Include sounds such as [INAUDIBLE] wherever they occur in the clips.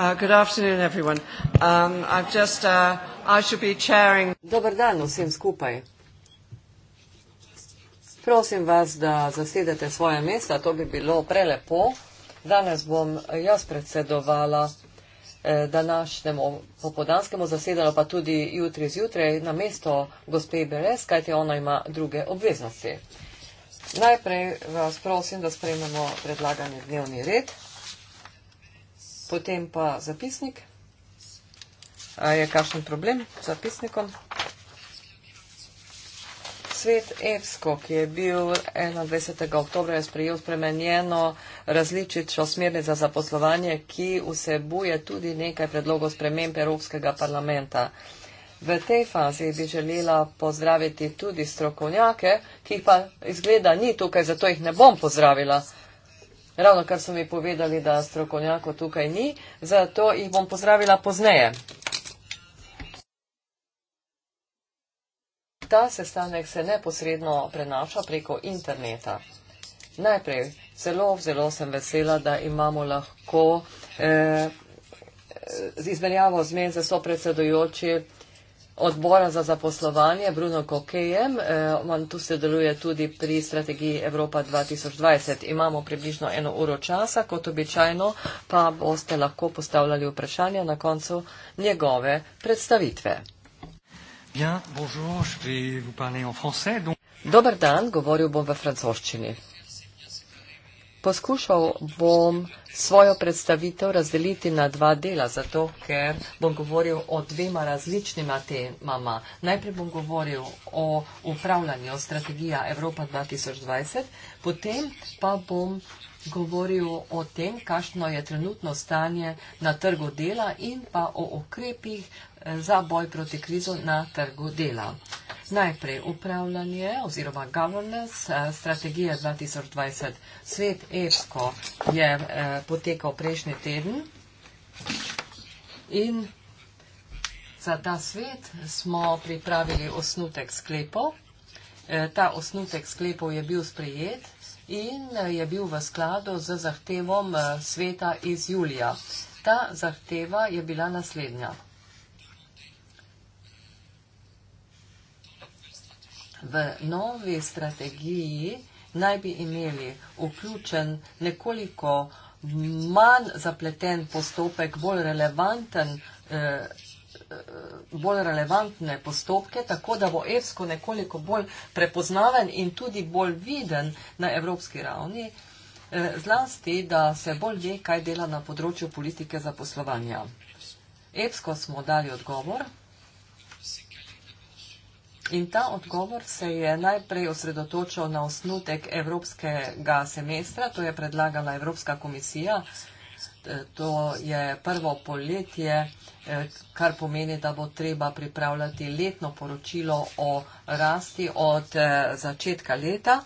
Uh, good afternoon, everyone. Um, I've just, uh, I shall be chairing- Dober dan vsem skupaj! Prosim vas, da zasedete svoje mesta, to bi bilo prelepo. Danes bom jaz predsedovala eh, današnjemu popoldanskemu zasedanju, pa tudi jutri zjutraj, na mesto gospe Beres, kajti ona ima druge obveznosti. Najprej vas prosim, da sprejmemo predlagani dnevni red potem pa zapisnik. A je kakšen problem z zapisnikom? Svet EFSCO, ki je bil 21. oktobra, je sprejel spremenjeno različično smernic za zaposlovanje, ki vsebuje tudi nekaj predlogov sprememb Evropskega parlamenta. V tej fazi bi želela pozdraviti tudi strokovnjake, ki pa izgleda ni tukaj, zato jih ne bom pozdravila. Ravno kar so mi povedali, da strokovnjako tukaj ni, zato jih bom pozdravila pozneje. Ta sestanek se neposredno prenaša preko interneta. Najprej, zelo, zelo sem vesela, da imamo lahko eh, izmenjavo z menj za sopredsedojoči odbora za zaposlovanje Bruno Kokejem. Eh, on tu se deluje tudi pri strategiji Evropa 2020. Imamo približno eno uro časa, kot običajno, pa boste lahko postavljali vprašanje na koncu njegove predstavitve. Bien, bonjour, je vais vous parler en français. Donc... Dober dan, govoril bom v francoščini. Poskušal bom svojo predstavitev razdeliti na dva dela, zato ker bom govoril o dvema različnima temama. Najprej bom govoril o upravljanju strategija Evropa 2020, potem pa bom govoril o tem, kakšno je trenutno stanje na trgu dela in pa o okrepih eh, za boj proti krizo na trgu dela. Najprej upravljanje oziroma governance, eh, strategija 2020. Svet EPSCO je eh, potekal prejšnji teden in za ta svet smo pripravili osnutek sklepov. Eh, ta osnutek sklepov je bil sprejet in je bil v skladu z zahtevom sveta iz julija. Ta zahteva je bila naslednja. V novi strategiji naj bi imeli vključen nekoliko manj zapleten postopek, bolj relevanten postopek, eh, eh, bolj relevantne postopke, tako da bo EFSCO nekoliko bolj prepoznaven in tudi bolj viden na evropski ravni, eh, zlasti, da se bolj ve, kaj dela na področju politike za poslovanja. EFSCO smo dali odgovor. In ta odgovor se je najprej osredotočil na osnutek evropskega semestra, to je predlagala Evropska komisija. E, to je prvo poletje, e, kar pomeni, da bo treba pripravljati letno poročilo o rasti od e, začetka leta.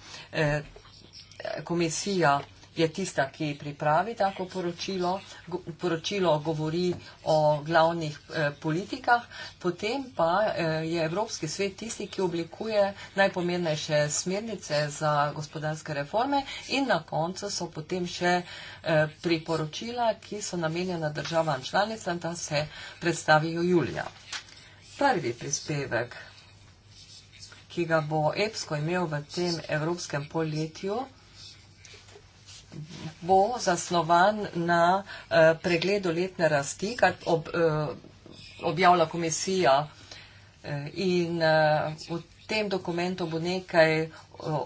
Komisija je tista, ki pripravi tako poročilo. Go, poročilo govori o glavnih eh, politikah, potem pa eh, je Evropski svet tisti, ki oblikuje najpomembnejše smernice za gospodarske reforme in na koncu so potem še eh, priporočila, ki so namenjena državam članicam, da se predstavijo julija. Prvi prispevek ki ga bo EPSKO imel v tem evropskem poletju, bo zasnovan na eh, pregledu letne rasti, kar ob, eh, objavlja komisija. Eh, in v tem dokumentu bo nekaj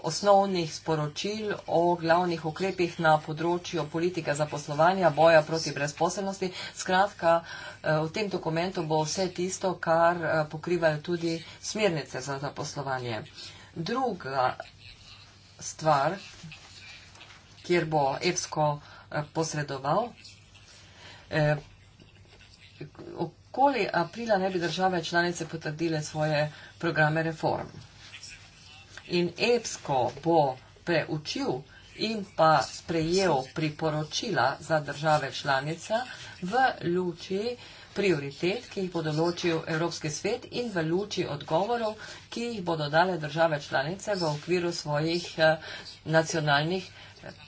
osnovnih sporočil o glavnih ukrepih na področju politike zaposlovanja, boja proti brezposobnosti. Skratka, v tem dokumentu bo vse tisto, kar pokrivajo tudi smernice za zaposlovanje. Druga stvar, kjer bo EPSKO eh, posredoval. Eh, okoli aprila ne bi države članice potrdile svoje programe reform. In EPSKO bo preučil in pa sprejel priporočila za države članica v luči prioritet, ki jih bo določil Evropski svet in v luči odgovorov, ki jih bodo dale države članice v okviru svojih eh, nacionalnih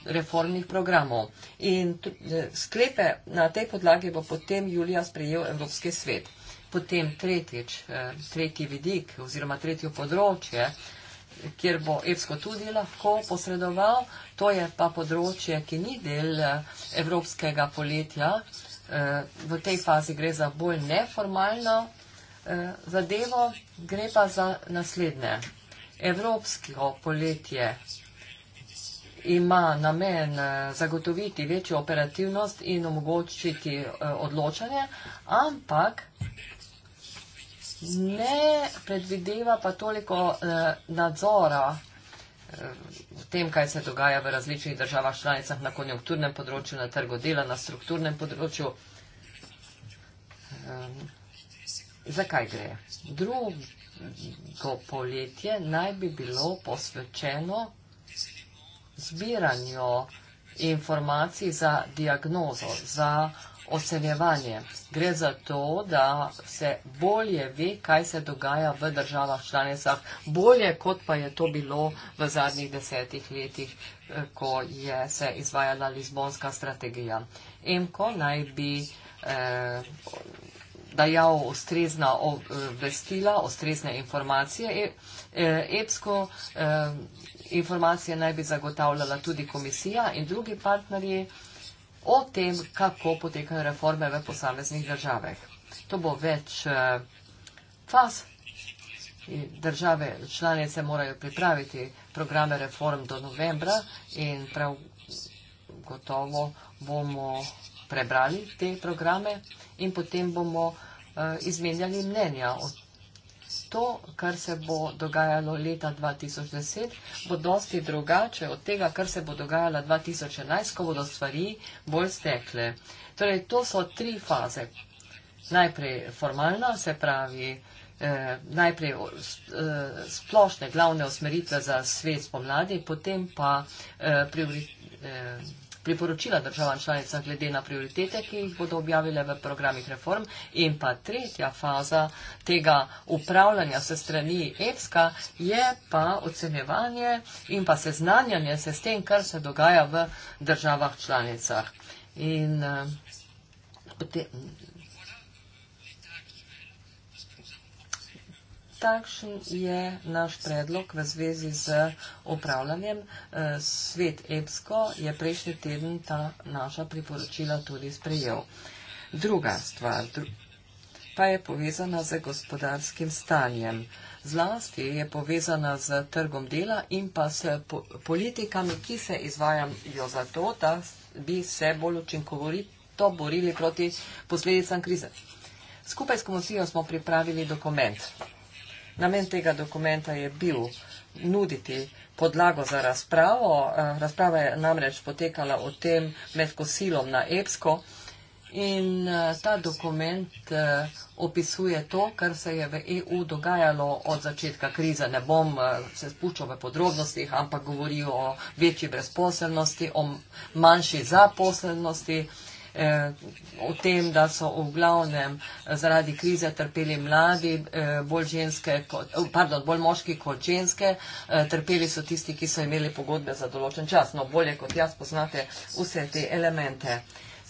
reformnih programov. In eh, sklepe na tej podlagi bo potem julija sprejel Evropski svet. Potem tretjič, eh, tretji vidik oziroma tretje področje, kjer bo EPSKO tudi lahko posredoval, to je pa področje, ki ni del eh, evropskega poletja. V tej fazi gre za bolj neformalno zadevo, gre pa za naslednje. Evropsko poletje ima namen eh, zagotoviti večjo operativnost in omogočiti eh, odločanje, ampak ne predvideva pa toliko eh, nadzora v tem, kaj se dogaja v različnih državah članicah na konjunkturnem področju, na trgu dela, na strukturnem področju. Zakaj gre? Drugo poletje naj bi bilo posvečeno zbiranju informacij za diagnozo, za ocenjevanje. Gre za to, da se bolje ve, kaj se dogaja v državah članicah, bolje kot pa je to bilo v zadnjih desetih letih, eh, ko je se izvajala Lizbonska strategija. EMKO naj bi eh, dajal ustrezna eh, vestila, ustrezne informacije. E-, eh, EPSKO eh, Informacije naj bi zagotavljala tudi komisija in drugi partnerji o tem, kako potekajo reforme v posameznih državah. To bo več eh, faz. Države članice morajo pripraviti programe reform do novembra in prav gotovo bomo prebrali te programe in potem bomo eh, izmenjali mnenja o tem to, kar se bo dogajalo leta 2010, bo dosti drugače od tega, kar se bo dogajalo 2011, ko bodo stvari bolj stekle. Torej, to so tri faze. Najprej formalna, se pravi, eh, najprej eh, splošne glavne osmeritve za svet spomladi, potem pa eh, prioritete. Eh, priporočila državam članicam glede na prioritete, ki jih bodo objavile v programih reform in pa tretja faza tega upravljanja se strani EPSKA je pa ocenjevanje in pa seznanjanje se s tem, kar se dogaja v državah članicah. In, eh, Takšen je naš predlog v zvezi z upravljanjem. E, Svet EBSKO je prejšnji teden ta naša priporočila tudi sprejel. Druga stvar pa je povezana z gospodarskim stanjem. Zlasti je povezana z trgom dela in pa s politikami, ki se izvajajo zato, da bi se bolj učinkovito borili proti posledicam krize. Skupaj s komisijo smo pripravili dokument. Namen tega dokumenta je bil nuditi podlago za razpravo. Eh, razprava je namreč potekala o tem med kosilom na EPSKO in eh, ta dokument eh, opisuje to, kar se je v EU dogajalo od začetka krize. Ne bom se spuščal v podrobnostih, ampak govori o večji brezposelnosti, o manjši zaposelnosti, o eh, tem, da so v glavnem eh, zaradi krize trpeli mladi, eh, bolj, ženske, pardon, bolj moški kot ženske, trpeli so tisti, ki so imeli pogodbe za določen čas. No, bolje kot jaz poznate vse te elemente.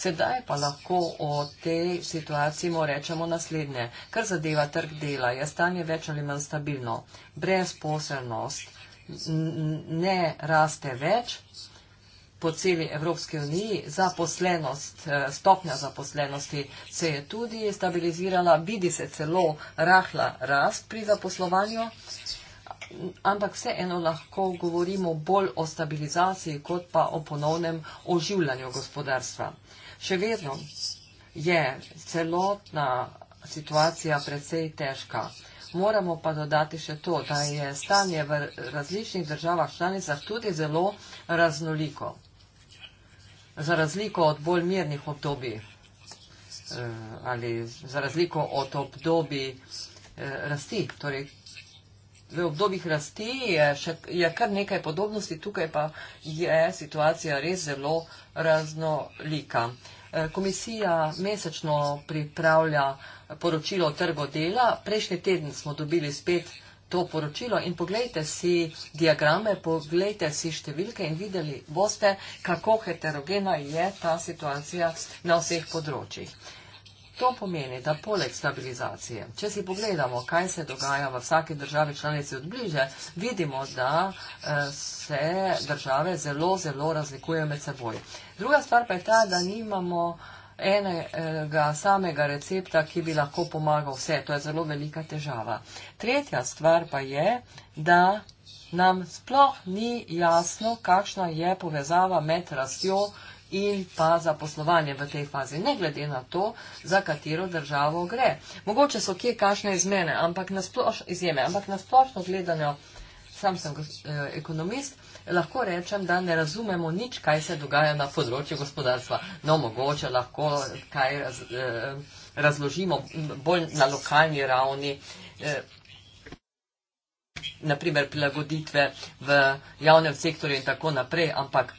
Sedaj pa lahko o tej situaciji mo rečemo naslednje. Kar zadeva trg dela, je stanje več ali manj stabilno. Brezposelnost ne raste več, po celi Evropski uniji zaposlenost, eh, stopnja zaposlenosti se je tudi stabilizirala, vidi se celo rahla rast pri zaposlovanju, ampak vseeno lahko govorimo bolj o stabilizaciji kot pa o ponovnem oživljanju gospodarstva. Še vedno je celotna situacija precej težka. Moramo pa dodati še to, da je stanje v različnih državah članicah tudi zelo raznoliko za razliko od bolj mirnih obdobij eh, ali za razliko od obdobij eh, rasti. Torej, v obdobjih rasti je, še, je kar nekaj podobnosti, tukaj pa je situacija res zelo raznolika. Eh, komisija mesečno pripravlja poročilo o trgu dela. Prejšnji teden smo dobili spet to poročilo in pogledajte si diagrame, pogledajte si številke in videli boste, kako heterogena je ta situacija na vseh področjih. To pomeni, da poleg stabilizacije, če si pogledamo, kaj se dogaja v vsaki državi članici od bliže, vidimo, da eh, se države zelo, zelo razlikujejo med seboj. Druga stvar pa je ta, da nimamo uh, enega samega recepta, ki bi lahko pomagal vse. To je zelo velika težava. Tretja stvar pa je, da nam sploh ni jasno, kakšna je povezava med rastjo in pa zaposlovanje v tej fazi, ne glede na to, za katero državo gre. Mogoče so kje kakšne izmene, ampak na splošno gledano, sam sem eh, ekonomist, lahko rečem, da ne razumemo nič, kaj se dogaja na področju gospodarstva. No, mogoče lahko kaj raz, eh, razložimo bolj na lokalni ravni. Eh, naprimer prilagoditve v javnem sektorju in tako naprej, ampak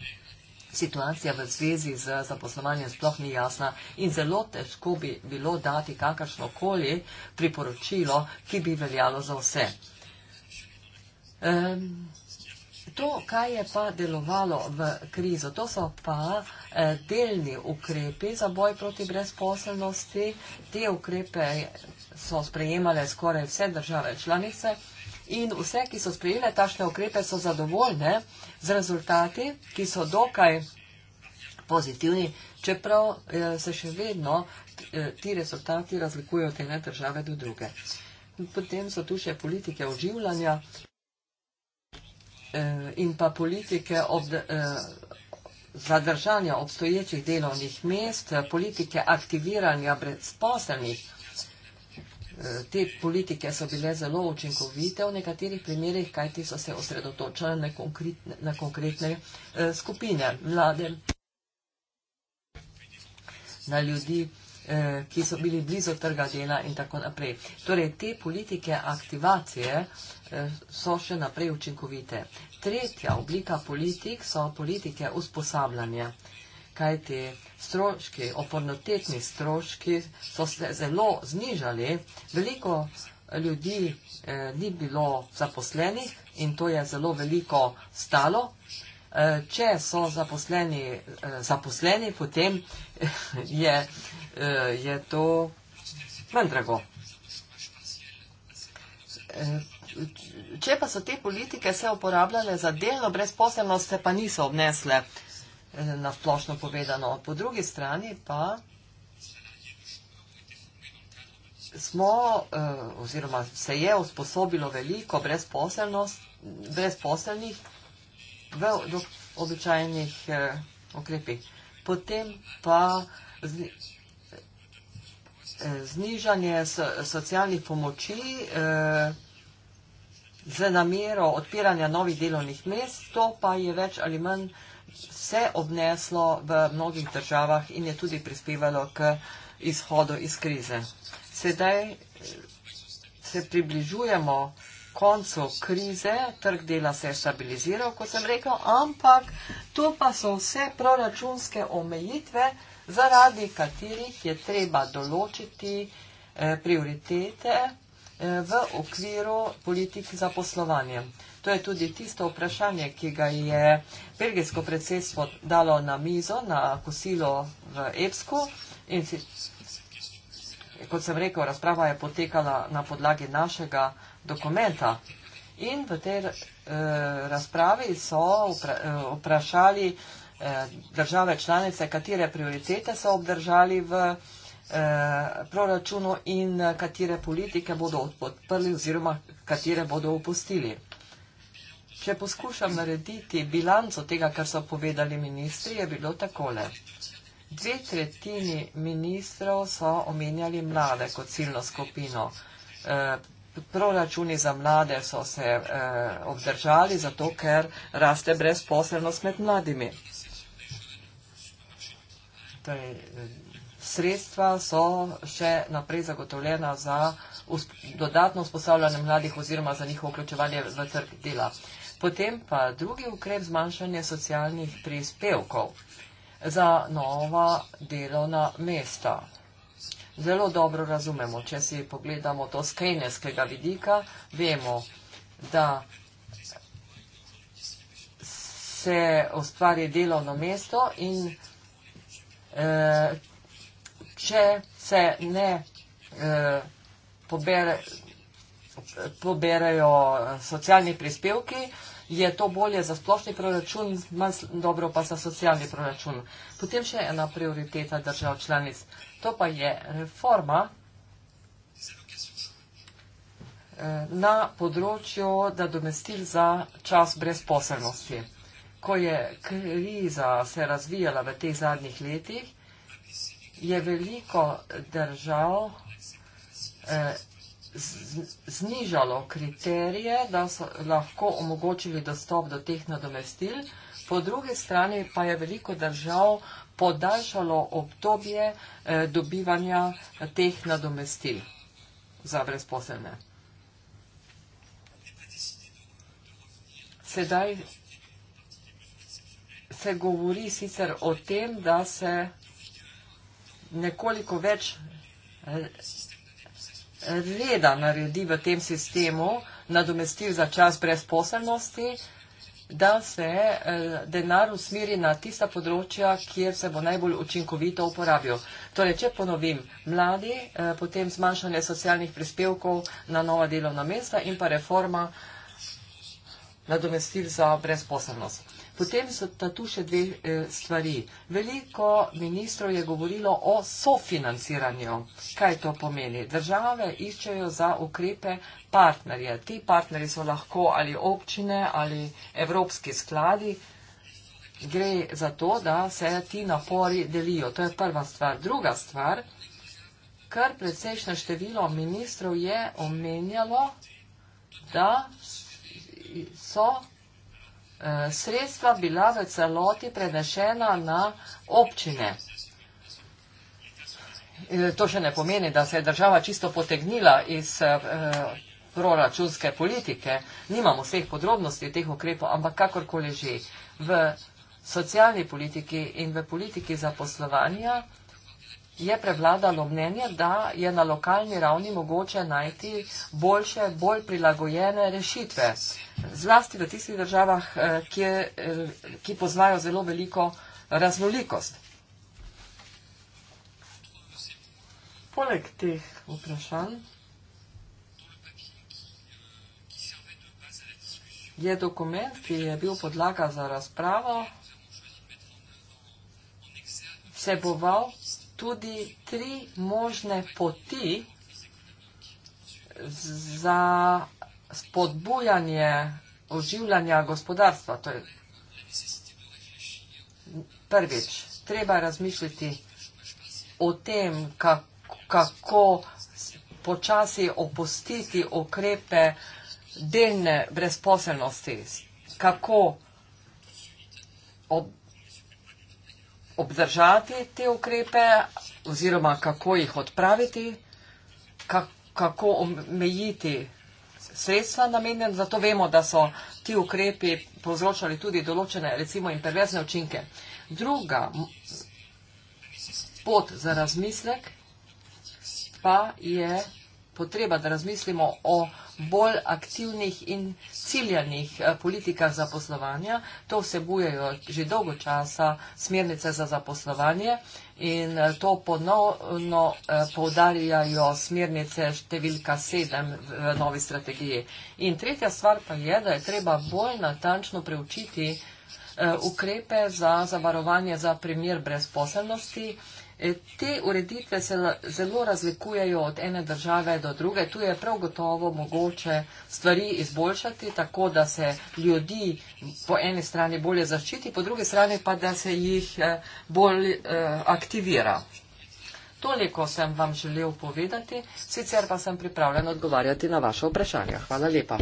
situacija v zvezi z zaposlovanjem sploh ni jasna in zelo težko bi bilo dati kakršno koli priporočilo, ki bi veljalo za vse. Um, To, kaj je pa delovalo v krizo, to so pa eh, delni ukrepi za boj proti brezposelnosti. Te ukrepe so sprejemale skoraj vse države članice in vse, ki so sprejele tašne ukrepe, so zadovoljne z rezultati, ki so dokaj pozitivni, čeprav eh, se še vedno eh, ti rezultati razlikujejo od ene države do druge. Potem so tu še politike oživljanja. Eh, in pa politike ob, eh, zadržanja obstoječih delovnih mest, politike aktiviranja brezposelnih. Eh, te politike so bile zelo učinkovite v nekaterih primerih, kajti so se osredotočale na konkretne, na konkretne skupine mlade, na ljudi, Eh, ki so bili blizu trga dela in tako naprej. Torej, te politike aktivacije eh, so še naprej učinkovite. Tretja oblika politik so politike usposabljanja, kajti stroški, opornotetni stroški so se zelo znižali, veliko eh, ljudi eh, ni bilo zaposlenih in to je zelo veliko stalo. Eh, Eh, če so zaposleni, eh, zaposleni potem eh, je, je to manj drago. Če pa so te politike se uporabljale za delno brezposelnost, se pa niso obnesle na splošno povedano. Po drugi strani pa smo, oziroma se je usposobilo veliko brezposelnih, v običajnih eh, okrepih. Potem pa eh, znižanje so, socialnih pomoči eh, z namero odpiranja novih delovnih mest, to pa je več ali manj se obneslo v mnogih državah in je tudi prispevalo k izhodu iz krize. Sedaj eh, se približujemo eh, koncu krize, trg dela se je stabiliziral, kot sem rekel, ampak to pa so vse proračunske omejitve, zaradi katerih je treba določiti eh, prioritete eh, v okviru politik za poslovanje. To je tudi tisto vprašanje, ki ga je belgijsko predsedstvo dalo na mizo, na kosilo v Epsku. In si, kot sem rekel, razprava je potekala na podlagi našega dokumenta. In v tej eh, razpravi so upra, eh, vprašali eh, države članice, katere prioritete so obdržali v eh, proračunu in eh, katere politike bodo podprli oziroma katere bodo upustili. Če poskušam narediti bilanco tega, kar so povedali ministri, je bilo takole. Dve tretjini ministrov so omenjali mlade kot ciljno skupino eh, proračuni za mlade so se eh, obdržali, zato ker raste brezposelnost med mladimi. Torej, sredstva so še naprej zagotovljena za usp dodatno usposabljanje mladih oziroma za njihovo vključevanje v trg dela. Potem pa drugi ukrep zmanjšanje socialnih prispevkov za nova delovna mesta zelo dobro razumemo. Če si pogledamo to z kejneskega vidika, vemo, da se ustvari delovno mesto in eh, če se ne eh, pobere poberajo eh, socialni prispevki, je to bolje za splošni proračun, manj dobro pa za socialni proračun. Potem še ena prioriteta držav članic. To pa je reforma eh, na področju nadomestil za čas brezposelnosti. Ko je kriza se razvijala v teh zadnjih letih, je veliko držav eh, znižalo kriterije, da so lahko omogočili dostop do teh nadomestil, po drugi strani pa je veliko držav omogočilo, podaljšalo obdobje eh, dobivanja teh nadomestil za brezposelne. Sedaj se govori sicer o tem, da se nekoliko več eh, reda naredi v tem sistemu nadomestil za čas brezposelnosti, da se eh, denar usmiri na tista področja, kjer se bo najbolj učinkovito uporabil. Torej, če ponovim, mladi, eh, potem zmanjšanje socialnih prispevkov na nova delovna mesta in pa reforma nadomestil za brezposobnost. Potem so ta tu še dve eh, stvari. Veliko ministrov je govorilo o sofinanciranju. Kaj to pomeni? Države iščejo za ukrepe partnerje. Ti partnerji so lahko ali občine ali evropski skladi. Gre za to, da se ti napori delijo. To je prva stvar. Druga stvar, kar predsejšnje število ministrov je omenjalo, da so Eh, sredstva bila v celoti prenešena na občine. Eh, to še ne pomeni, da se je država čisto potegnila iz eh, proračunske politike. Nimamo vseh podrobnosti teh ukrepov, ampak kakorkoli že v socialni politiki in v politiki zaposlovanja je prevladalo mnenje, da je na lokalni ravni mogoče najti boljše, bolj prilagojene rešitve. Zlasti v tistih državah, eh, ki, eh, ki poznajo zelo veliko raznolikost. Poleg teh vprašanj je dokument, ki je bil podlaga za razpravo, vseboval tudi tri možne poti za spodbujanje oživljanja gospodarstva. To je prvič. Treba razmišljati o tem, kako počasi opustiti okrepe delne brezposelnosti, kako obdržati te ukrepe oziroma kako jih odpraviti, kako omejiti sredstva namenjen, zato vemo, da so ti ukrepi povzročali tudi določene, recimo, imperverzne učinke. Druga pot za razmislek pa je potreba, da razmislimo o bolj aktivnih in ciljanih eh, politikah zaposlovanja. To vsebujejo že dolgo časa smernice za zaposlovanje in eh, to ponovno eh, povdarjajo smernice številka sedem v novi strategiji. In tretja stvar pa je, da je treba bolj natančno preučiti ukrepe za zavarovanje za primer brezposelnosti, E, te ureditve se zelo razlikujejo od ene države do druge. Tu je prav gotovo mogoče stvari izboljšati, tako da se ljudi po eni strani bolje zaščiti, po drugi strani pa da se jih e, bolj e, aktivira. Toliko sem vam želel povedati, sicer pa sem pripravljen odgovarjati na vaše vprašanja. Hvala lepa.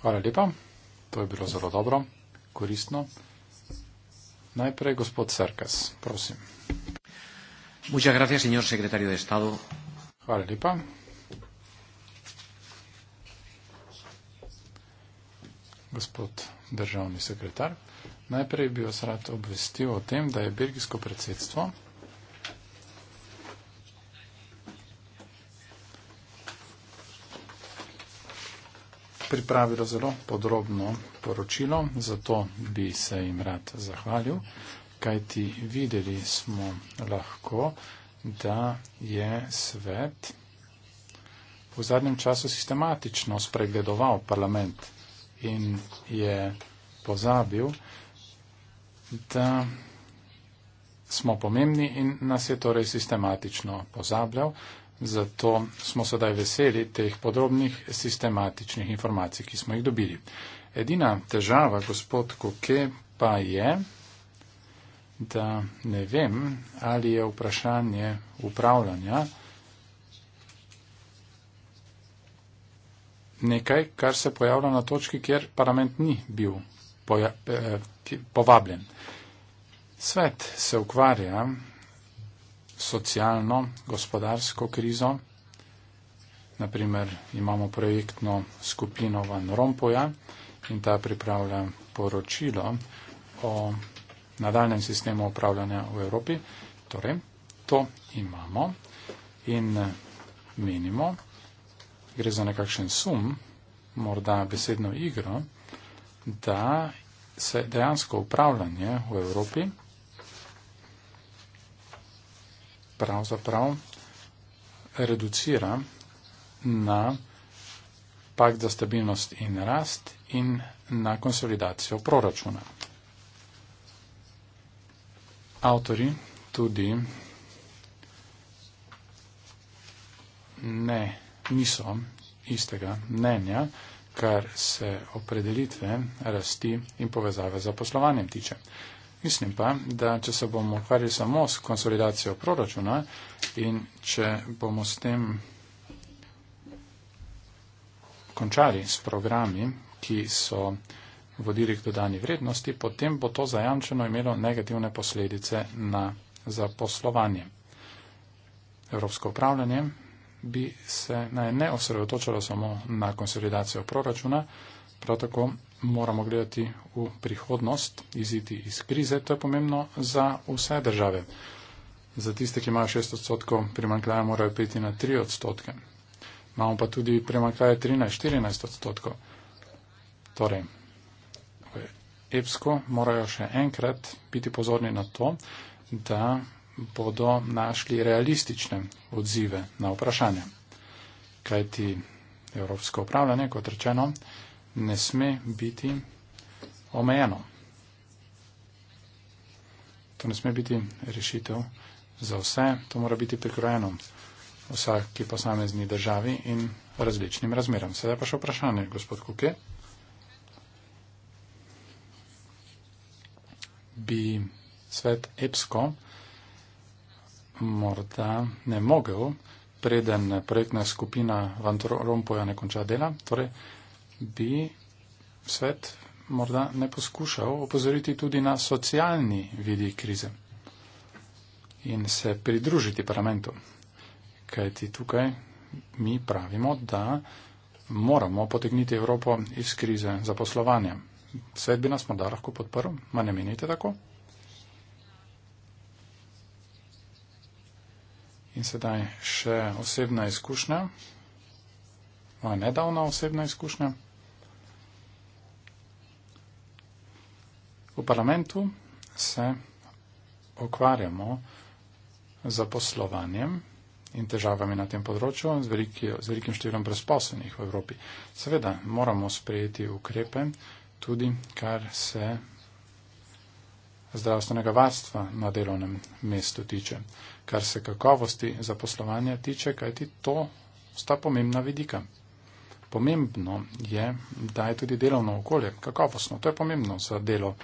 Hvala lepa. To je bilo zelo dobro, koristno. Najprej gospod Serkas, prosim. Muchas gracias, señor secretario de Estado. Vale, Lipa. Gospod državni sekretar, najprej bi vas rad obvestil o tem, da je belgijsko predsedstvo pripravilo zelo podrobno poročilo, zato bi se jim rad zahvalil kajti videli smo lahko, da je svet v zadnjem času sistematično spregledoval parlament in je pozabil, da smo pomembni in nas je torej sistematično pozabljal. Zato smo sedaj veseli teh podrobnih sistematičnih informacij, ki smo jih dobili. Edina težava, gospod Koke, pa je, da ne vem, ali je vprašanje upravljanja nekaj, kar se pojavlja na točki, kjer parlament ni bil eh, povabljen. Svet se ukvarja socialno, gospodarsko krizo. Naprimer imamo projektno skupino Van Rompoja in ta pripravlja poročilo o nadaljem sistemu upravljanja v Evropi. Torej, to imamo in eh, menimo, gre za nekakšen sum, morda besedno igro, da se dejansko upravljanje v Evropi pravzaprav reducira na pakt za stabilnost in rast in na konsolidacijo proračuna avtori tudi ne, niso istega mnenja, kar se opredelitve, rasti in povezave za poslovanjem tiče. Mislim pa, da če se bomo ukvarjali samo s konsolidacijo proračuna in če bomo s tem končali s programi, ki so vodili k dodani vrednosti, potem bo to zajamčeno imelo negativne posledice na zaposlovanje. Evropsko upravljanje bi se naj ne osredotočalo samo na konsolidacijo proračuna, prav tako moramo gledati v prihodnost, iziti iz krize, to je pomembno za vse države. Za tiste, ki imajo 6 odstotkov primankljaja, morajo priti na 3 odstotke. Imamo pa tudi primankljaje 13-14 odstotkov. Torej, epsko, morajo še enkrat biti pozorni na to, da bodo našli realistične odzive na vprašanje. Kajti evropsko upravljanje, kot rečeno, ne sme biti omejeno. To ne sme biti rešitev za vse, to mora biti prikrojeno vsaki posamezni državi in različnim razmeram. Sedaj pa še vprašanje, gospod Kuke. bi svet EPSCO morda ne mogel, preden projektna skupina Van Rompuja ne konča dela, torej bi svet morda ne poskušal opozoriti tudi na socialni vidi krize in se pridružiti parlamentu. Kajti tukaj mi pravimo, da moramo potegniti Evropo iz krize zaposlovanja svet bi nas morda lahko podprl, ma ne menite tako? In sedaj še osebna izkušnja, moja nedavna osebna izkušnja. V parlamentu se okvarjamo z poslovanjem in težavami na tem področju z, veliki, z velikim številom brezposlenih v Evropi. Seveda moramo sprejeti ukrepe, tudi, kar se zdravstvenega varstva na delovnem mestu tiče, kar se kakovosti zaposlovanja tiče, kajti to sta pomembna vidika. Pomembno je, da je tudi delovno okolje kakovostno. To je pomembno za delo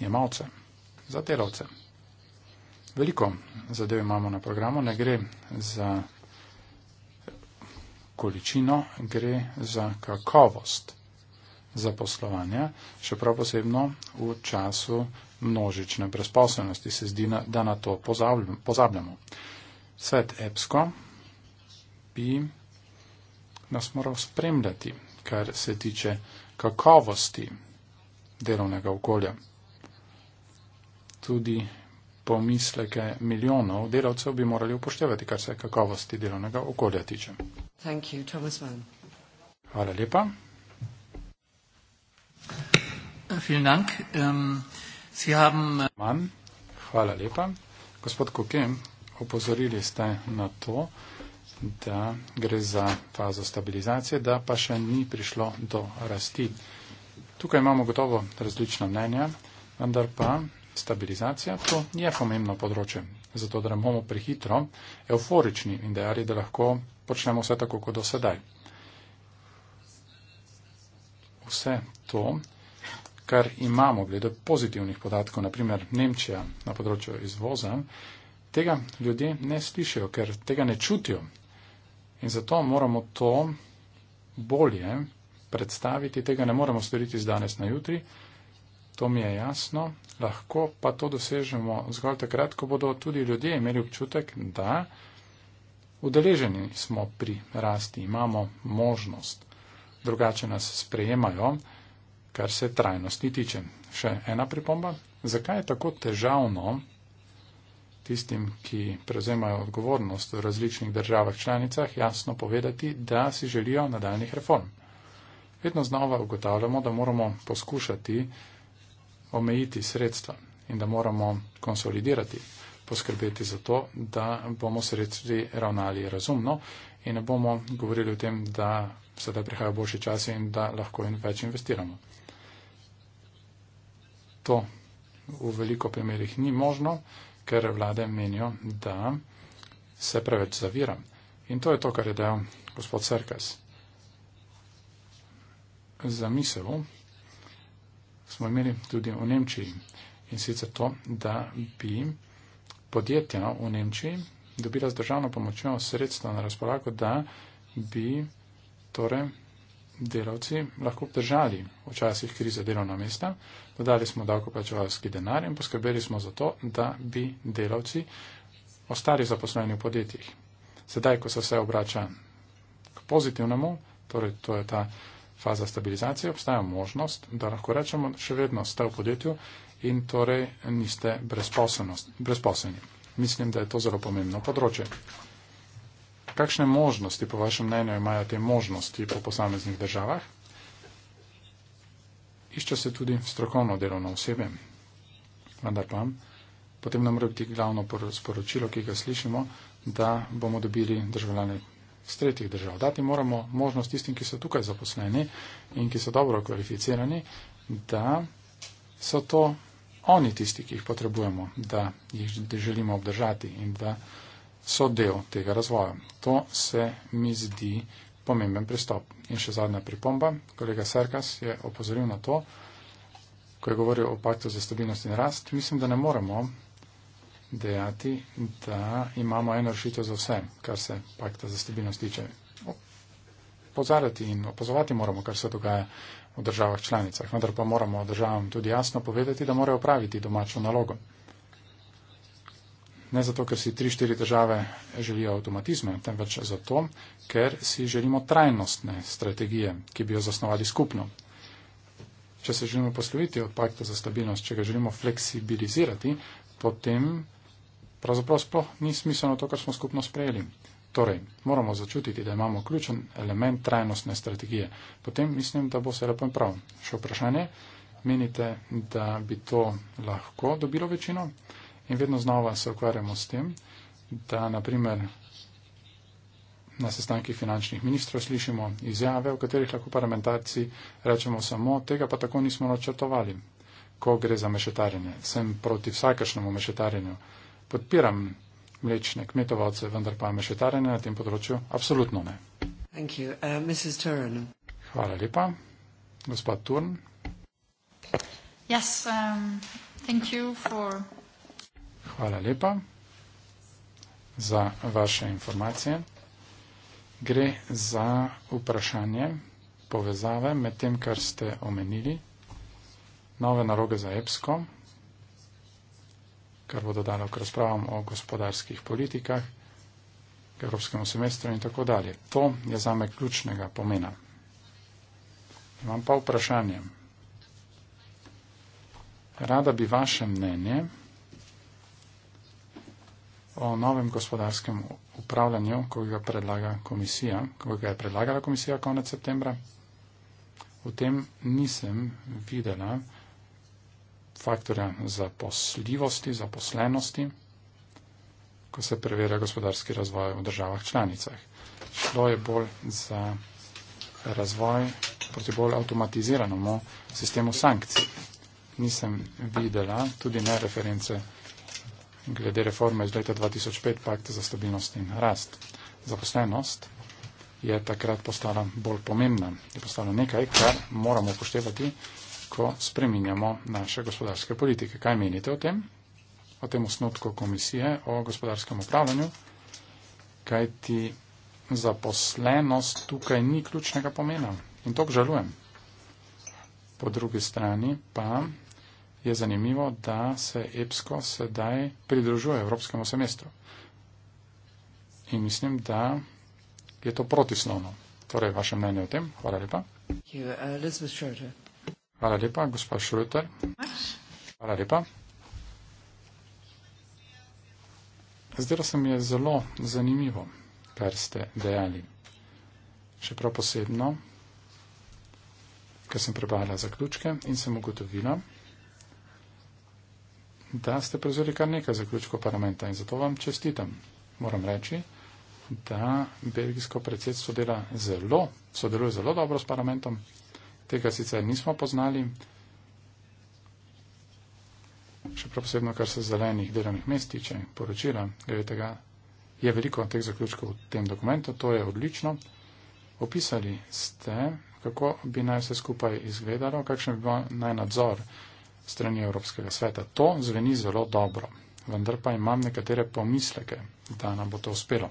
jemalce, za delovce. Veliko zadev imamo na programu, ne gre za količino, gre za kakovost zaposlovanja, še prav posebno v času množične brezposelnosti. Se zdi, da na to pozabljamo. Svet EPSKO bi nas moral spremljati, kar se tiče kakovosti delovnega okolja. Tudi pomisleke milijonov delavcev bi morali upoštevati, kar se kakovosti delovnega okolja tiče. Thank you, Hvala lepa. Vielen Dank. Ähm, Sie haben äh, Mann, hvala lepa. Gospod Kokem, opozorili ste na to, da gre za fazo stabilizacije, da pa še ni prišlo do rasti. Tukaj imamo gotovo različna mnenja, vendar pa stabilizacija to je pomembno področje. Zato, da ne bomo prehitro euforični in dejali, da lahko počnemo vse tako kot do sedaj vse to, kar imamo glede pozitivnih podatkov, naprimer Nemčija na področju izvoza, tega ljudje ne slišijo, ker tega ne čutijo. In zato moramo to bolje predstaviti, tega ne moremo storiti z danes na jutri, to mi je jasno, lahko pa to dosežemo zgolj takrat, ko bodo tudi ljudje imeli občutek, da udeleženi smo pri rasti, imamo možnost drugače nas sprejemajo, kar se trajnosti tiče. Še ena pripomba. Zakaj je tako težavno tistim, ki prevzemajo odgovornost v različnih državah članicah, jasno povedati, da si želijo nadaljnih reform? Vedno znova ugotavljamo, da moramo poskušati omejiti sredstva in da moramo konsolidirati, poskrbeti za to, da bomo sredstvi ravnali razumno in ne bomo govorili o tem, da sedaj prihajajo boljši časi in da lahko in več investiramo. To v veliko primerjih ni možno, ker vlade menijo, da se preveč zavira. In to je to, kar je dejal gospod Serkas. Zamisel smo imeli tudi v Nemčiji in sicer to, da bi podjetja v Nemčiji dobila z državno pomočjo sredstva na razpolago, da bi torej delavci lahko obdržali včasih krize delovna mesta, dodali smo davkoplačevalski denar in poskrbeli smo za to, da bi delavci ostali zaposleni v podjetjih. Sedaj, ko se vse obrača k pozitivnemu, torej to je ta faza stabilizacije, obstaja možnost, da lahko rečemo, še vedno ste v podjetju in torej niste brezposelni. Mislim, da je to zelo pomembno področje. Kakšne možnosti, po vašem mnenju, imajo te možnosti po posameznih državah? Išče se tudi strokovno delovno osebje, vendar pa potem nam rebi glavno sporočilo, ki ga slišimo, da bomo dobili državljane iz tretjih držav. Dati moramo možnost tistim, ki so tukaj zaposleni in ki so dobro kvalificirani, da so to oni tisti, ki jih potrebujemo, da jih želimo obdržati in da so del tega razvoja. To se mi zdi pomemben pristop. In še zadnja pripomba. Kolega Serkas je opozoril na to, ko je govoril o paktu za stabilnost in rast. Mislim, da ne moremo dejati, da imamo eno rešitev za vse, kar se pakta za stabilnost tiče. Pozarati in opazovati moramo, kar se dogaja v državah članicah, vendar pa moramo državam tudi jasno povedati, da morajo praviti domačo nalogo ne zato, ker si tri, štiri države želijo avtomatizme, temveč zato, ker si želimo trajnostne strategije, ki bi jo zasnovali skupno. Če se želimo posloviti od pakta za stabilnost, če ga želimo fleksibilizirati, potem pravzaprav sploh ni smiselno to, kar smo skupno sprejeli. Torej, moramo začutiti, da imamo ključen element trajnostne strategije. Potem mislim, da bo vse lepo in prav. Še vprašanje, menite, da bi to lahko dobilo večino? In vedno znova se ukvarjamo s tem, da naprimer na sestankih finančnih ministrov slišimo izjave, v katerih lahko parlamentarci rečemo samo, tega pa tako nismo načrtovali, ko gre za mešetarjenje. Sem proti vsakašnemu mešetarjenju. Podpiram mlečne kmetovalce, vendar pa mešetarjenje na tem področju absolutno ne. Uh, Hvala lepa. Gospod Turn. Yes, um, thank you for Hvala lepa za vaše informacije. Gre za vprašanje povezave med tem, kar ste omenili, nove naloge za EPSCO, kar bo dodalo k razpravam o gospodarskih politikah, evropskemu semestru in tako dalje. To je zame ključnega pomena. Imam pa vprašanje. Rada bi vaše mnenje o novem gospodarskem upravljanju, ko ga predlaga komisija, ko ga je predlagala komisija konec septembra. V tem nisem videla faktorja zaposljivosti, zaposlenosti, ko se preverja gospodarski razvoj v državah članicah. Šlo je bolj za razvoj proti bolj avtomatiziranemu sistemu sankcij. Nisem videla tudi ne reference glede reforme iz leta 2005, pakt za stabilnost in rast. Zaposlenost je takrat postala bolj pomembna. Je postala nekaj, kar moramo upoštevati, ko spreminjamo naše gospodarske politike. Kaj menite o tem? O tem osnutku komisije o gospodarskem upravljanju? Kaj ti zaposlenost tukaj ni ključnega pomena? In to obžalujem. Po drugi strani pa je zanimivo, da se EPSCO sedaj pridružuje Evropskemu semestru. In mislim, da je to protislovno. Torej, vaše mnenje o tem. Hvala lepa. Uh, Hvala lepa, gospod Šruter. Hvala lepa. Zdelo se mi je zelo zanimivo, kar ste dejali. Še prav posebno, ker sem prebrala zaključke in sem ugotovila, da ste prevzeli kar nekaj zaključkov parlamenta in zato vam čestitam. Moram reči, da belgijsko predsedstvo dela zelo, sodeluje zelo dobro s parlamentom. Tega sicer nismo poznali, še prav posebno, kar se zelenih delovnih mest tiče, poročila, glede tega je veliko teh zaključkov v tem dokumentu, to je odlično. Opisali ste, kako bi naj vse skupaj izgledalo, kakšen bi bil naj nadzor strani Evropskega sveta. To zveni zelo dobro, vendar pa imam nekatere pomisleke, da nam bo to uspelo.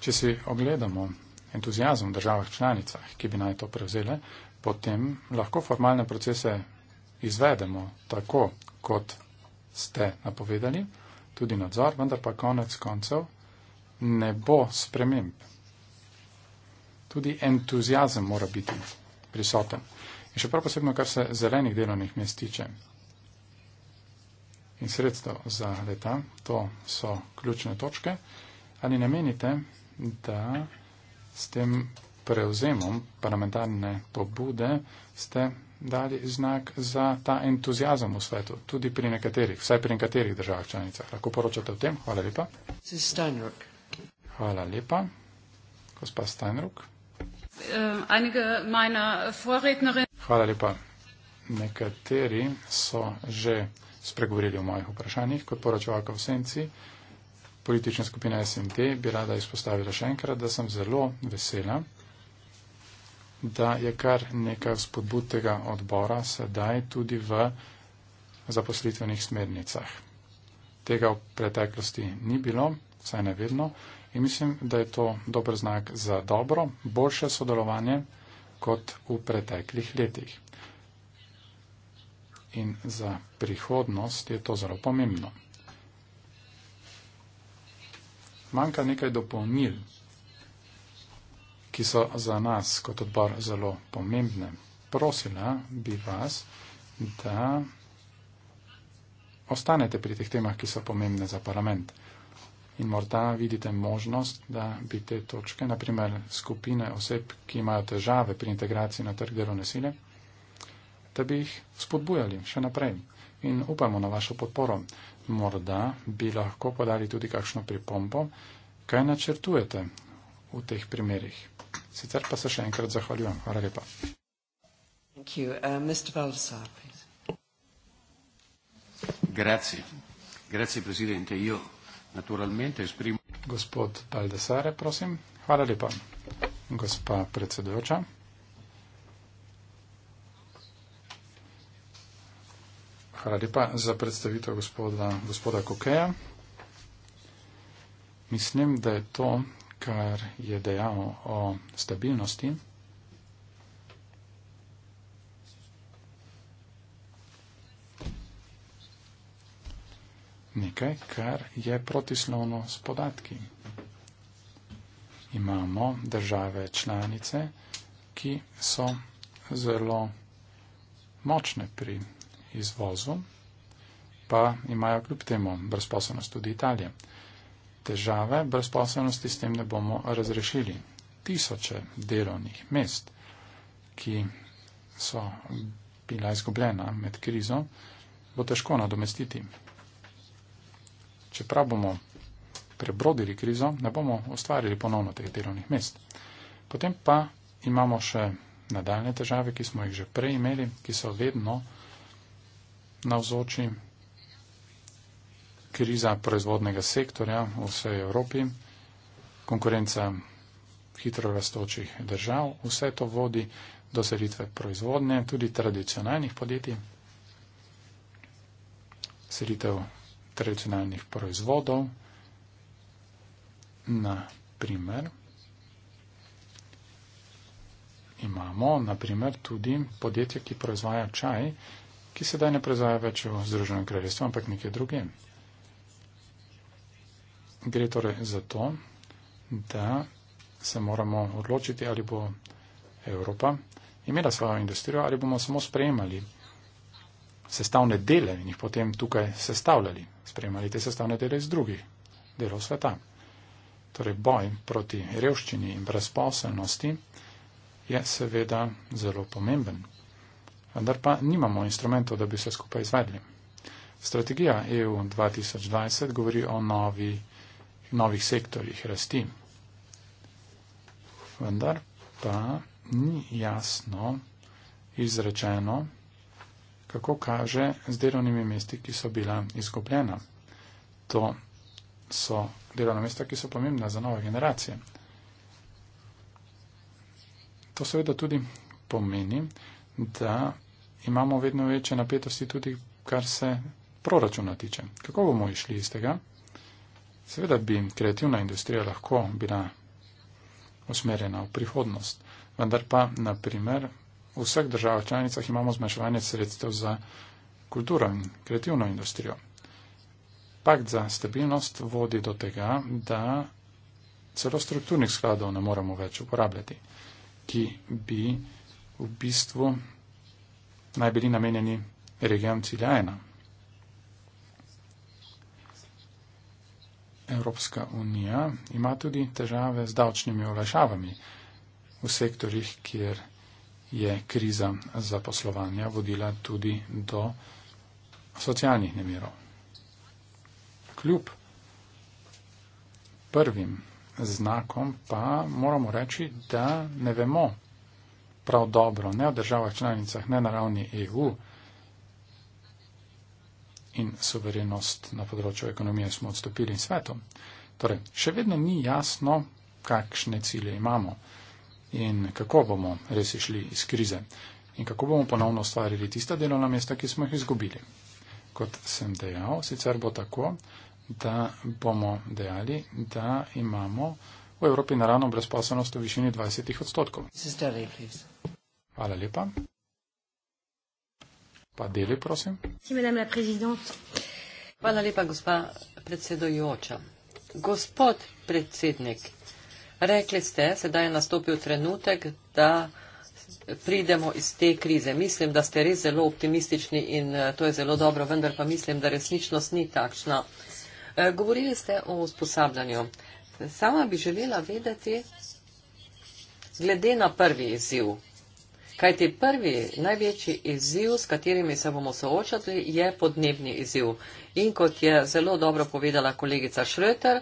Če si ogledamo entuzijazm v državah članicah, ki bi naj to prevzele, potem lahko formalne procese izvedemo tako, kot ste napovedali, tudi nadzor, vendar pa konec koncev ne bo sprememb. Tudi entuzijazem mora biti prisoten. In še prav posebno, kar se zelenih delovnih mest tiče. In sredstev za leta, to so ključne točke. Ali ne menite, da s tem prevzemom parlamentarne pobude ste dali znak za ta entuzijazem v svetu, tudi pri nekaterih, vsaj pri nekaterih državah članicah. Lahko poročate o tem? Hvala lepa. Hvala lepa. Gospa Steinruck. Um, Hvala lepa. Nekateri so že spregovorili o mojih vprašanjih kot poročevalka v Senci. Politična skupina SND bi rada izpostavila še enkrat, da sem zelo vesela, da je kar nekaj spodbud tega odbora sedaj tudi v zaposlitvenih smernicah. Tega v preteklosti ni bilo, saj ne vedno, in mislim, da je to dober znak za dobro, boljše sodelovanje kot v preteklih letih. In za prihodnost je to zelo pomembno. Manjka nekaj dopolnil, ki so za nas kot odbor zelo pomembne. Prosila bi vas, da ostanete pri teh temah, ki so pomembne za parlament. In morda vidite možnost, da bi te točke, naprimer skupine oseb, ki imajo težave pri integraciji na trg delovne sile, da bi jih spodbujali še naprej. In upamo na vašo podporo. Morda bi lahko podali tudi kakšno pripombo, kaj načrtujete v teh primerjih. Sicer pa se še enkrat zahvaljujem. Hvala lepa. Uh, grazie, grazie Presidente. Io naturalmente esprimo. Gospod Paldesare, prosim. Hvala lepa. Gospa predsedujoča. Hvala lepa za predstavitev gospoda, gospoda Kokeja. Mislim, da je to, kar je dejal o stabilnosti. nekaj, kar je protislovno s podatki. Imamo države članice, ki so zelo močne pri izvozu, pa imajo kljub temu brezposobnost tudi Italije. Težave brezposobnosti s tem ne bomo razrešili. Tisoče delovnih mest, ki so bila izgubljena med krizo, bo težko nadomestiti čeprav bomo prebrodili krizo, ne bomo ustvarili ponovno teh delovnih mest. Potem pa imamo še nadaljne težave, ki smo jih že prej imeli, ki so vedno navzoči kriza proizvodnega sektorja v vsej Evropi, konkurenca hitro rastočih držav. Vse to vodi do selitve proizvodnje, tudi tradicionalnih podjetij, selitev tradicionalnih proizvodov, na primer, imamo naprimer, tudi podjetje, ki proizvaja čaj, ki sedaj ne proizvaja več v Združenem kraljestvu, ampak nekje druge. Gre torej za to, da se moramo odločiti, ali bo Evropa imela svojo industrijo, ali bomo samo sprejemali sestavne dele in jih potem tukaj sestavljali, spremljali te sestavne dele iz drugih delov sveta. Torej boj proti revščini in brezposelnosti je seveda zelo pomemben. Vendar pa nimamo instrumentov, da bi se skupaj izvedli. Strategija EU 2020 govori o novi, novih sektorjih rasti. Vendar pa ni jasno izrečeno, kako kaže z delovnimi mesti, ki so bila izgubljena. To so delovna mesta, ki so pomembna za nove generacije. To seveda tudi pomeni, da imamo vedno večje napetosti tudi, kar se proračuna tiče. Kako bomo išli iz tega? Seveda bi kreativna industrija lahko bila usmerjena v prihodnost, vendar pa, na primer, v vseh državah članicah imamo zmanjševanje sredstev za kulturo in kreativno industrijo. Pakt za stabilnost vodi do tega, da celo strukturnih skladov ne moremo več uporabljati, ki bi v bistvu naj bili namenjeni regijam cilja ena. Evropska unija ima tudi težave z davčnimi olajšavami v sektorjih, kjer je kriza zaposlovanja vodila tudi do socialnih nemirov. Kljub prvim znakom pa moramo reči, da ne vemo prav dobro, ne v državah članicah, ne na ravni EU in suverenost na področju ekonomije smo odstopili svetom. Torej, še vedno ni jasno, kakšne cilje imamo in kako bomo res išli iz krize in kako bomo ponovno ustvarili tista delovna mesta, ki smo jih izgubili. Kot sem dejal, sicer bo tako, da bomo dejali, da imamo v Evropi naravno brezposobnost v višini 20 odstotkov. Hvala lepa. Pa deli, prosim. Hvala lepa, gospa predsedojoča. Gospod predsednik, Rekli ste, sedaj je nastopil trenutek, da pridemo iz te krize. Mislim, da ste res zelo optimistični in eh, to je zelo dobro, vendar pa mislim, da resničnost ni takšna. Eh, govorili ste o usposabljanju. Sama bi želela vedeti, glede na prvi izziv, kaj ti prvi največji izziv, s katerimi se bomo soočati, je podnebni izziv. In kot je zelo dobro povedala kolegica Šröter,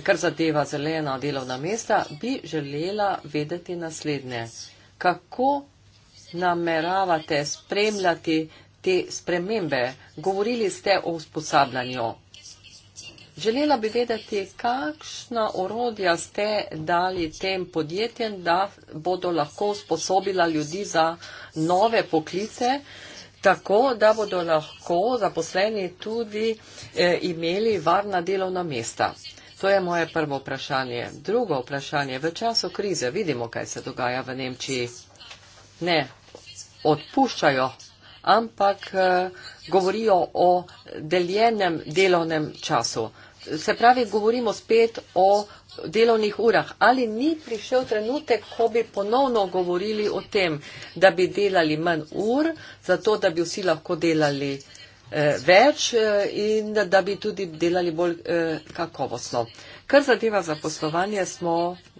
Kar zadeva zelena delovna mesta, bi želela vedeti naslednje. Kako nameravate spremljati te spremembe? Govorili ste o usposabljanju. Želela bi vedeti, kakšna orodja ste dali tem podjetjem, da bodo lahko sposobila ljudi za nove poklice, tako da bodo lahko zaposleni tudi eh, imeli varna delovna mesta. To je moje prvo vprašanje. Drugo vprašanje. V času krize vidimo, kaj se dogaja v Nemčiji. Ne odpuščajo, ampak eh, govorijo o deljenem delovnem času. Se pravi, govorimo spet o delovnih urah. Ali ni prišel trenutek, ko bi ponovno govorili o tem, da bi delali manj ur, zato da bi vsi lahko delali manj ur? Eh, več eh, in da bi tudi delali bolj eh, kakovostno. Kar zadeva zaposlovanje, smo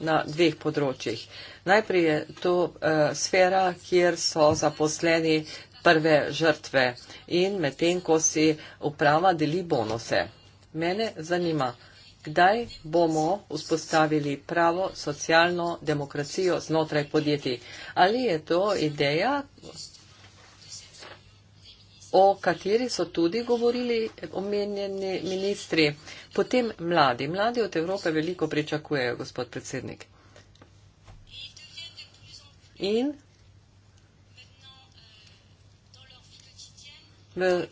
na dveh področjih. Najprej je to sfera, kjer so zaposleni prve žrtve in medtem, ko si uprava deli bonuse. Mene zanima, kdaj bomo vzpostavili pravo socialno demokracijo znotraj podjetij. Ali je to ideja, o kateri so tudi govorili omenjeni ministri. Potem mladi. Mladi od Evrope veliko pričakujejo, gospod predsednik. In v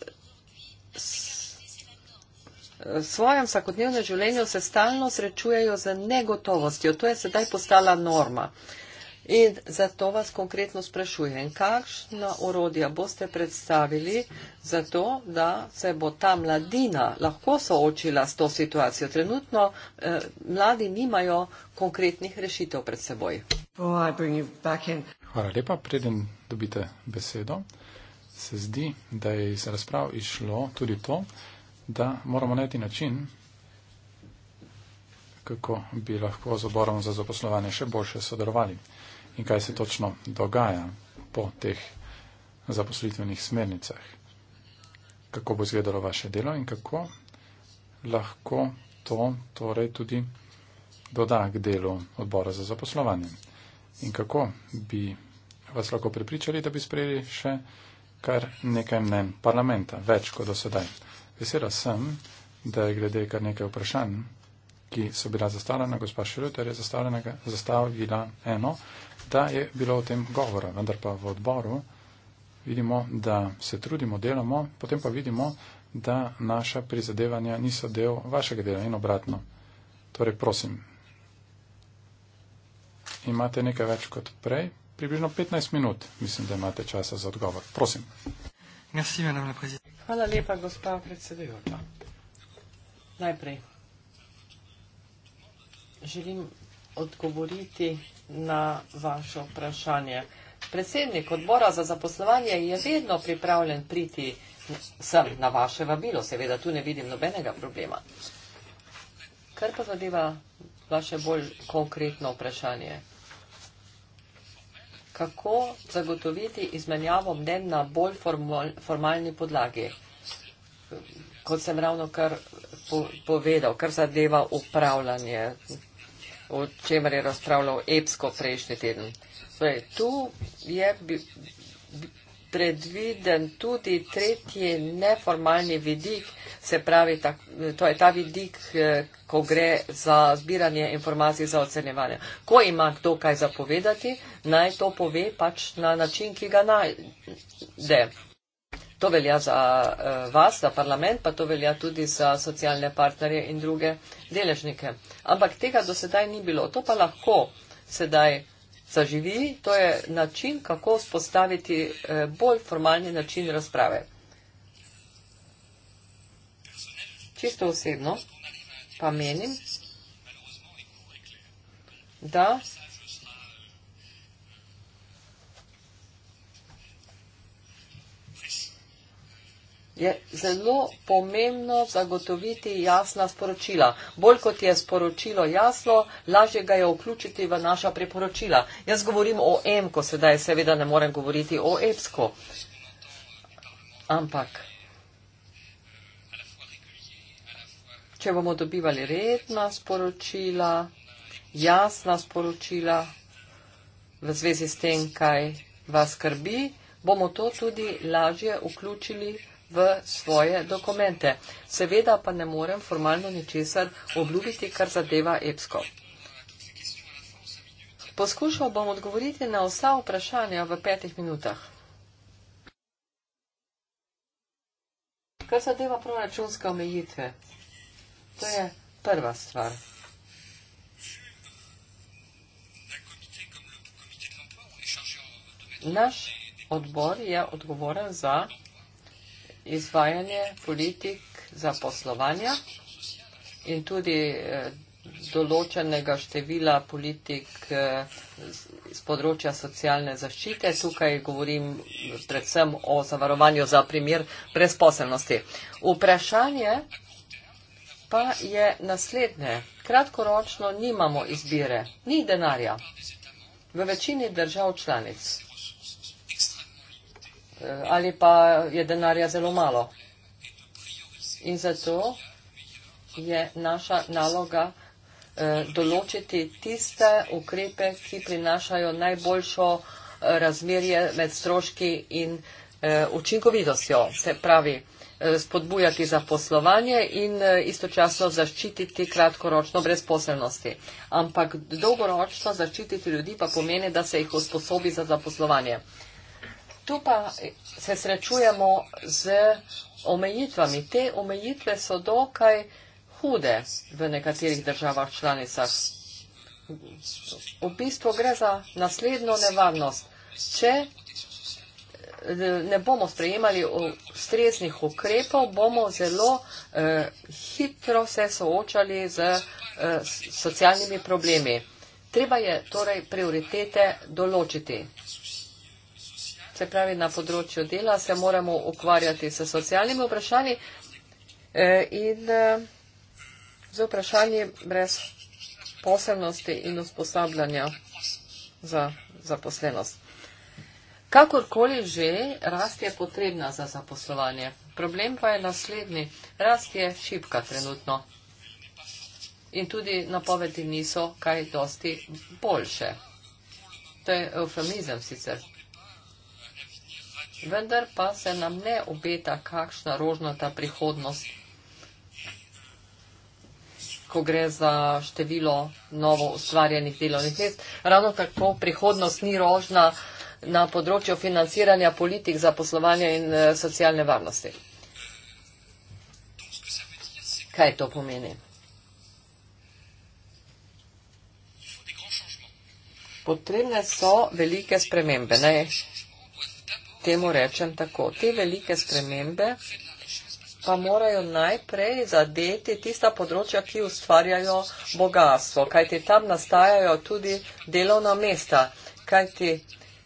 svojem vsakodnevnem življenju se stalno srečujejo z negotovostjo. To je sedaj postala norma. In zato vas konkretno sprašujem, kakšna urodja boste predstavili za to, da se bo ta mladina lahko soočila s to situacijo. Trenutno eh, mladi nimajo konkretnih rešitev pred seboj. Hvala lepa, preden dobite besedo. Se zdi, da je iz razprav išlo tudi to, da moramo najti način, kako bi lahko z oborom za zaposlovanje še boljše sodelovali in kaj se točno dogaja po teh zaposlitvenih smernicah. Kako bo izgledalo vaše delo in kako lahko to torej tudi doda k delu odbora za zaposlovanje. In kako bi vas lahko pripričali, da bi sprejeli še kar nekaj mnen parlamenta, več kot do sedaj. Vesela sem, da je glede kar nekaj vprašanj, ki so bila zastavljena, gospa Šeruter je zastavljena, zastavila eno, da je bilo o tem govora, vendar pa v odboru vidimo, da se trudimo, delamo, potem pa vidimo, da naša prizadevanja niso del vašega dela in obratno. Torej, prosim, imate nekaj več kot prej, približno 15 minut, mislim, da imate časa za odgovor. Prosim. Hvala lepa, gospa predsedujoča. Najprej. Želim odgovoriti na vaše vprašanje. Predsednik odbora za zaposlovanje je vedno pripravljen priti sem na vaše vabilo, seveda tu ne vidim nobenega problema. Kar pa zadeva vaše bolj konkretno vprašanje? Kako zagotoviti izmenjavo mnen na bolj formal, formalni podlagi? Kot sem ravno kar po, povedal, kar zadeva upravljanje, o čemer je razpravljal EPSKO prejšnji teden. Zdaj, torej, tu je bi, bi, predviden tudi tretji neformalni vidik, se pravi, ta, to torej je ta vidik, eh, ko gre za zbiranje informacij za ocenjevanje. Ko ima kdo kaj zapovedati, naj to pove pač na način, ki ga najde. To velja za eh, vas, za parlament, pa to velja tudi za socialne partnerje in druge uh, deležnike. Ampak tega do sedaj ni bilo. To pa lahko sedaj zaživi. To je način, kako spostaviti eh, bolj formalni način razprave. Čisto osebno pa menim, da je zelo pomembno zagotoviti jasna sporočila. Bolj kot je sporočilo jasno, lažje ga je vključiti v naša priporočila. Jaz govorim o emko, sedaj seveda ne morem govoriti o epsko. Ampak, če bomo dobivali redna sporočila, jasna sporočila v zvezi s tem, kaj vas skrbi, bomo to tudi lažje vključili v svoje dokumente. Seveda pa ne morem formalno ničesar obljubiti, kar zadeva EPSKO. Poskušal bom odgovoriti na vsa vprašanja v petih minutah. Kar zadeva proračunske omejitve, to je prva stvar. Naš odbor je odgovoren za izvajanje politik zaposlovanja in tudi eh, določenega števila politik eh, z področja socialne zaščite. Tukaj govorim predvsem o zavarovanju za primer brezposelnosti. Vprašanje pa je naslednje. Kratkoročno nimamo izbire, ni denarja v večini držav članic. Eh, ali pa je denarja zelo malo. In zato je naša naloga eh, določiti tiste ukrepe, ki prinašajo najboljšo eh, razmerje med stroški in učinkovitostjo, se pravi spodbujati za poslovanje in istočasno zaščititi kratkoročno brezposelnosti. Ampak dolgoročno zaščititi ljudi pa pomeni, da se jih osposobi za zaposlovanje tu pa se srečujemo z omejitvami. Te omejitve so dokaj hude v nekaterih državah članicah. V bistvu gre za naslednjo nevarnost. Če eh, ne bomo sprejemali ustreznih ukrepov, bomo zelo eh, hitro se soočali z eh, socialnimi problemi. Treba je torej prioritete določiti se pravi na področju dela, se moramo ukvarjati s socialnimi vprašanji eh, in eh, z vprašanji brez poselnosti in usposabljanja za zaposlenost. Kakorkoli že, rast je potrebna za zaposlovanje. Problem pa je naslednji. Rast je šipka trenutno. In tudi napovedi niso kaj dosti boljše. To je eufemizem sicer. Pač. vendar pa se nam ne obeta kakšna rožnata prihodnost, ko gre za število novo ustvarjenih delovnih mest. Ravno tako prihodnost ni rožna na področju financiranja politik za poslovanje in eh, socialne varnosti. Kaj to pomeni? Potrebne so velike spremembe. Ne? temu rečem tako. Te velike spremembe pa morajo najprej zadeti tista področja, ki ustvarjajo bogatstvo, kajti tam nastajajo tudi delovna mesta. Kajti,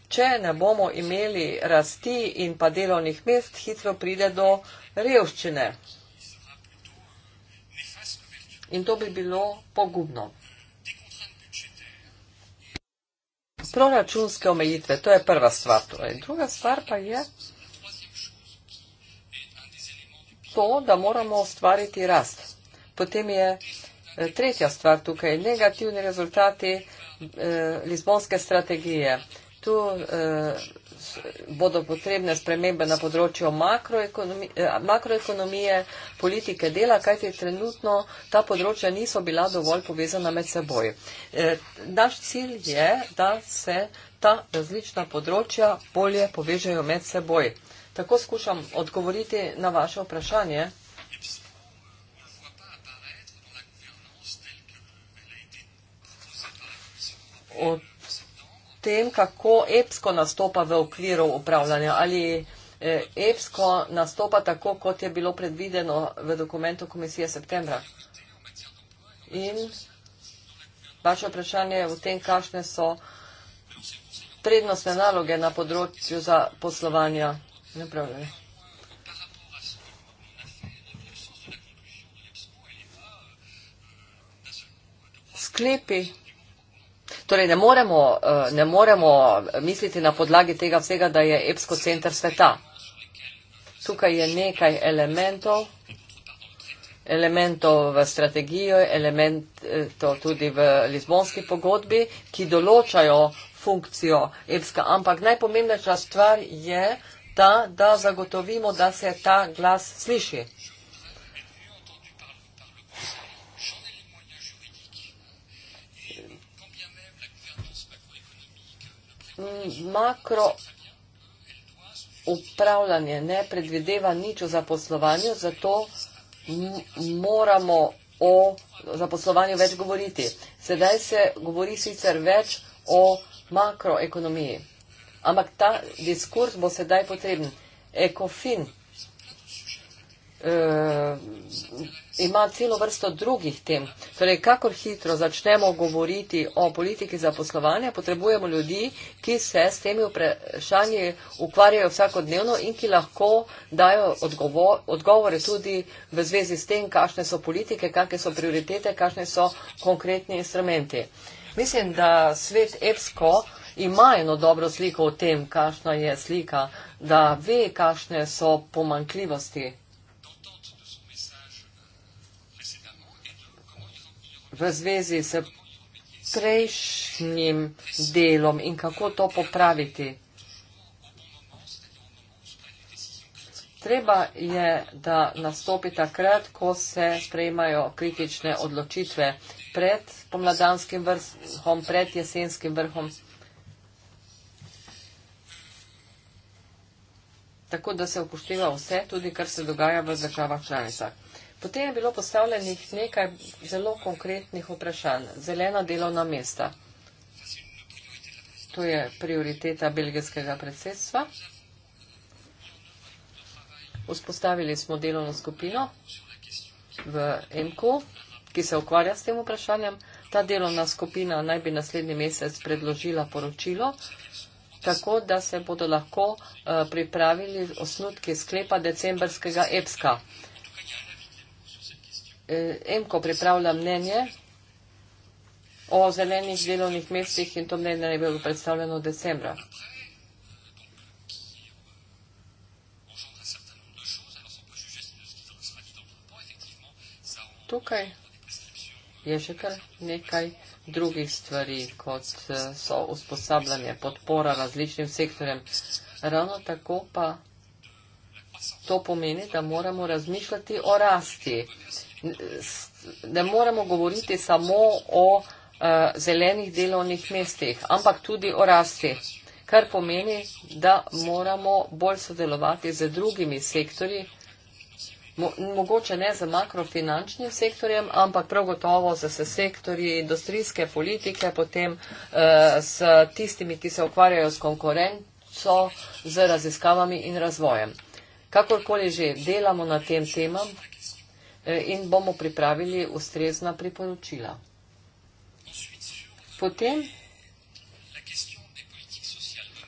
če ne bomo imeli rasti in pa delovnih mest, hitro pride do revščine. In to bi bilo pogubno. proračunske omejitve. To je prva stvar. Torej. Druga stvar pa je to, da moramo ustvariti rast. Potem je eh, tretja stvar tukaj, negativni rezultati eh, Lizbonske strategije. Tu eh, bodo potrebne spremembe na področju makroekonomije, eh, makroekonomije, politike dela, kajti trenutno ta področja niso bila dovolj povezana med seboj. Eh, naš cilj je, da se ta različna področja bolje povežejo med seboj. Tako skušam odgovoriti na vaše vprašanje. Od tem, kako EPSKO nastopa v okviru upravljanja. Ali eh, EPSKO nastopa tako, kot je bilo predvideno v dokumentu komisije septembra. In vaše vprašanje je v tem, kakšne so prednostne naloge na področju za poslovanja. Napravljanje. Sklepi Torej, ne moremo, eh, ne moremo misliti na podlagi tega vsega, da je EPSKO center sveta. Tukaj je nekaj elementov, elementov v strategijo, elementov tudi v Lizbonski pogodbi, ki določajo funkcijo EPSKA. Ampak najpomembnejša stvar je ta, da zagotovimo, da se ta glas sliši. makro upravljanje ne predvideva nič o zaposlovanju, zato moramo o zaposlovanju več govoriti. Sedaj se govori sicer več o makroekonomiji, ampak ta diskurs bo sedaj potreben. Ekofin. Eh, ima celo vrsto drugih tem. Torej, kakor hitro začnemo govoriti o politiki zaposlovanja, potrebujemo ljudi, ki se s temi vprašanji ukvarjajo vsakodnevno in ki lahko dajo odgovore tudi v zvezi s tem, kakšne so politike, kakšne so prioritete, kakšne so konkretni instrumenti. Mislim, da svet EPSCO ima eno dobro sliko o tem, kakšna je slika, da ve, kakšne so pomankljivosti v zvezi s prejšnjim delom in kako to popraviti. Treba je, da nastopi takrat, ko se sprejmajo kritične odločitve pred pomladanskim vrhom, pred jesenskim vrhom. Tako da se upošteva vse, tudi kar se dogaja v državah članicah. Potem je bilo postavljenih nekaj zelo konkretnih vprašanj. Zelena delovna mesta. To je prioriteta belgijskega predsedstva. Vzpostavili smo delovno skupino v EMKU, ki se ukvarja s tem vprašanjem. Ta delovna skupina naj bi naslednji mesec predložila poročilo, tako da se bodo lahko uh, pripravili osnutki sklepa decembrskega EPSKA. Uh, Eh, EMKO pripravlja mnenje o zelenih delovnih mestih in to mnenje je bilo predstavljeno v decembra. Tukaj je še kar nekaj drugih stvari, kot eh, so usposabljanje, podpora različnim sektorjem. Ravno tako pa to pomeni, da moramo razmišljati o rasti ne moremo govoriti samo o eh, zelenih delovnih mestih, ampak tudi o rasti, kar pomeni, da moramo bolj sodelovati z drugimi sektorji, mogoče ne z makrofinančnim sektorjem, ampak prav gotovo z sektorji industrijske politike, potem eh, s tistimi, ki se ukvarjajo s konkurenco, z raziskavami in razvojem. Kakorkoli že delamo na tem temam, Eh, in bomo pripravili ustrezna priporočila. Potem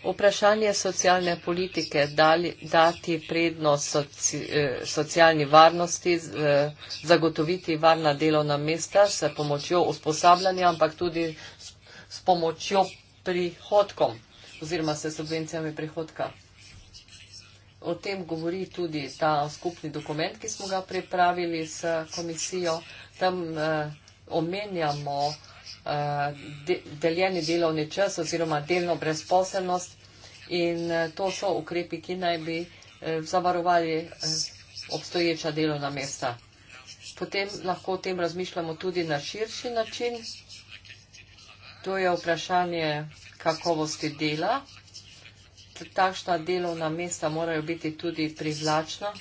vprašanje socialne politike, dati prednost soci, eh, socialni varnosti, eh, zagotoviti varna delovna mesta s pomočjo usposabljanja, ampak tudi s pomočjo prihodkom oziroma s subvencijami prihodka. O tem govori tudi ta skupni dokument, ki smo ga pripravili s komisijo. Tam eh, omenjamo eh, de, deljeni delovni čas oziroma delno brezposelnost in eh, to so ukrepi, ki naj bi eh, zavarovali eh, obstoječa delovna mesta. Potem lahko o tem razmišljamo tudi na širši način. To je vprašanje kakovosti dela takšna delovna mesta morajo biti tudi privlačna.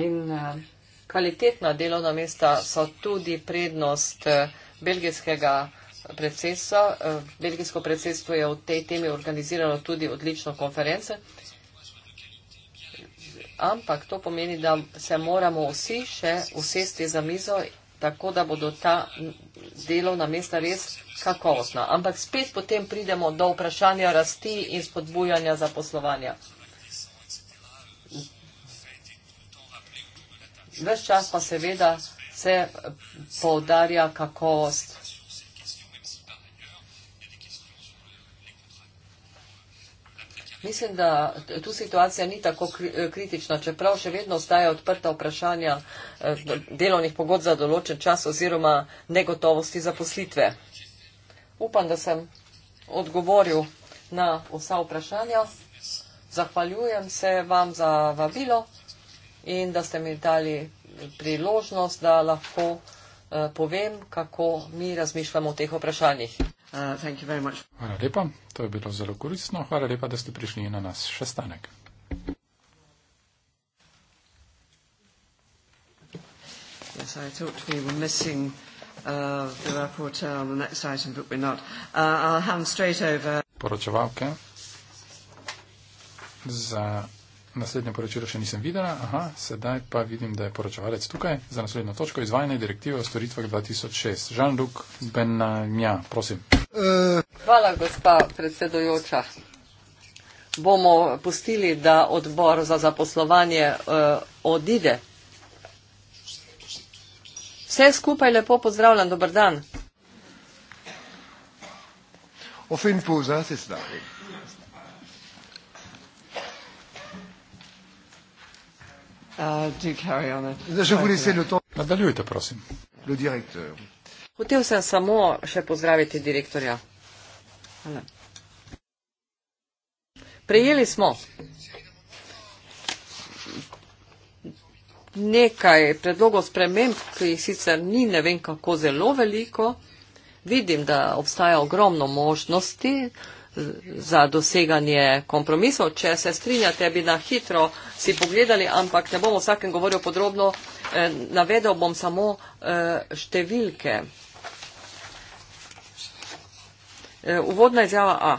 In eh, kvalitetna delovna mesta so tudi prednost eh, belgijskega predsedstva. Eh, belgijsko predsedstvo je v tej temi organiziralo tudi odlično konference. Ampak to pomeni, da se moramo vsi še usesti za mizo tako da bodo ta delovna mesta res kakovostna. Ampak spet potem pridemo do vprašanja rasti in spodbujanja zaposlovanja. Ves čas pa seveda se poudarja kakovost Mislim, da tu situacija ni tako eh, kritična, čeprav še vedno ostaje odprta vprašanja eh, delovnih pogod za določen čas oziroma negotovosti zaposlitve. Upam, da sem odgovoril na vsa vprašanja. Zahvaljujem se vam za vabilo in da ste mi dali priložnost, da lahko eh, povem, kako mi razmišljamo o teh vprašanjih. Uh, Hvala lepa, to je bilo zelo koristno. Hvala lepa, da ste prišli na nas še stanek. Yes, I thought we were missing uh, the rapporteur on the next item, but we're not. Uh, I'll hand straight over. Poročevalke za naslednje poročilo še nisem videla. Aha, sedaj pa vidim, da je poročevalec tukaj za naslednjo točko izvajanja direktive o storitvah 2006. Žan-Luk Benamja, prosim. Hvala, gospa predsedojoča. Bomo pustili, da odbor za zaposlovanje uh, odide. Vse skupaj lepo pozdravljam, dober dan. Ofenpo, zase zdaj. Uh, Nadaljujte, prosim. Hotel sem samo še pozdraviti direktorja. Hvala. Prejeli smo nekaj predlogov sprememb, ki jih sicer ni ne vem kako zelo veliko. Vidim, da obstaja ogromno možnosti, za doseganje kompromisov. Če se strinjate, bi na hitro si pogledali, ampak ne bom vsakem govoril podrobno, e, navedel bom samo e, številke. E, uvodna izjava A.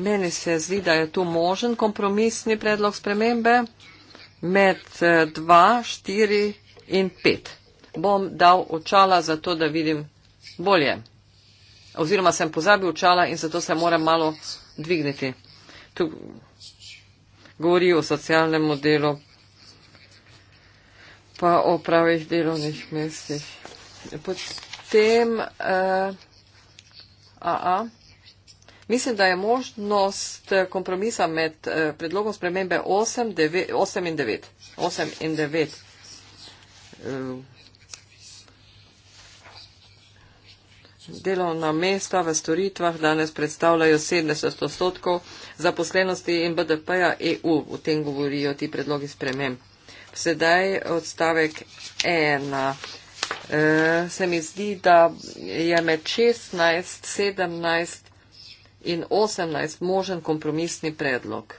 Meni se zdi, da je tu možen kompromisni predlog spremembe med 2, 4 in 5. Bom dal očala za to, da vidim bolje oziroma sem pozabil očala in zato se moram malo dvigniti. Tu govori o socialnem modelu, pa o pravih delovnih mestih. Potem uh, eh, AA. Mislim, da je možnost kompromisa med eh, predlogom spremembe 8, 9, 8 in 9. 8 in 9. delovna mesta v storitvah danes predstavljajo 70 odstotkov zaposlenosti in BDP-ja EU. V tem govorijo ti predlogi sprememb. Sedaj odstavek ena. E, se mi zdi, da je med 16, 17 in 18 možen kompromisni predlog.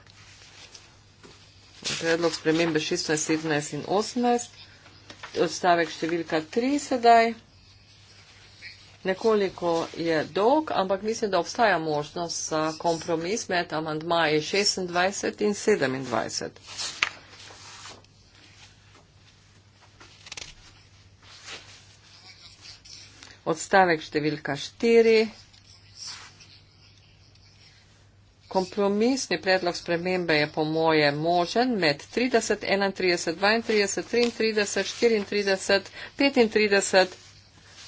Predlog spremembe 16, 17 in 18. Odstavek številka 3 sedaj. Nekoliko je dolg, ampak mislim, da obstaja možnost za kompromis med amandmaji 26 in 27. Odstavek številka 4. Kompromisni predlog spremembe je po moje možen med 30, 31, 32, 33, 34, 35.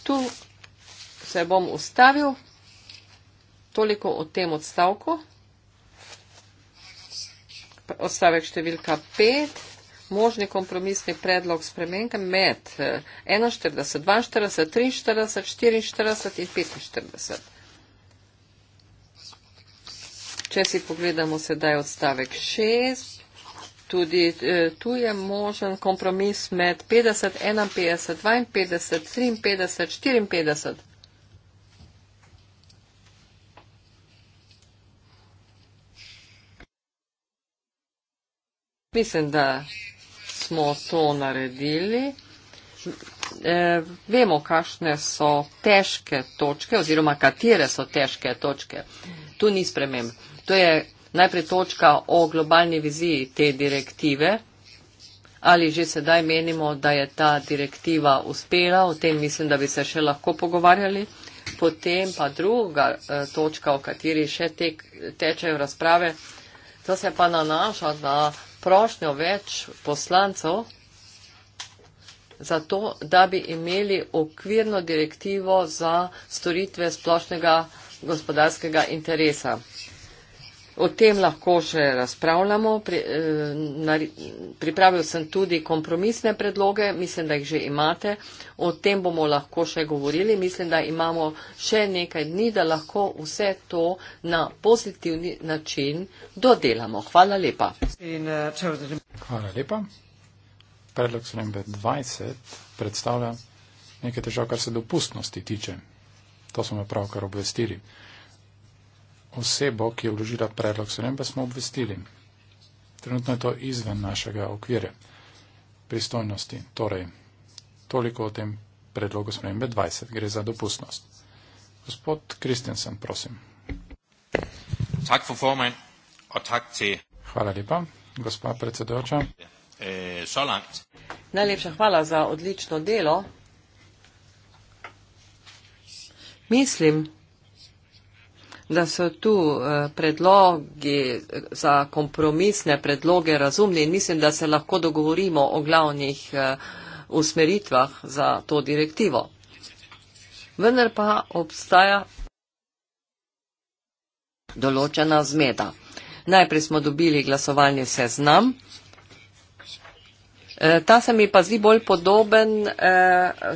Tu se bom ustavil. Toliko o tem odstavku. Odstavek številka 5. Možni kompromisni predlog spremenke med 41, 42, 43, 44 in 45. Če si pogledamo sedaj odstavek 6, tudi eh, tu je možen kompromis med 50, 51, 52, 53, 54. Mislim, da smo to naredili. E, vemo, kakšne so težke točke oziroma katere so težke točke. Tu ni sprememb. To je najprej točka o globalni viziji te direktive. Ali že sedaj menimo, da je ta direktiva uspela, o tem mislim, da bi se še lahko pogovarjali. Potem pa druga e, točka, o kateri še tek, tečejo razprave, to se pa nanaša na prošnjo več poslancov za to, da bi imeli okvirno direktivo za storitve splošnega gospodarskega interesa. O tem lahko še razpravljamo. Pri, eh, nar, pripravil sem tudi kompromisne predloge, mislim, da jih že imate. O tem bomo lahko še govorili. Mislim, da imamo še nekaj dni, da lahko vse to na pozitivni način dodelamo. Hvala lepa. In, uh, Hvala lepa. Predlog slembe 20 predstavlja nekaj težav, kar se dopustnosti tiče. To smo pravkar obvestili osebo, ki je vložila predlog spremembe, smo obvestili. Trenutno je to izven našega okvirja pristojnosti. Torej, toliko o tem predlogu spremembe 20. Gre za dopustnost. Gospod Kristensen, prosim. Tak for formen, tak te... Hvala lepa, gospa predsedujoča. Øh, Najlepša hvala za odlično delo. Mislim, da so tu eh, predlogi za kompromisne predloge razumni in mislim, da se lahko dogovorimo o glavnih eh, usmeritvah za to direktivo. Vendar pa obstaja določena zmeda. Najprej smo dobili glasovalni seznam. Eh, ta se mi pa zdi bolj podoben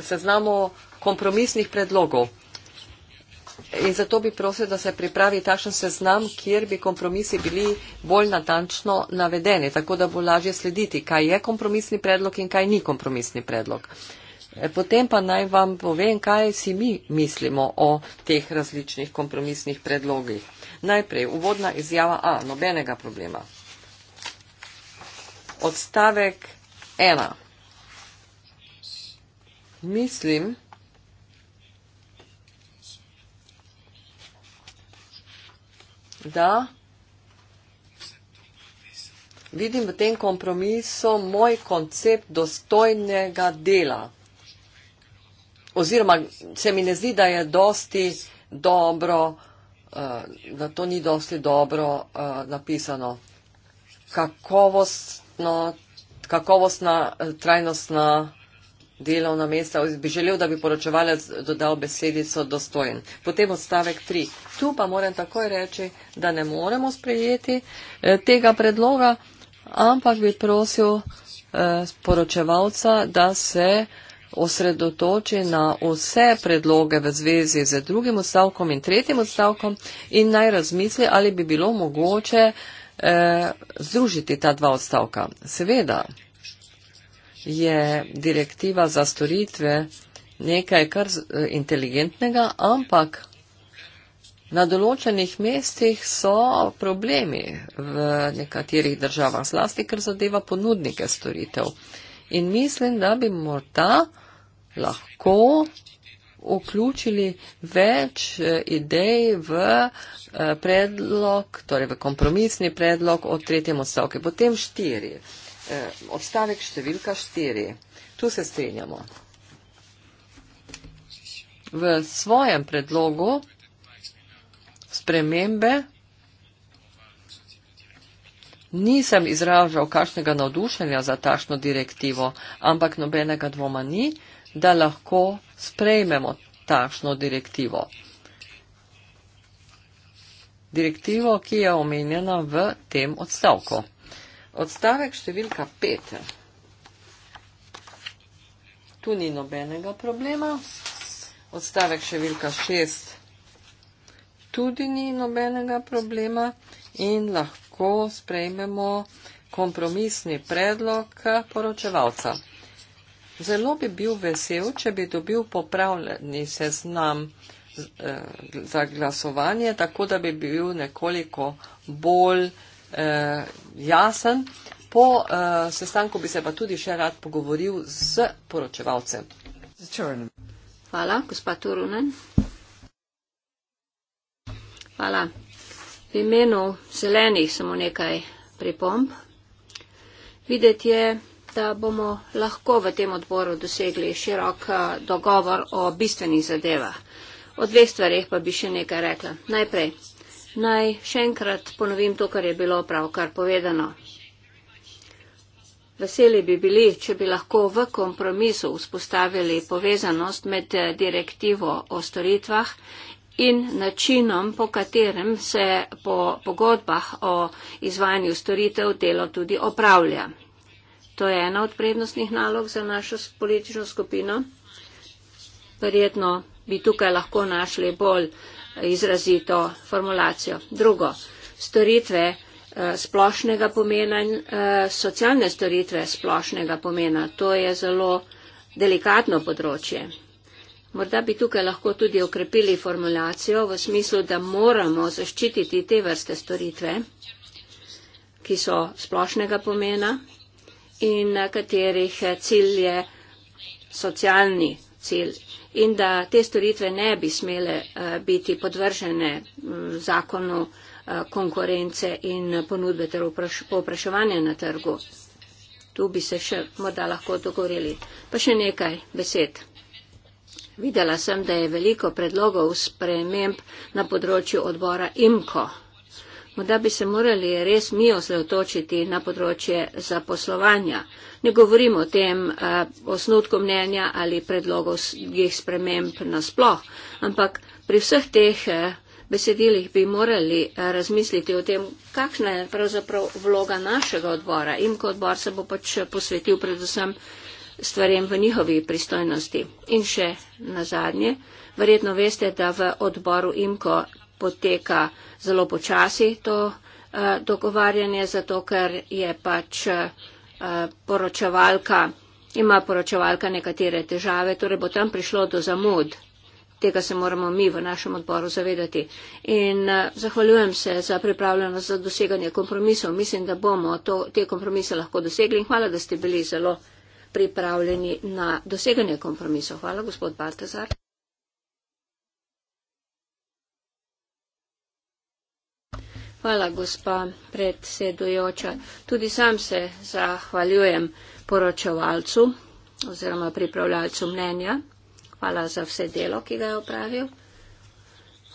seznamu kompromisnih predlogov. In zato bi prosil, da se pripravi takšen seznam, kjer bi kompromisi bili bolj natančno navedeni, tako da bo lažje slediti, kaj je kompromisni predlog in kaj ni kompromisni predlog. E, potem pa naj vam povem, kaj si mi mislimo o teh različnih kompromisnih predlogih. Najprej, uvodna izjava A, nobenega problema. Odstavek 1. Mislim, da vidim v tem kompromisu moj koncept dostojnega dela. Oziroma, se mi ne zdi, da je dosti dobro, eh, da to ni dosti dobro eh, napisano. Kakovostno, kakovostna, eh, trajnostna delovna mesta, bi želel, da bi poročevalec dodal besedico dostojen. Potem odstavek 3. Tu pa moram takoj reči, da ne moremo sprejeti eh, tega predloga, ampak bi prosil eh, poročevalca, da se osredotoči na vse predloge v zvezi z drugim odstavkom in tretjim odstavkom in naj razmisli, ali bi bilo mogoče eh, združiti ta dva odstavka. Seveda je direktiva za storitve nekaj kar eh, inteligentnega, ampak na določenih mestih so problemi v nekaterih državah, zlasti ker zadeva ponudnike storitev. In mislim, da bi morda lahko vključili več eh, idej v eh, predlog, torej v kompromisni predlog o tretjem odstavku, potem štiri eh, odstavek številka 4. Tu se strinjamo. V svojem predlogu spremembe nisem izražal kakšnega navdušenja za tašno direktivo, ampak nobenega dvoma ni, da lahko sprejmemo tašno direktivo. Direktivo, ki je omenjena v tem odstavku. Odstavek številka 5. Tu ni nobenega problema. Odstavek številka 6. Tudi ni nobenega problema in lahko sprejmemo kompromisni predlog poročevalca. Zelo bi bil vesel, če bi dobil popravljeni seznam eh, za glasovanje, tako da bi bil nekoliko bolj vesel eh, jasen. Po eh, sestanku bi se pa tudi še rad pogovoril z poročevalcem. Hvala, gospa Turunen. Hvala. V imenu zelenih samo nekaj pripomb. Videti je, da bomo lahko v tem odboru dosegli širok eh, dogovor o bistvenih zadevah. O dveh stvarih pa bi še nekaj rekla. Najprej, Naj še enkrat ponovim to, kar je bilo pravkar povedano. Veseli bi bili, če bi lahko v kompromisu vzpostavili povezanost med eh, direktivo o storitvah in načinom, po katerem se po pogodbah o izvajanju storitev delo tudi opravlja. To je ena od prednostnih nalog za našo politično skupino. Verjetno bi tukaj lahko našli bolj izrazito formulacijo. Drugo, storitve eh, splošnega pomena in eh, socialne storitve splošnega pomena. To je zelo delikatno področje. Morda bi tukaj lahko tudi okrepili formulacijo v smislu, da moramo zaščititi te vrste storitve, ki so splošnega pomena in eh, katerih cilj je socialni cilj in da te storitve ne bi smele eh, biti podvržene mm, zakonu eh, konkurence in ponudbe ter povpraševanja na trgu. Tu bi se še morda lahko dogovorili. Pa še nekaj besed. Videla sem, da je veliko predlogov sprememb na področju odbora IMKO. Morda bi se morali res mi osredotočiti na področje zaposlovanja. Ne govorim o tem eh, osnutku mnenja ali predlogov jih sprememb nasploh, ampak pri vseh teh eh, besedilih bi morali eh, razmisliti o tem, kakšna je pravzaprav vloga našega odbora in ko odbor se bo pač posvetil predvsem stvarem v njihovi pristojnosti. In še na zadnje, verjetno veste, da v odboru IMKO poteka zelo počasi to eh, dogovarjanje, zato ker je pač eh, poročevalka, ima poročevalka nekatere težave, torej bo tam prišlo do zamud. Tega se moramo mi v našem odboru zavedati. In eh, zahvaljujem se za pripravljenost za doseganje kompromisov. Mislim, da bomo to, te kompromise lahko dosegli in hvala, da ste bili zelo pripravljeni na doseganje kompromisov. Hvala, gospod Baltazar. Hvala, gospa predsedujoča. Tudi sam se zahvaljujem poročevalcu oziroma pripravljalcu mnenja. Hvala za vse delo, ki ga je opravil.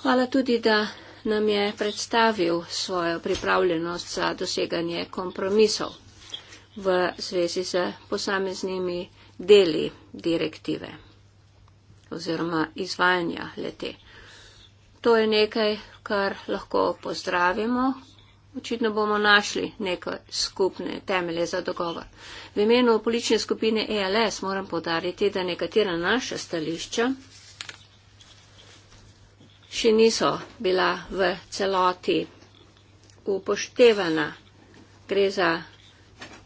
Hvala tudi, da nam je predstavil svojo pripravljenost za doseganje kompromisov v zvezi z posameznimi deli direktive oziroma izvajanja lete to je nekaj, kar lahko pozdravimo. Očitno bomo našli neko skupne temelje za dogovor. V imenu politične skupine ELS moram podariti, da nekatera naša stališča še niso bila v celoti upoštevana. Gre za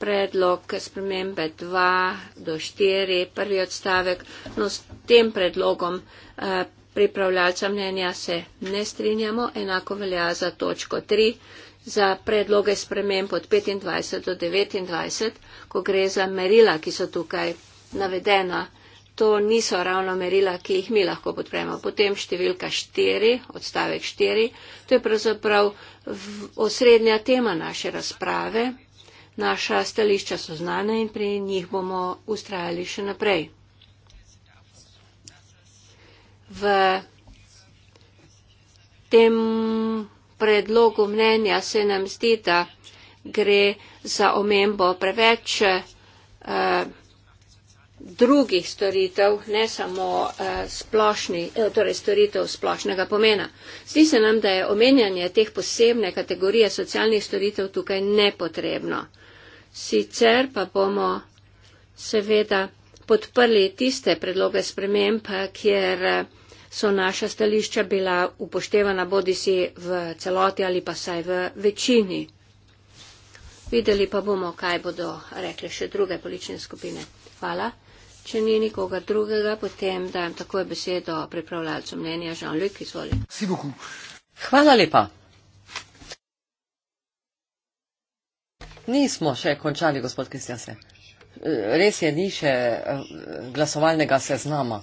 predlog spremembe 2 do 4, prvi odstavek. No, s tem predlogom eh, pripravljača mnenja se ne strinjamo, enako velja za točko 3, za predloge spremem pod 25 do 29, ko gre za merila, ki so tukaj navedena. To niso ravno merila, ki jih mi lahko podpremo. Potem številka 4, odstavek 4, to je pravzaprav osrednja tema naše razprave. Naša stališča so znane in pri njih bomo ustrajali še naprej v tem predlogu mnenja se nam zdi, da gre za omembo preveč uh, drugih storitev, ne samo uh, splošni, eh, torej storitev splošnega pomena. Zdi se nam, da je omenjanje teh posebne kategorije socialnih storitev tukaj nepotrebno. Sicer pa bomo seveda podprli tiste predloge sprememb, kjer uh, so naša stališča bila upoštevana bodi si v celoti ali pa saj v večini. Videli pa bomo, kaj bodo rekle še druge politične skupine. Hvala. Če ni nikoga drugega, potem dajem takoj besedo pripravljalcu mnenja Jean-Luc, izvoli. Hvala lepa. Nismo še končali, gospod Kristjan se. Res je, ni še eh, glasovalnega seznama.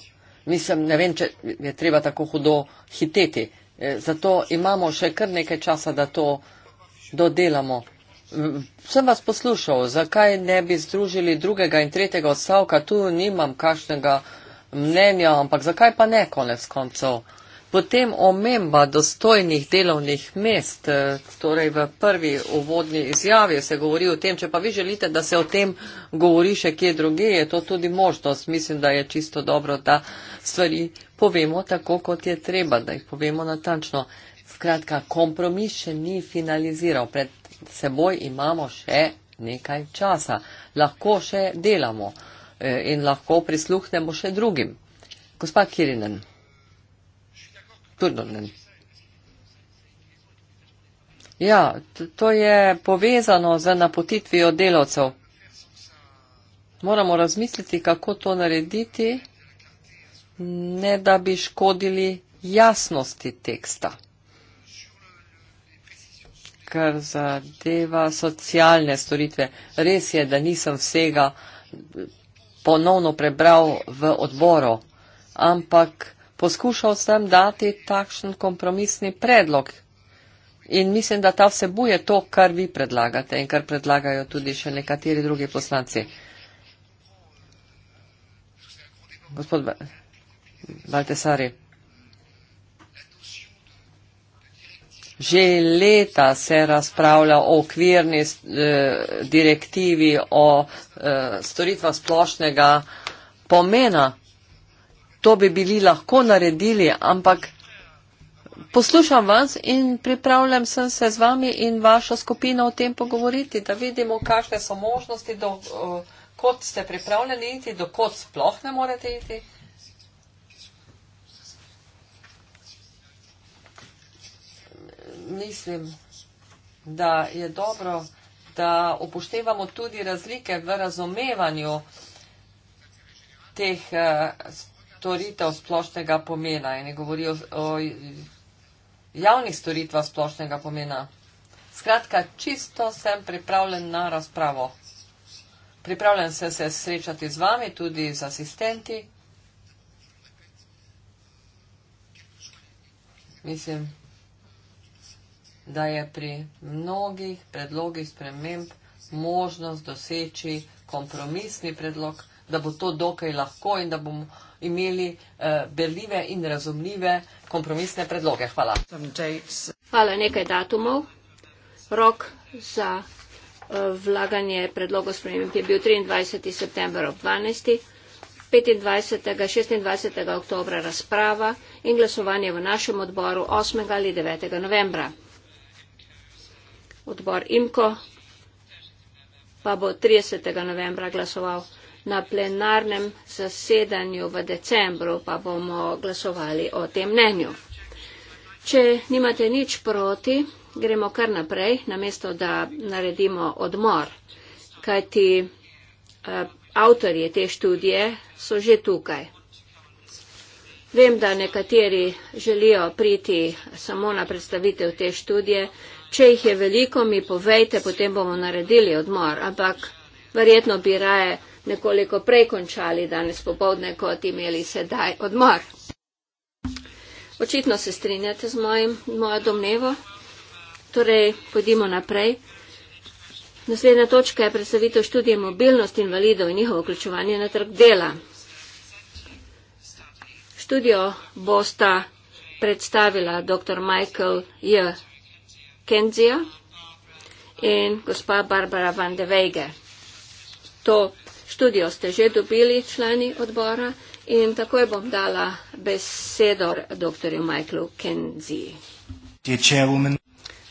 Mislim, ne vem, če je treba tako hudo hiteti. E, zato imamo še kar nekaj časa, da to dodelamo. Sem vas poslušal, zakaj ne bi združili drugega in tretjega odstavka, tu nimam kakšnega mnenja, ampak zakaj pa ne konec koncov? Potem omemba dostojnih delovnih mest, eh, torej v prvi uvodni izjavi se govori o tem, če pa vi želite, da se o tem govori še kje druge, je to tudi možnost. Mislim, da je čisto dobro, da stvari povemo tako, kot je treba, da jih povemo natančno. Skratka, kompromis še ni finaliziral, pred seboj imamo še nekaj časa, lahko še delamo eh, in lahko prisluhnemo še drugim. Gospa Kirinen absurdno. Ne? Ja, to je povezano z napotitvijo delovcev. Moramo razmisliti, kako to narediti, ne da bi škodili jasnosti teksta. Kar zadeva socialne storitve. Res je, da nisem vsega ponovno prebral v odboru, ampak poskušal sem dati takšen kompromisni predlog. In mislim, da ta vsebuje to, kar vi predlagate in kar predlagajo tudi še nekateri drugi poslanci. Gospod Baltesari, že leta se razpravlja o okvirni eh, direktivi o eh, storitvah splošnega pomena to bi bili lahko naredili, ampak poslušam vas in pripravljam sem se z vami in vašo skupino o tem pogovoriti, da vidimo, kakšne so možnosti, do, kot ste pripravljeni iti, do kot sploh ne morete iti. Mislim, da je dobro, da upoštevamo tudi razlike v razumevanju teh eh, storitev splošnega pomena. Ne govori o, o javnih storitvah splošnega pomena. Skratka, čisto sem pripravljen na razpravo. Pripravljen sem se srečati z vami, tudi z asistenti. Mislim, da je pri mnogih predlogih sprememb možnost doseči kompromisni predlog, da bo to dokaj lahko in da bomo imeli uh, berljive in razumljive kompromisne predloge. Hvala. Hvala nekaj datumov. Rok za uh, vlaganje predlogov spremem je bil 23. september ob 12. 25. 26. oktobra razprava in glasovanje v našem odboru 8. ali 9. novembra. Odbor IMKO pa bo 30. novembra glasoval na plenarnem zasedanju v decembru, pa bomo glasovali o tem mnenju. Če nimate nič proti, gremo kar naprej, namesto da naredimo odmor, kajti uh, eh, avtorje te študije so že tukaj. Vem, da nekateri želijo priti samo na predstavitev te študije. Če jih je veliko, mi povejte, potem bomo naredili odmor, ampak verjetno bi raje nekoliko prej končali danes popovdne, kot imeli sedaj odmor. Očitno se strinjate z mojim, mojo domnevo. Torej, pojdimo naprej. Naslednja točka je predstavitev študije mobilnost invalidov in njihovo vključevanje na trg dela. Študijo bosta predstavila dr. Michael J. Kenzija in gospa Barbara van de Wege. To Študijo ste že dobili člani odbora in takoj bom dala besedo dr. Michaelu Kenziji.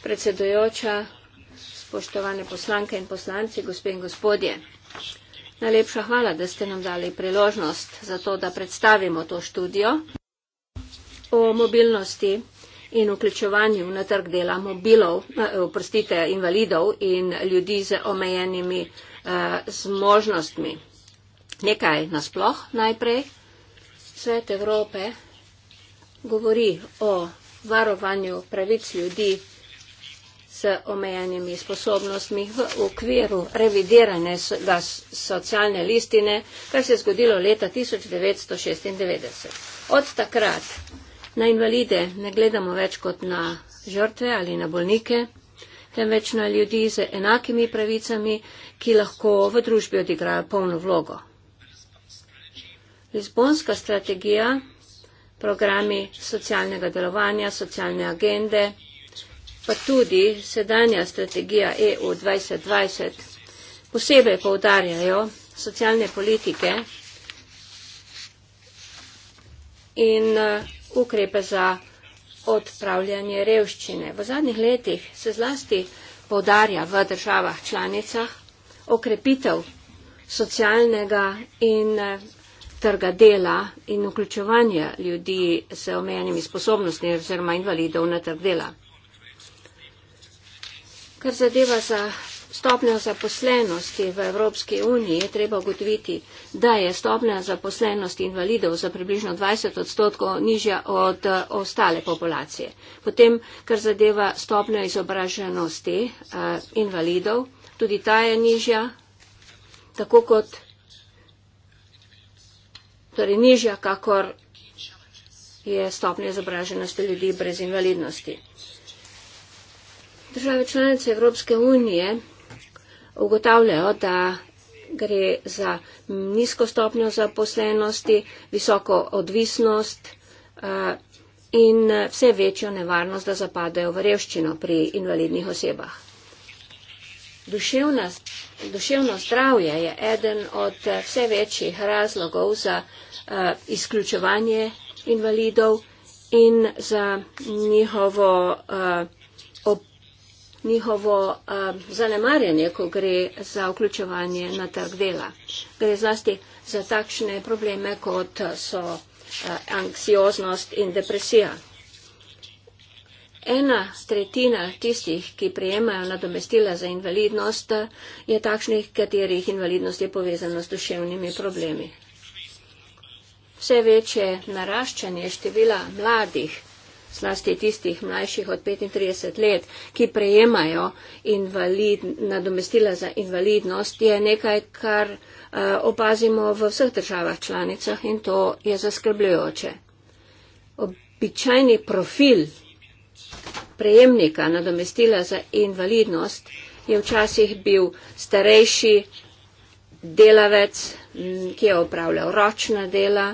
Predsedujoča, spoštovane poslanke in poslanci, gospe in gospodje, najlepša hvala, da ste nam dali priložnost za to, da predstavimo to študijo o mobilnosti in vključevanju na trg dela mobilov, eh, oprostite, invalidov in ljudi z omejenimi Eh, z možnostmi. Nekaj nasploh najprej. Svet Evrope govori o varovanju pravic ljudi s omejenimi sposobnostmi v okviru revidirane socialne listine, kar se je zgodilo leta 1996. Od takrat na invalide ne gledamo več kot na žrtve ali na bolnike, temveč na ljudi z enakimi pravicami, ki lahko v družbi odigrajo polno vlogo. Lizbonska strategija, programi socialnega delovanja, socialne agende, pa tudi sedanja strategija EU 2020 posebej poudarjajo socialne politike in uh, ukrepe za odpravljanje revščine. V zadnjih letih se zlasti podarja v državah članicah okrepitev socialnega in eh, trga dela in vključevanja ljudi s omejenimi sposobnostmi oziroma invalidov na trg dela. Kar zadeva za stopnjo zaposlenosti v Evropski uniji je treba ugotoviti, da je stopnja zaposlenosti invalidov za približno 20 odstotkov nižja od eh, ostale populacije. Potem, kar zadeva stopnjo izobraženosti eh, invalidov, tudi ta je nižja, tako kot torej nižja, kakor je stopnja izobraženosti ljudi brez invalidnosti. Države članice Evropske unije ugotavljajo, da gre za nizko stopnjo zaposlenosti, visoko odvisnost eh, in vse večjo nevarnost, da zapadajo v revščino pri invalidnih osebah. Duševna, duševno zdravje je eden od eh, vse večjih razlogov za uh, izključevanje invalidov in za njihovo uh, njihovo um, zanemarjanje, ko gre za vključevanje na trg dela. Gre zlasti za takšne probleme, kot so uh, anksioznost in depresija. Ena tretjina tistih, ki prijemajo nadomestila za invalidnost, je takšnih, katerih invalidnost je povezana s duševnimi problemi. Vse večje naraščanje števila mladih zlasti tistih mlajših od 35 let, ki prejemajo invalid, nadomestila za invalidnost, je nekaj, kar eh, opazimo v vseh državah članicah in to je zaskrbljujoče. Običajni profil prejemnika nadomestila za invalidnost je včasih bil starejši delavec, ki je opravljal ročna dela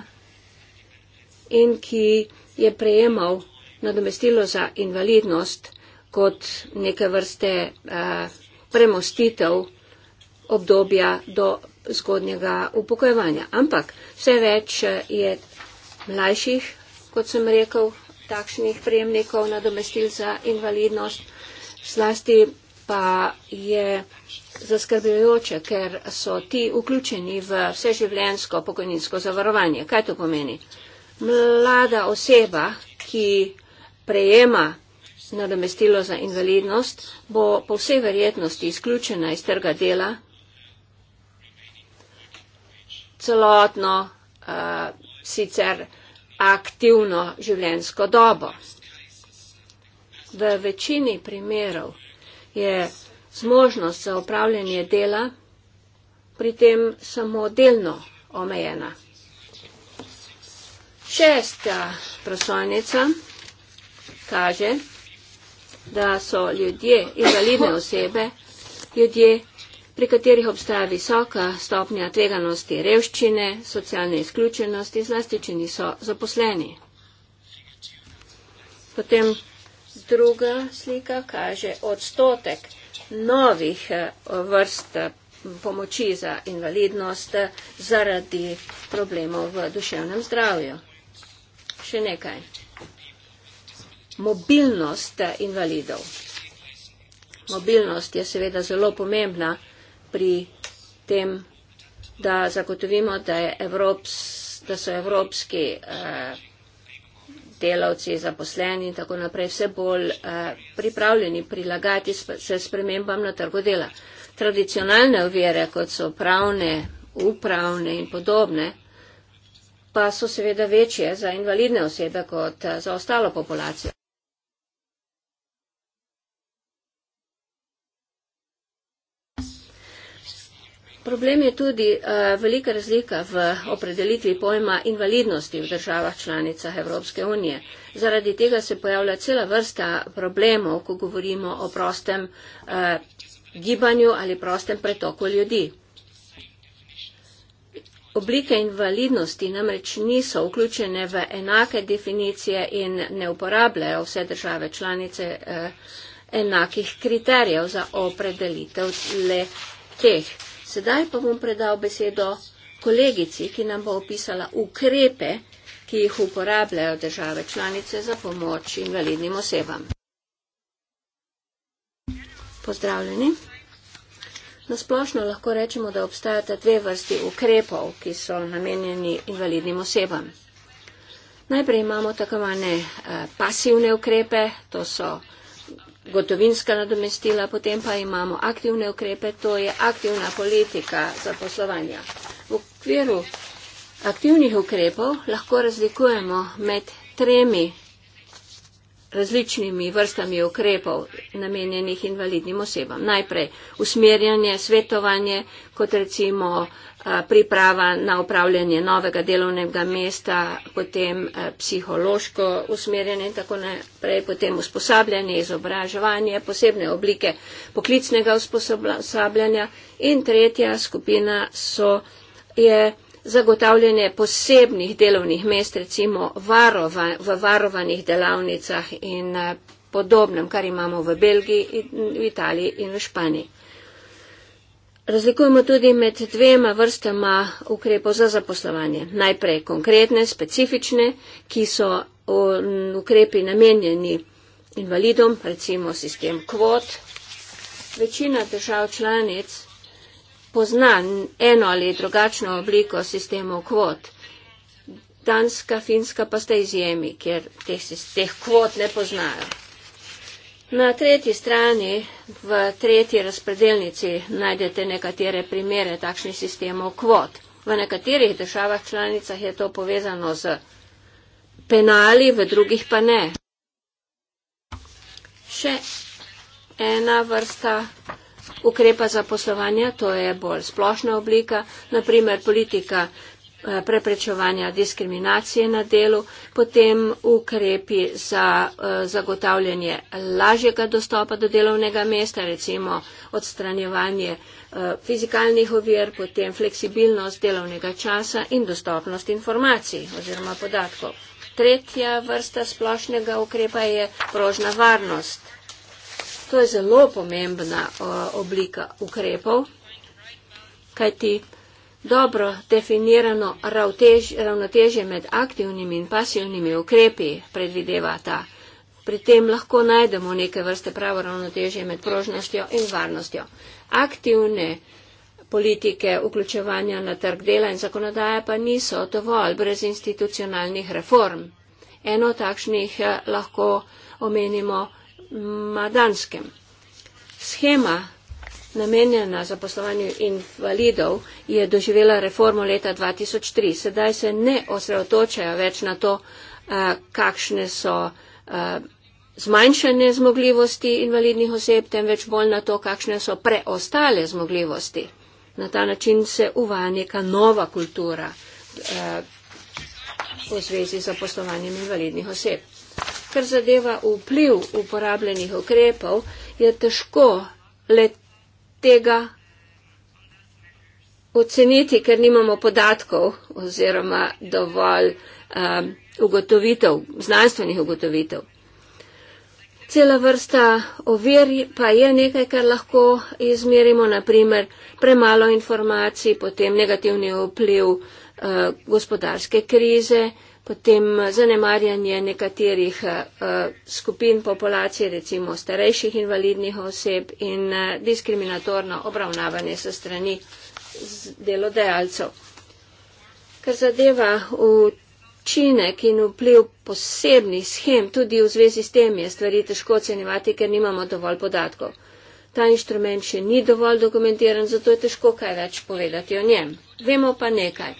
in ki je prejemal nadomestilo za invalidnost kot neke vrste eh, premostitev obdobja do zgodnjega upokojevanja. Ampak vse več eh, je mlajših, kot sem rekel, takšnih prejemnikov nadomestil za invalidnost, slasti pa je zaskrbljujoče, ker so ti vključeni v vseživljensko pokojninsko zavarovanje. Kaj to pomeni? Mlada oseba, ki prejema nadomestilo za invalidnost, bo po vsej verjetnosti izključena iz trga dela. celotno uh, sicer aktivno življensko dobo. V večini primerov je zmožnost za upravljanje dela pri tem samo delno omejena. Šesta prosojnica kaže, da so ljudje, invalidne osebe, ljudje, pri katerih obstaja visoka stopnja tveganosti revščine, socialne izključenosti, zlasti, če niso zaposleni. Potem druga slika kaže odstotek novih eh, vrst eh, pomoči za invalidnost eh, zaradi problemov v duševnem zdravju. Še nekaj mobilnost invalidov. Mobilnost je seveda zelo pomembna pri tem, da zagotovimo, da, je Evrops, da so evropski eh, delavci zaposleni in tako naprej vse bolj eh, pripravljeni prilagati se spremembam na trgu dela. Tradicionalne ovire, kot so pravne, upravne in podobne, pa so seveda večje za invalidne osebe kot eh, za ostalo populacijo. Problem je tudi uh, velika razlika v opredelitvi pojma invalidnosti v državah članicah Evropske unije. Zaradi tega se pojavlja cela vrsta problemov, ko govorimo o prostem uh, gibanju ali prostem pretoku ljudi. Oblike invalidnosti namreč niso vključene v enake definicije in ne uporabljajo vse države članice eh, enakih kriterijev za opredelitev le teh. Sedaj pa bom predal besedo kolegici, ki nam bo opisala ukrepe, ki jih uporabljajo države članice za pomoč invalidnim osebam. Pozdravljeni. Nasplošno lahko rečemo, da obstajata dve vrsti ukrepov, ki so namenjeni invalidnim osebam. Najprej imamo tako imenovane eh, pasivne ukrepe, to so gotovinska nadomestila, potem pa imamo aktivne ukrepe, to je aktivna politika zaposlovanja. V okviru aktivnih ukrepov lahko razlikujemo med tremi različnimi vrstami ukrepov namenjenih invalidnim osebam. Najprej usmerjanje, svetovanje, kot recimo uh, priprava na upravljanje novega delovnega mesta, potem psihološko usmerjanje in tako naprej, potem usposabljanje, izobraževanje, posebne oblike poklicnega usposabljanja in tretja skupina so, je zagotavljanje posebnih delovnih mest, recimo varova, v varovanih delavnicah in podobnem, kar imamo v Belgiji, in, v Italiji in v Španiji. Razlikujemo tudi med dvema vrstama ukrepov za zaposlovanje. Najprej konkretne, specifične, ki so ukrepi namenjeni invalidom, recimo sistem kvot. Večina držav članic pozna eno ali drugačno obliko sistemov kvot. Danska, finska pa sta izjemi, ker teh, teh kvot ne poznajo. Na tretji strani, v tretji razpredelnici, najdete nekatere primere takšnih sistemov kvot. V nekaterih državah članicah je to povezano z penali, v drugih pa ne. Še ena vrsta ukrepa za poslovanje, to je bolj splošna oblika, naprimer politika Eh, preprečevanja diskriminacije na delu, potem ukrepi za eh, zagotavljanje lažjega dostopa do delovnega mesta, recimo odstranjevanje eh, fizikalnih ovir, potem fleksibilnost delovnega časa in dostopnost informacij oziroma podatkov. Tretja vrsta splošnega ukrepa je prožna varnost. To je zelo pomembna oblika ukrepov, kajti dobro definirano ravtež, ravnotežje med aktivnimi in pasivnimi ukrepi predvideva ta. Pri tem lahko najdemo neke vrste pravo ravnotežje med prožnostjo in varnostjo. Aktivne politike vključevanja na trg dela in zakonodaje pa niso dovolj brez institucionalnih reform. Eno takšnih eh, lahko omenimo na danskem. Schema namenjena za poslovanje invalidov, je doživela reformo leta 2003. Sedaj se ne osredotočajo več na to, eh, kakšne so eh, zmanjšane zmogljivosti invalidnih oseb, temveč bolj na to, kakšne so preostale zmogljivosti. Na ta način se uvaja neka nova kultura eh, v zvezi z poslovanjem invalidnih oseb. Kar zadeva vpliv uporabljenih ukrepov, je težko let tega oceniti, ker nimamo podatkov oziroma dovolj um, ugotovitev, znanstvenih ugotovitev. Cela vrsta ovir pa je nekaj, kar lahko izmerimo, naprimer premalo informacij, potem negativni vpliv uh, gospodarske krize potem zanemarjanje nekaterih eh, skupin populacije, recimo starejših invalidnih oseb in eh, diskriminatorno obravnavanje se strani delodajalcev. Kar zadeva učinek in vpliv posebnih schem, tudi v zvezi s tem je stvari težko ocenjevati, ker nimamo dovolj podatkov. Ta inštrument še ni dovolj dokumentiran, zato je težko kaj več povedati o njem. Vemo pa nekaj.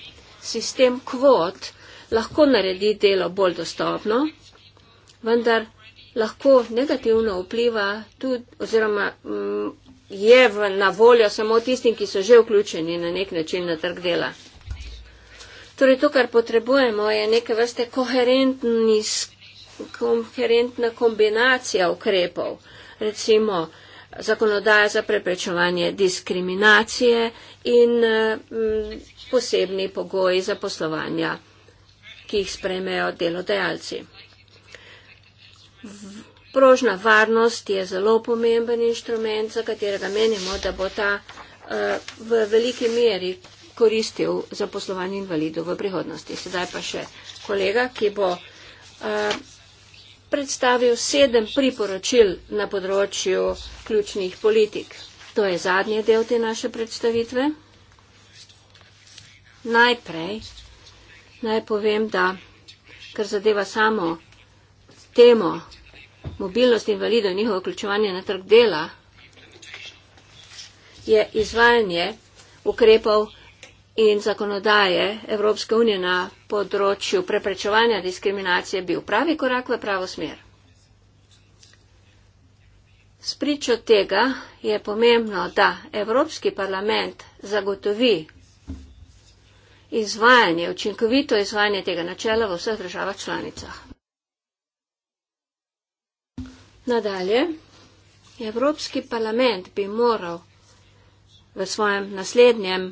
Sistem kvot lahko naredi delo bolj dostopno, vendar lahko negativno vpliva tudi oziroma mm, je v, na voljo samo tistim, ki so že vključeni na nek način na trg dela. Torej, to, kar potrebujemo, je neke vrste koherentna kombinacija ukrepov. Recimo, zakonodaja za preprečevanje diskriminacije in m, mm, posebni pogoji za poslovanje ki jih sprejmejo delodajalci. Prožna varnost je zelo pomemben inštrument, za katerega menimo, da bo ta eh, v veliki meri koristil za poslovanje invalidov v prihodnosti. Sedaj pa še kolega, ki bo eh, predstavil sedem priporočil na področju ključnih politik. To je zadnji del te naše predstavitve. Najprej Naj povem, da kar zadeva samo temo mobilnost invalidov in njihovo vključevanje na trg dela, je izvajanje ukrepov in zakonodaje Evropske unije na področju preprečevanja diskriminacije bil pravi korak v pravo smer. Spričo tega je pomembno, da Evropski parlament zagotovi izvajanje, učinkovito izvajanje tega načela v vseh državah članicah. Nadalje, Evropski parlament bi moral v svojem naslednjem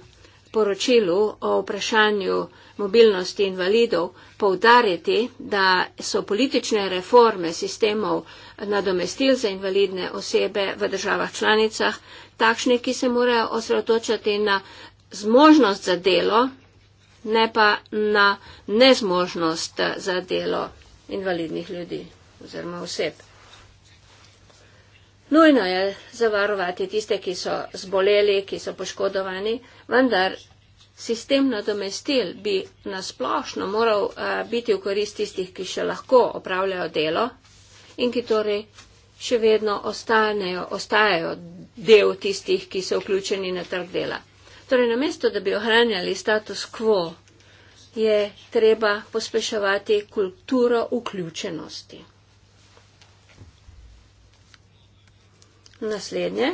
poročilu o vprašanju mobilnosti invalidov poudariti, da so politične reforme sistemov nadomestil za invalidne osebe v državah članicah takšne, ki se morajo osredotočati na zmožnost za delo ne pa na nezmožnost za delo invalidnih ljudi oziroma oseb. Nujno je zavarovati tiste, ki so zboleli, ki so poškodovani, vendar sistem nadomestil bi nasplošno moral eh, biti v korist tistih, ki še lahko opravljajo delo in ki torej še vedno ostanejo, ostajajo del tistih, ki so vključeni na trg dela. Torej, namesto da bi ohranjali status quo, je treba pospeševati kulturo vključenosti. Naslednje.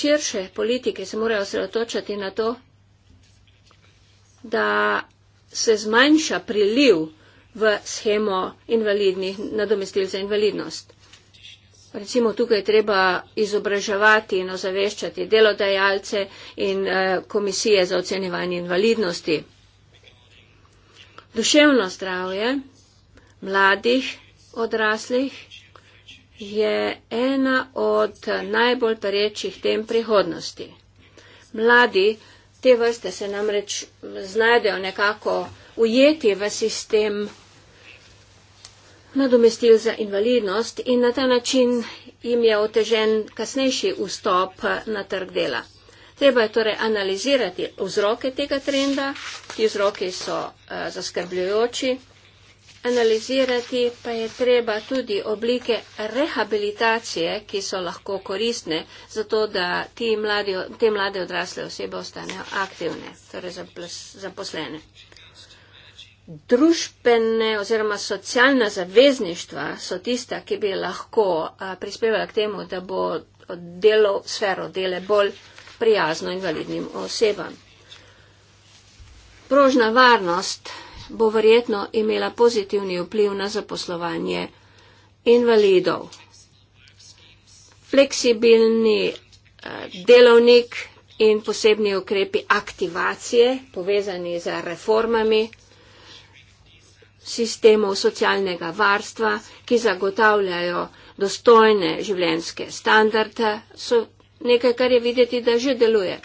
Širše politike se morajo sredotočati na to, da se zmanjša priliv v schemo invalidnih nadomestil za invalidnost. Recimo tukaj treba izobraževati in ozaveščati delodajalce in eh, komisije za ocenjevanje invalidnosti. Duševno zdravje mladih odraslih je ena od najbolj perečih tem prihodnosti. Mladi te vrste se namreč znajdejo nekako ujeti v sistem nadomestil za invalidnost in na ta način jim je otežen kasnejši vstop na trg dela. Treba je torej analizirati vzroke tega trenda, ti vzroki so uh, zaskrbljujoči, analizirati pa je treba tudi oblike rehabilitacije, ki so lahko koristne za to, da ti mladi, te mlade odrasle osebe ostanejo aktivne, torej zaposlene družbene oziroma socialna zavezništva so tista, ki bi lahko prispevala k temu, da bo delo, sfero dele bolj prijazno invalidnim osebam. Prožna varnost bo verjetno imela pozitivni vpliv na zaposlovanje invalidov. Fleksibilni delovnik in posebni ukrepi aktivacije, povezani z reformami, sistemov socialnega varstva, ki zagotavljajo dostojne življenjske standarde, so nekaj, kar je videti, da že deluje.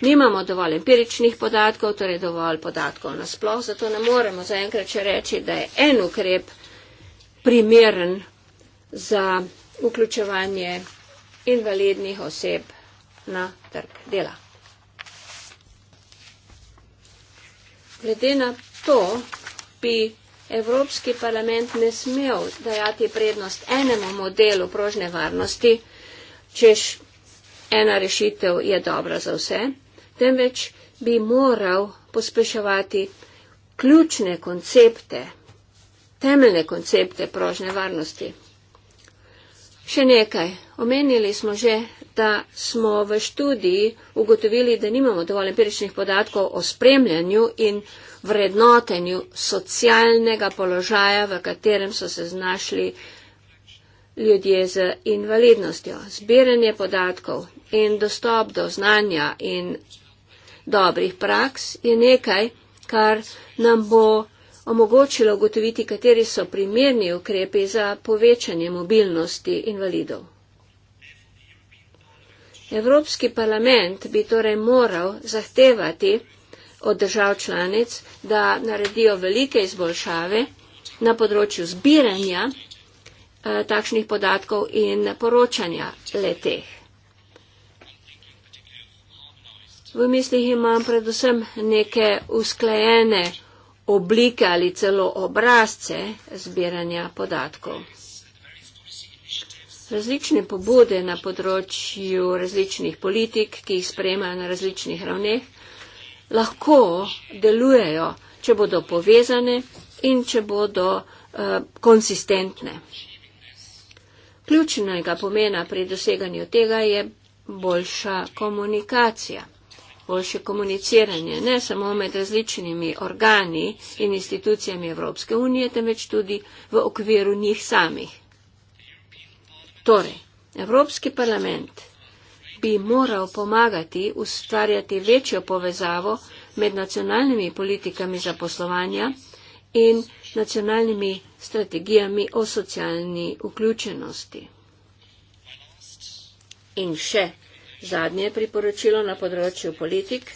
Nimamo dovolj empiričnih podatkov, torej dovolj podatkov nasploh, zato ne moremo zaenkrat še reči, da je en ukrep primeren za vključevanje invalidnih oseb na trg dela. Glede na to bi Evropski parlament ne smel dajati prednost enemu modelu prožne varnosti, češ ena rešitev je dobra za vse, temveč bi moral pospeševati ključne koncepte, temeljne koncepte prožne varnosti. Še nekaj. Omenili smo že leta smo v študiji ugotovili, da nimamo dovolj empiričnih podatkov o spremljanju in vrednotenju socialnega položaja, v katerem so se znašli ljudje z invalidnostjo. Zbiranje podatkov in dostop do znanja in dobrih praks je nekaj, kar nam bo omogočilo ugotoviti, kateri so primerni ukrepi za povečanje mobilnosti invalidov. Evropski parlament bi torej moral zahtevati od držav članic, da naredijo velike izboljšave na področju zbiranja eh, takšnih podatkov in poročanja leteh. V mislih imam predvsem neke usklajene oblike ali celo obrazce zbiranja podatkov. Različne pobude na področju različnih politik, ki jih sprejemajo na različnih ravneh, lahko delujejo, če bodo povezane in če bodo uh, konsistentne. Ključnega pomena pri doseganju tega je boljša komunikacija, boljše komuniciranje ne samo med različnimi organi in institucijami Evropske unije, temveč tudi v okviru njih samih. Torej, Evropski parlament bi moral pomagati ustvarjati večjo povezavo med nacionalnimi politikami zaposlovanja in nacionalnimi strategijami o socialni vključenosti. In še zadnje priporočilo na področju politik.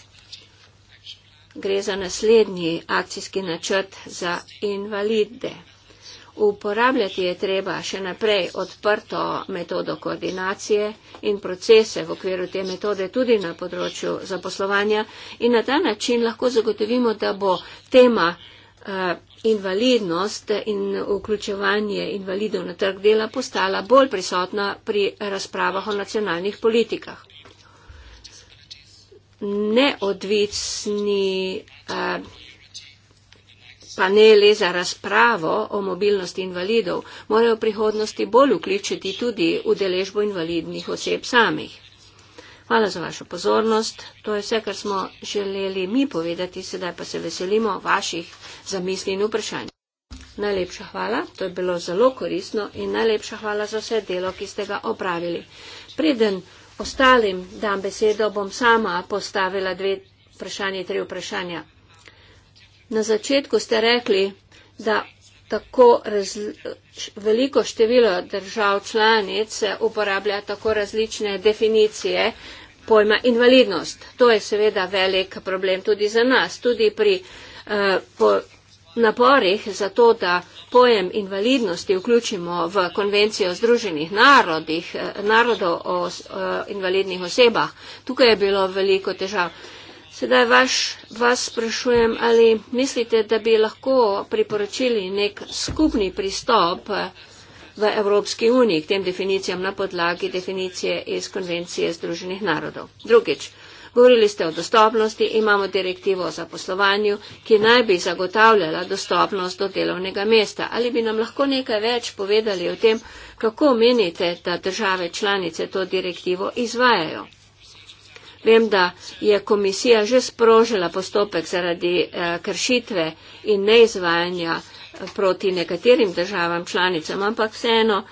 Gre za naslednji akcijski načrt za invalide. Uporabljati je treba še naprej odprto metodo koordinacije in procese v okviru te metode tudi na področju zaposlovanja in na ta način lahko zagotovimo, da bo tema uh, invalidnost in vključevanje invalidov na trg dela postala bolj prisotna pri razpravah o nacionalnih politikah. Neodvisni. Uh, paneli za razpravo o mobilnosti invalidov morajo v prihodnosti bolj vključiti tudi udeležbo invalidnih oseb samih. Hvala za vašo pozornost. To je vse, kar smo želeli mi povedati, sedaj pa se veselimo vaših zamisli in vprašanj. Najlepša hvala, to je bilo zelo koristno in najlepša hvala za vse delo, ki ste ga opravili. Preden ostalim dam besedo, bom sama postavila dve vprašanje, tri vprašanja. Na začetku ste rekli, da tako veliko število držav članic uporablja tako različne definicije pojma invalidnost. To je seveda velik problem tudi za nas, tudi pri eh, naporih za to, da pojem invalidnosti vključimo v konvencijo Združenih narodih, eh, narodov o eh, invalidnih osebah. Tukaj je bilo veliko težav. Eh, Sedaj vaš, vas sprašujem, ali mislite, da bi lahko priporočili nek skupni pristop eh, v Evropski uniji k tem definicijam na podlagi definicije iz Konvencije Združenih narodov. Drugič, govorili ste o dostopnosti, imamo direktivo o zaposlovanju, ki naj bi zagotavljala dostopnost do delovnega mesta. Ali bi nam lahko nekaj več povedali o tem, kako menite, da države članice to direktivo izvajajo? Vem, da je komisija že sprožila postopek zaradi eh, kršitve in neizvajanja eh, proti nekaterim državam članicam, ampak vseeno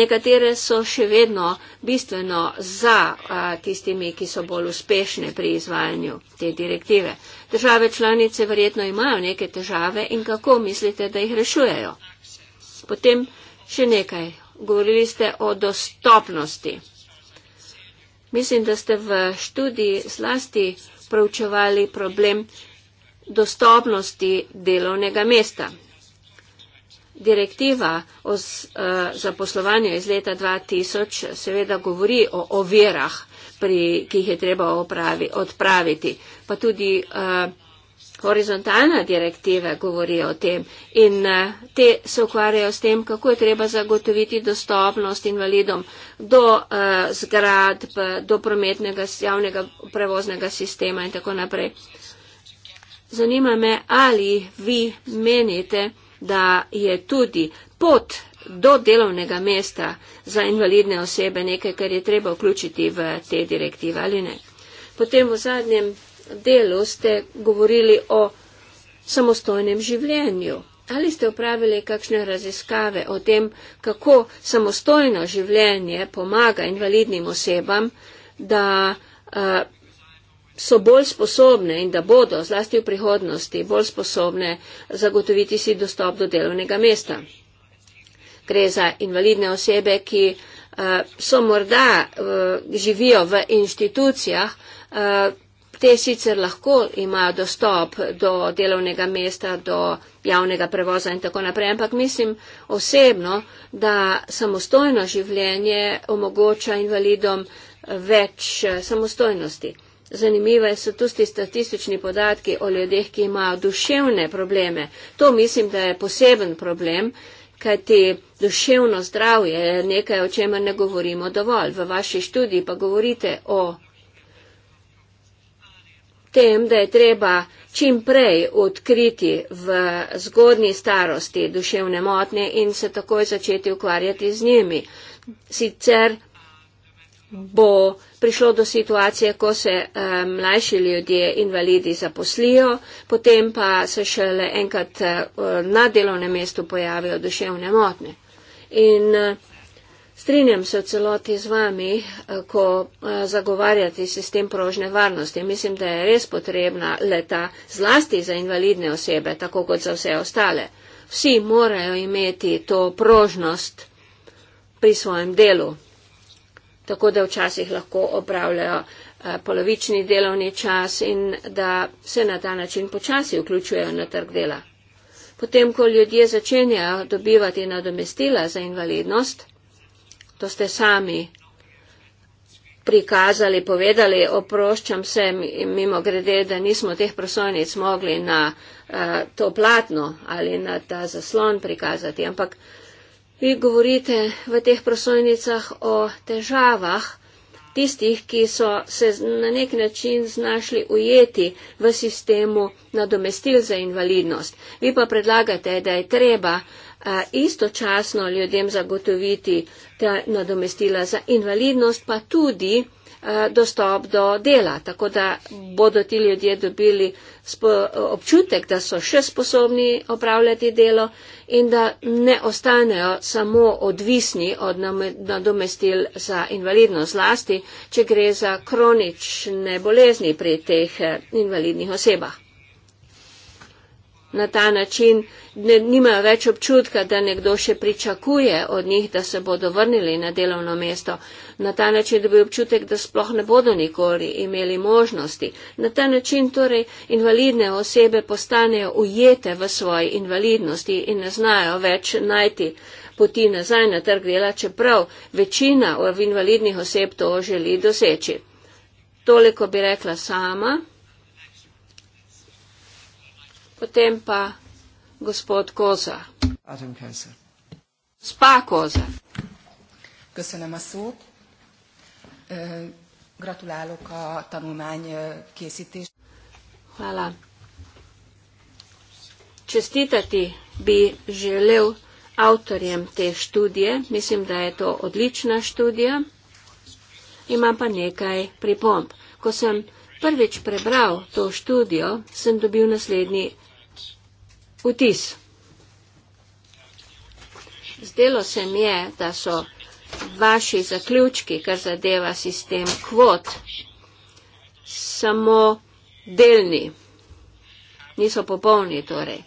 nekatere so še vedno bistveno za eh, tistimi, ki so bolj uspešne pri izvajanju te direktive. Države članice verjetno imajo neke težave in kako mislite, da jih rešujejo? Potem še nekaj. Govorili ste o dostopnosti. Mislim, da ste v študiji zlasti pravčevali problem dostopnosti delovnega mesta. Direktiva o eh, zaposlovanju iz leta 2000 seveda govori o ovirah, ki jih je treba opravi, odpraviti, pa tudi uh, horizontalna direktiva govori o tem in eh, te se ukvarjajo s tem, kako je treba zagotoviti dostopnost invalidom do eh, zgradb, do prometnega javnega prevoznega sistema in tako naprej. Zanima me, ali vi menite, da je tudi pot do delovnega mesta za invalidne osebe nekaj, kar je treba vključiti v te direktive ali ne. Potem v zadnjem delu ste govorili o samostojnem življenju. Ali ste upravili kakšne raziskave o tem, kako samostojno življenje pomaga invalidnim osebam, da so bolj sposobne in da bodo, zlasti v prihodnosti, bolj sposobne zagotoviti si dostop do delovnega mesta? Gre za invalidne osebe, ki so morda živijo v inštitucijah, Te sicer lahko imajo dostop do delovnega mesta, do javnega prevoza in tako naprej, ampak mislim osebno, da samostojno življenje omogoča invalidom več eh, samostojnosti. Zanimive so tudi statistični podatki o ljudeh, ki imajo duševne probleme. To mislim, da je poseben problem, kajti duševno zdravje je nekaj, o čemer ne govorimo dovolj. V vaši študiji pa govorite o tem, da je treba čim prej odkriti v zgodni starosti duševne motnje in se takoj začeti ukvarjati z njimi. Sicer bo prišlo do situacije, ko se um, mlajši ljudje invalidi zaposlijo, potem pa se šele enkrat uh, na delovnem mestu pojavijo duševne motnje. In, uh, Strinjam se celoti z vami, eh, ko eh, zagovarjate sistem prožne varnosti. Mislim, da je res potrebna leta zlasti za invalidne osebe, tako kot za vse ostale. Vsi morajo imeti to prožnost pri svojem delu, tako da včasih lahko opravljajo eh, polovični delovni čas in da se na ta način počasi vključujejo na trg dela. Potem, ko ljudje začenjajo dobivati nadomestila za invalidnost, to ste sami prikazali, povedali, oproščam se mimo grede, da nismo teh prosojnic mogli na uh, to platno ali na ta zaslon prikazati, ampak vi govorite v teh prosojnicah o težavah tistih, ki so se na nek način znašli ujeti v sistemu nadomestil za invalidnost. Vi pa predlagate, da je treba uh, istočasno ljudem zagotoviti ta nadomestila za invalidnost, pa tudi dostop do dela, tako da bodo ti ljudje dobili občutek, da so še sposobni opravljati delo in da ne ostanejo samo odvisni od nadomestil za invalidnost zlasti, če gre za kronične bolezni pri teh eh, invalidnih osebah na ta način, ne, nimajo več občutka, da nekdo še pričakuje od njih, da se bodo vrnili na delovno mesto, na ta način dobijo občutek, da sploh ne bodo nikoli imeli možnosti. Na ta način torej invalidne osebe postanejo ujete v svoji invalidnosti in ne znajo več najti poti nazaj na trg dela, čeprav večina invalidnih oseb to želi doseči. Toliko bi rekla sama. Potem pa gospod Koza. Adam Koza. Spa Koza. Köszönöm a szót. Gratulálok a tanulmány készítés. Hála. Csesztítati bi želel autorjem te študije. Mislim, da je to odlična študija. Imam pa nekaj pripomb. Ko sem prvič prebral to študijo, sem dobil naslednji vtis. Zdelo se mi je, da so vaši zaključki, kar zadeva sistem kvot, samo delni, niso popolni torej.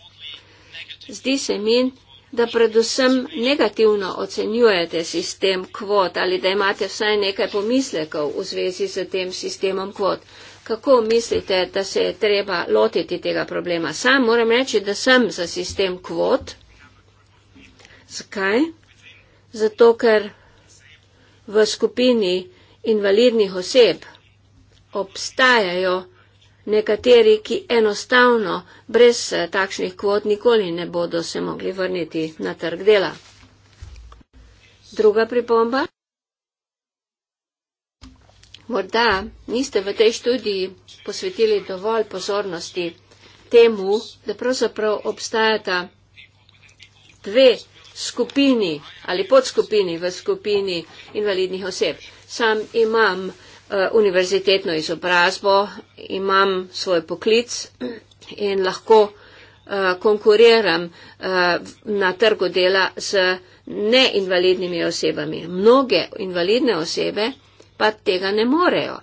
Zdi se mi, da predvsem negativno ocenjujete sistem kvot ali da imate vsaj nekaj pomislekov v zvezi z tem sistemom kvot kako mislite, da se je treba lotiti tega problema. Sam moram reči, da sem za sistem kvot. Zakaj? Zato, ker v skupini invalidnih oseb obstajajo nekateri, ki enostavno brez eh, takšnih kvot nikoli ne bodo se mogli vrniti na trg dela. Druga pripomba. Morda niste v tej študiji posvetili dovolj pozornosti temu, da pravzaprav obstajata dve skupini ali podskupini v skupini invalidnih oseb. Sam imam uh, univerzitetno izobrazbo, imam svoj poklic in lahko uh, konkuriram uh, na trgu dela z neinvalidnimi osebami. Mnoge invalidne osebe pa tega ne morejo,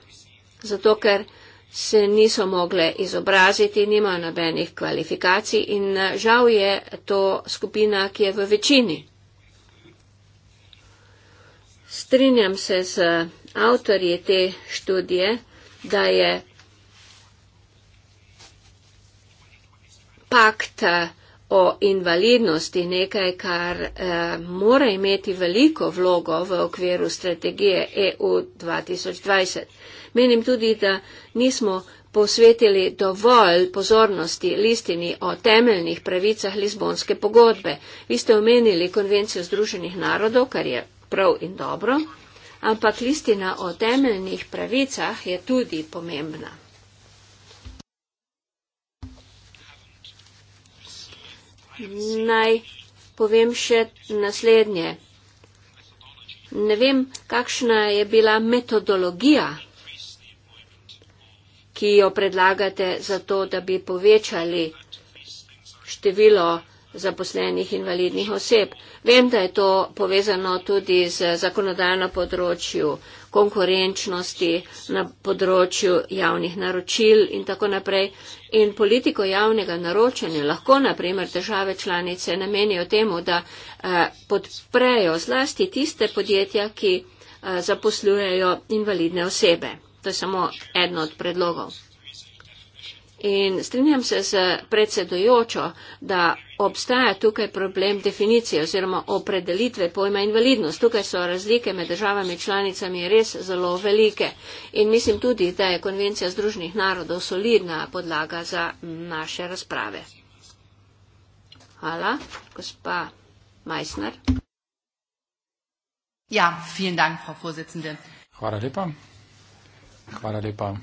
zato ker se niso mogle izobraziti, nimajo nobenih kvalifikacij in eh, žal je to skupina, ki je v večini. Strinjam se z eh, avtorji te študije, da je pakt eh, o invalidnosti nekaj, kar eh, mora imeti veliko vlogo v okviru strategije EU 2020. Menim tudi, da nismo posvetili dovolj pozornosti listini o temeljnih pravicah Lizbonske pogodbe. Vi ste omenili konvencijo Združenih narodov, kar je prav in dobro, ampak listina o temeljnih pravicah je tudi pomembna. naj povem še naslednje. Ne vem, kakšna je bila metodologija, ki jo predlagate za to, da bi povečali število zaposlenih invalidnih oseb. Vem, da je to povezano tudi z zakonodajno področju. Uh, konkurenčnosti na področju javnih naročil in tako naprej. In politiko javnega naročanja lahko, naprimer, države članice namenijo temu, da eh, podprejo zlasti tiste podjetja, ki eh, zaposlujejo invalidne osebe. To je samo eno od predlogov. In strinjam se z predsedujočo, da obstaja tukaj problem definicije oziroma opredelitve pojma invalidnost. Tukaj so razlike med državami članicami res zelo velike. In mislim tudi, da je konvencija Združenih narodov solidna podlaga za naše razprave. Hvala, gospa Meissner. Ja, dank, Hvala lepa. Hvala lepa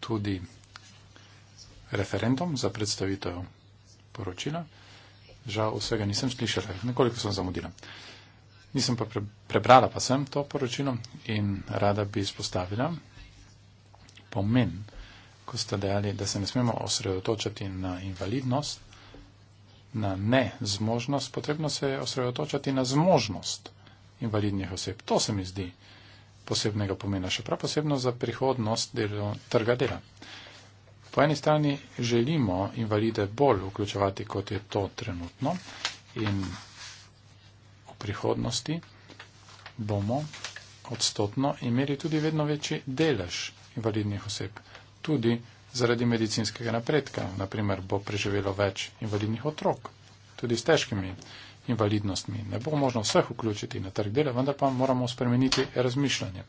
tudi referendum za predstavitev poročila. Žal vsega nisem slišala, nekoliko sem zamudila. Nisem pa prebrala pa sem to poročilo in rada bi izpostavila pomen, ko ste dejali, da se ne smemo osredotočati na invalidnost, na nezmožnost, potrebno se je osredotočati na zmožnost invalidnih oseb. To se mi zdi posebnega pomena, še prav posebno za prihodnost delo, trga dela. Po eni strani želimo invalide bolj vključevati, kot je to trenutno in v prihodnosti bomo odstotno imeli tudi vedno večji delež invalidnih oseb. Tudi zaradi medicinskega napredka, naprimer, bo preživelo več invalidnih otrok, tudi s težkimi invalidnostmi. Ne bo možno vseh vključiti na trg dela, vendar pa moramo spremeniti razmišljanje.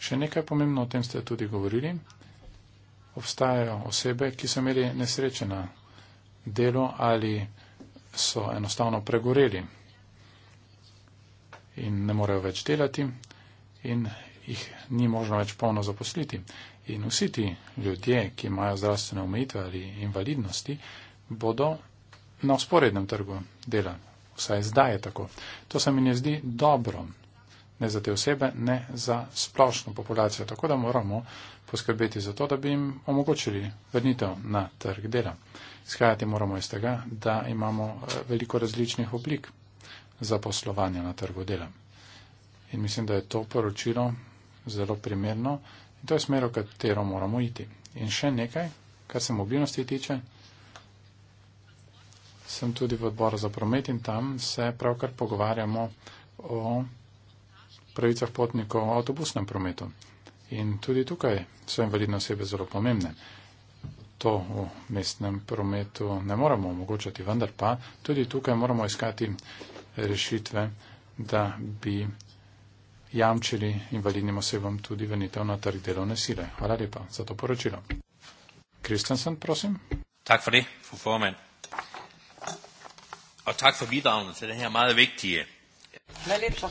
Še nekaj pomembno, o tem ste tudi govorili. Obstajajo osebe, ki so imeli nesrečena delo ali so enostavno pregoreli in ne morejo več delati in jih ni možno več polno zaposliti. In vsi ti ljudje, ki imajo zdravstvene omejitve ali invalidnosti, bodo na usporednem trgu dela. Vsaj zdaj je tako. To se mi ne zdi dobro ne za te osebe, ne za splošno populacijo. Tako da moramo poskrbeti za to, da bi jim omogočili vrnitev na trg dela. Izhajati moramo iz tega, da imamo eh, veliko različnih oblik za poslovanje na trgu dela. In mislim, da je to poročilo zelo primerno in to je smer, v katero moramo iti. In še nekaj, kar se mobilnosti tiče. Sem tudi v odboru za promet in tam se pravkar pogovarjamo o pravicah potnikov v avtobusnem prometu. In tudi tukaj so invalidne osebe zelo pomembne. To v mestnem prometu ne moramo omogočati, vendar pa tudi tukaj moramo iskati rešitve, da bi jamčili invalidnim osebam tudi venitev na trg delovne sile. Hvala lepa za to poročilo. Kristensen, prosim. Tak for det, fru formand. Og tak for bidragene til det her meget vigtige. Hvad lidt så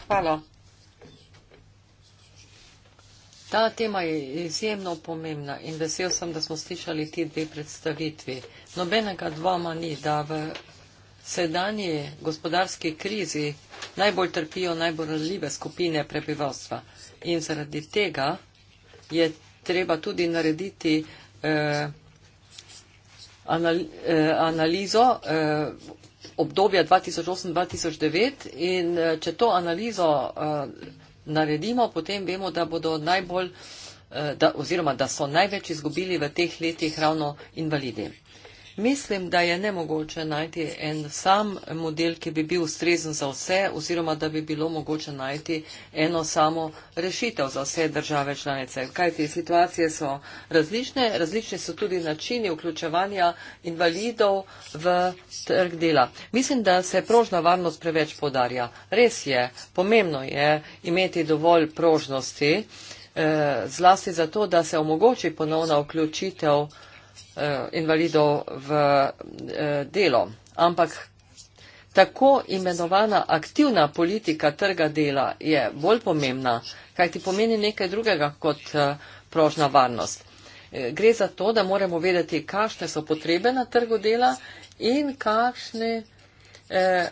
Ta tema je izjemno pomembna in vesel sem, da smo slišali ti dve predstavitvi. Nobenega dvoma ni, da v sedanji gospodarski krizi najbolj trpijo najbolj razljive skupine prebivalstva. In zaradi tega je treba tudi narediti eh, anal, eh, analizo eh, obdobja 2008-2009 in eh, če to analizo. Eh, naredimo, potem vemo, da bodo najbolj, eh, da, oziroma da so največ izgubili v teh letih ravno invalidi. Mislim, da je nemogoče najti en sam model, ki bi bil ustrezen za vse, oziroma da bi bilo mogoče najti eno samo rešitev za vse države članice. Kaj te situacije so različne, različni so tudi načini vključevanja invalidov v trg dela. Mislim, da se prožna varnost preveč podarja. Res je, pomembno je imeti dovolj prožnosti, eh, zlasti zato, da se omogoči ponovna vključitev. Eh, invalidov v eh, delo. Ampak tako imenovana aktivna politika trga dela je bolj pomembna, kaj ti pomeni nekaj drugega kot eh, prožna varnost. Gre za to, da moramo vedeti, kakšne so potrebe na trgu dela in kakšne eh,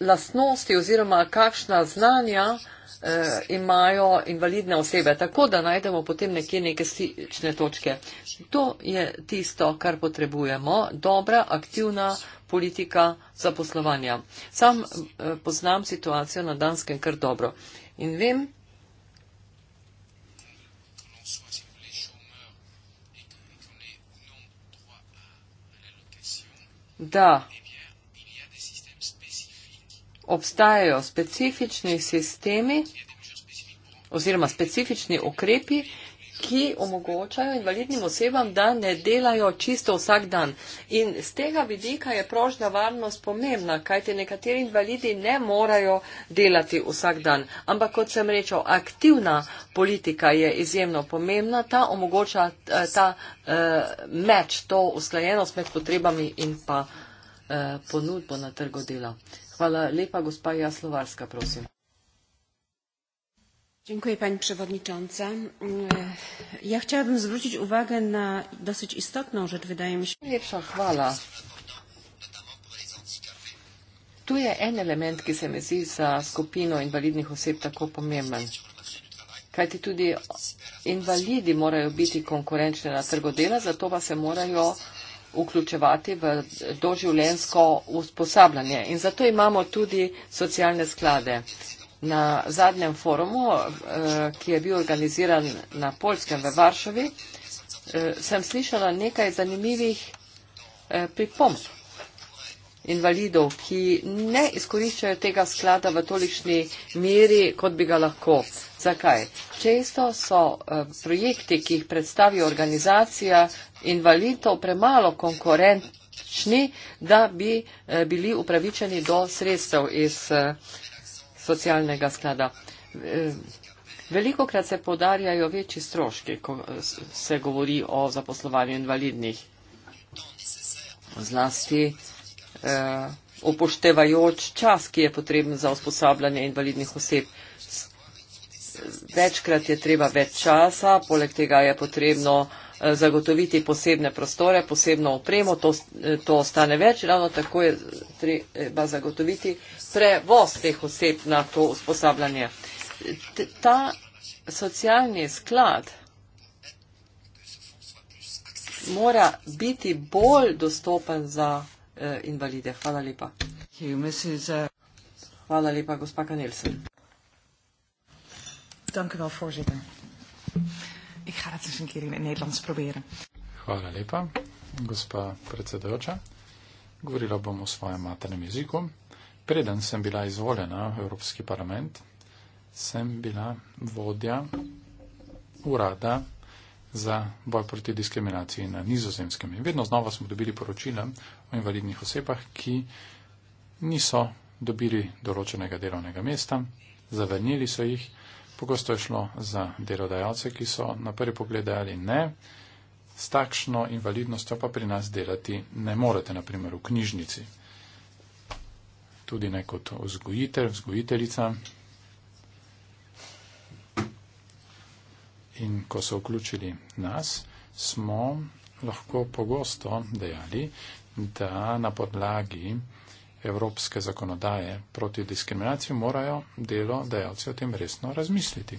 lasnosti oziroma kakšna znanja eh, eh, imajo invalidne osebe, tako da najdemo potem nekje neke stične točke. To je tisto, kar potrebujemo, dobra, aktivna politika zaposlovanja. Sam eh, poznam situacijo na Danskem kar dobro in vem, da obstajajo specifični sistemi oziroma specifični ukrepi, ki omogočajo invalidnim osebam, da ne delajo čisto vsak dan. In z tega vidika je prožna varnost pomembna, kajte nekateri invalidi ne morajo delati vsak dan. Ampak, kot sem rečel, aktivna politika je izjemno pomembna, ta omogoča eh, ta uh, meč, to usklajenost med potrebami in pa uh, ponudbo na trgo dela. Hvala lepa, gospa Jaslovarska, prosim. Dziękuję Pani Przewodnicząca. Ja chciałabym zwrócić uwagę na dosyć istotną rzecz, wydaje mi się. Najlepsza chwala. Tu jest jeden element, który mi się za skupinę inwalidnych osób tak pomiemy. Kajty tudi inwalidi mają być konkurenczne na trgu dela, za to se morają... Morajo vključevati v doživljensko usposabljanje. In zato imamo tudi socialne sklade. Na zadnjem forumu, eh, ki je bil organiziran na Poljskem v Varšavi, eh, sem slišala nekaj zanimivih eh, pripomb invalidov, ki ne izkoriščajo tega sklada v tolikšni meri, kot bi ga lahko. Zakaj? Često so uh, projekti, ki jih predstavi organizacija invalidov, premalo konkurenčni, da bi uh, bili upravičeni do sredstev iz uh, socialnega sklada. Veliko krat se podarjajo večji stroški, ko se govori o zaposlovanju invalidnih, zlasti eh, upoštevajoč čas, ki je potreben za usposabljanje invalidnih oseb. Eh, večkrat je treba več časa, poleg tega je potrebno eh, zagotoviti posebne prostore, posebno opremo, to, eh, to stane več, ravno tako je treba zagotoviti prevoz teh oseb na to usposabljanje. Ta socialni sklad mora biti bolj dostopen za eh, invalide. Hvala lepa. Uh, Hvala lepa, gospa Kanelsen. Dank u wel, voorzitter. Ik ga het eens een keer in het Nederlands proberen. Hvala lepa, gospa predsedujoča. Govorila bom o svojem maternem jeziku. Preden sem bila izvoljena v Evropski parlament, sem bila vodja urada za boj proti diskriminaciji na nizozemskem. In vedno znova smo dobili poročila o invalidnih osebah, ki niso dobili določenega delovnega mesta, zavrnili so jih Pogosto je šlo za delodajalce, ki so na prvi pogled dejali ne, s takšno invalidnostjo pa pri nas delati ne morete, naprimer v knjižnici. Tudi ne kot vzgojitelj, vzgojiteljica. In ko so vključili nas, smo lahko pogosto dejali, da na podlagi evropske zakonodaje proti diskriminaciji, morajo delo dajalci o tem resno razmisliti.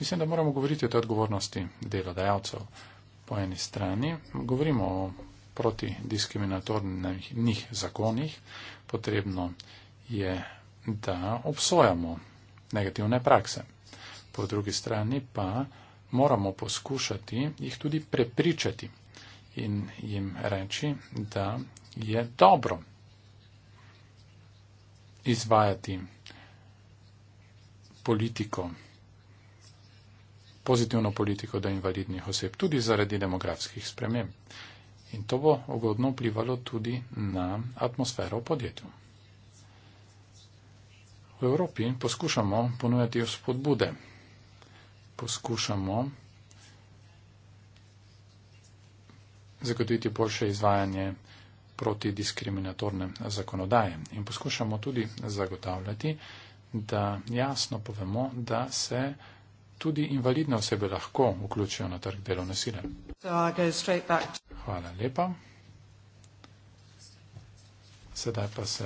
Mislim, da moramo govoriti o tej odgovornosti delodajalcev. Po eni strani govorimo o proti diskriminatornih zakonih, potrebno je, da obsojamo negativne prakse. Po drugi strani pa moramo poskušati jih tudi prepričati in jim reči, da je dobro izvajati politiko, pozitivno politiko do invalidnih oseb, tudi zaradi demografskih sprememb. In to bo ugodno vplivalo tudi na atmosfero v podjetju. V Evropi poskušamo ponujati vzpodbude. Poskušamo zagotoviti boljše izvajanje protidiskriminatorne zakonodaje in poskušamo tudi zagotavljati, da jasno povemo, da se tudi invalidne osebe lahko vključijo na trg delovne sile. Hvala lepa. Sedaj pa se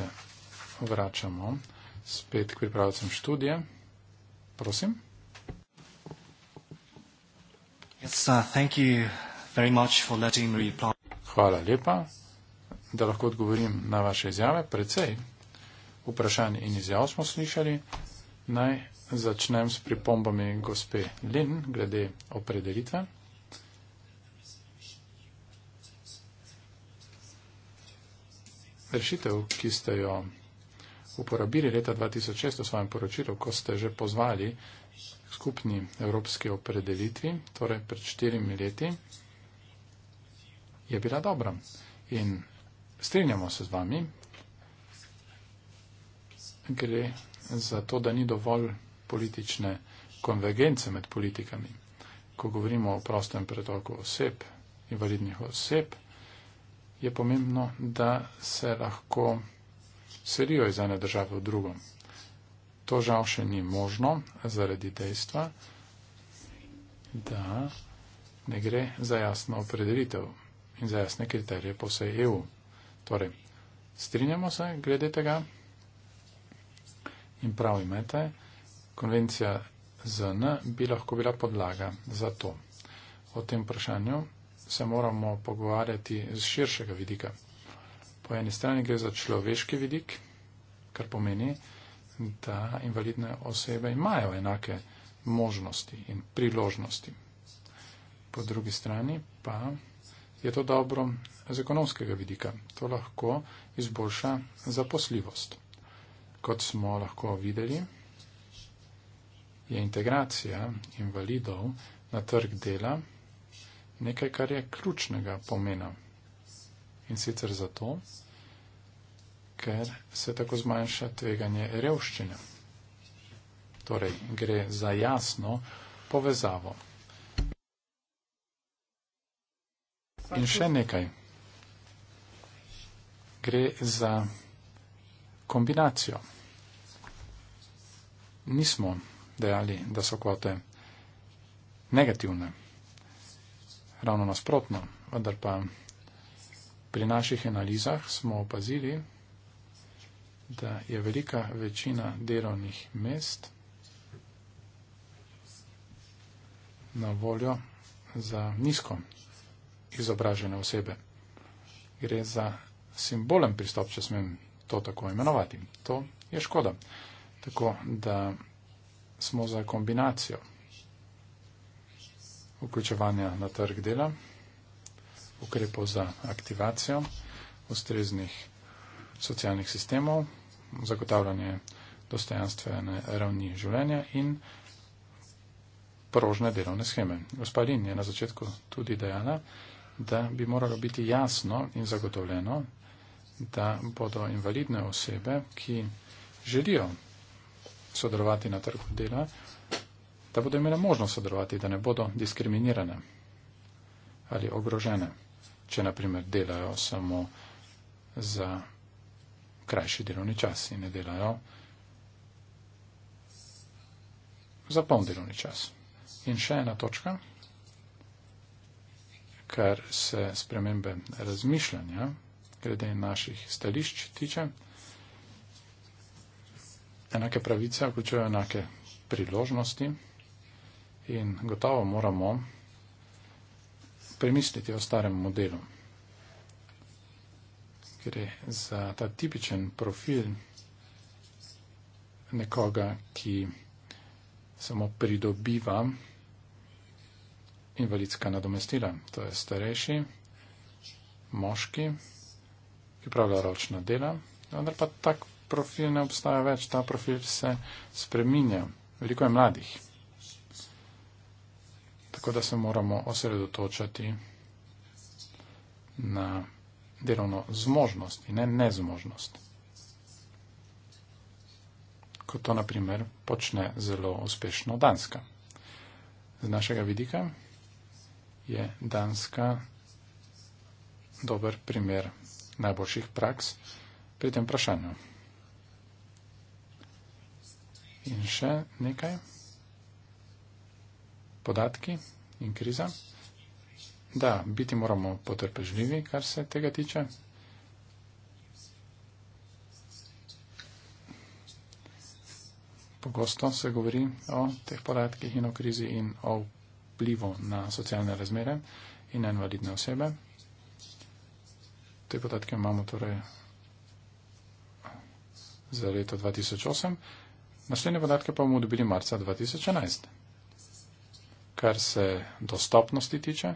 vračamo spet k pripravljacem študije. Prosim. Yes, uh, Hvala lepa da lahko odgovorim na vaše izjave. Predvsej vprašanj in izjav smo slišali. Naj začnem s pripombami gospe Lin glede opredelitve. Rešitev, ki ste jo uporabili leta 2006 v svojem poročilu, ko ste že pozvali skupni evropski opredelitvi, torej pred štirimi leti, je bila dobra. In strinjamo se z vami, gre za to, da ni dovolj politične konvergence med politikami. Ko govorimo o prostem pretoku oseb, invalidnih oseb, je pomembno, da se lahko serijo iz ene države v drugo. To žal še ni možno zaradi dejstva, da ne gre za jasno opredelitev in za jasne kriterije po vsej EU. Torej, strinjamo se glede tega in prav imate, konvencija ZN bi lahko bila podlaga za to. O tem vprašanju se moramo pogovarjati z širšega vidika. Po eni strani gre za človeški vidik, kar pomeni, da invalidne osebe imajo enake možnosti in priložnosti. Po drugi strani pa je to dobro z ekonomskega vidika. To lahko izboljša zaposljivost. Kot smo lahko videli, je integracija invalidov na trg dela nekaj, kar je ključnega pomena. In sicer zato, ker se tako zmanjša tveganje revščine. Torej, gre za jasno povezavo. In še nekaj. Gre za kombinacijo. Nismo dejali, da so kvote negativne. Ravno nasprotno, vendar pa pri naših analizah smo opazili, da je velika večina delovnih mest na voljo za nizko izobražene osebe. Gre za simbolen pristop, če smem to tako imenovati. To je škoda. Tako da smo za kombinacijo vključevanja na trg dela, ukrepov za aktivacijo ustreznih socialnih sistemov, zagotavljanje dostojanstvene ravni življenja in porožne delovne scheme. Gospodin je na začetku tudi dejala, da bi moralo biti jasno in zagotovljeno, da bodo invalidne osebe, ki želijo sodelovati na trgu dela, da bodo imele možnost sodelovati, da ne bodo diskriminirane ali ogrožene, če naprimer delajo samo za krajši delovni čas in ne delajo za poln delovni čas. In še ena točka kar se spremembe razmišljanja glede naših stališč tiče. Enake pravice vključujejo enake priložnosti in gotovo moramo premisliti o starem modelu. Gre za ta tipičen profil nekoga, ki samo pridobiva invalidska nadomestila. To je starejši, moški, ki pravlja ročna dela, vendar pa tak profil ne obstaja več, ta profil se spreminja. Veliko je mladih. Tako da se moramo osredotočati na delovno zmožnost in ne nezmožnost. Kot to naprimer počne zelo uspešno Danska. Z našega vidika je Danska dober primer najboljših praks pri tem vprašanju. In še nekaj podatki in kriza. Da, biti moramo potrpežljivi, kar se tega tiče. Pogosto se govori o teh podatkih in o krizi in o vplivu na socialne razmere in na invalidne osebe. Te podatke imamo torej za leto 2008. Naslednje podatke pa bomo dobili marca 2011. Kar se dostopnosti tiče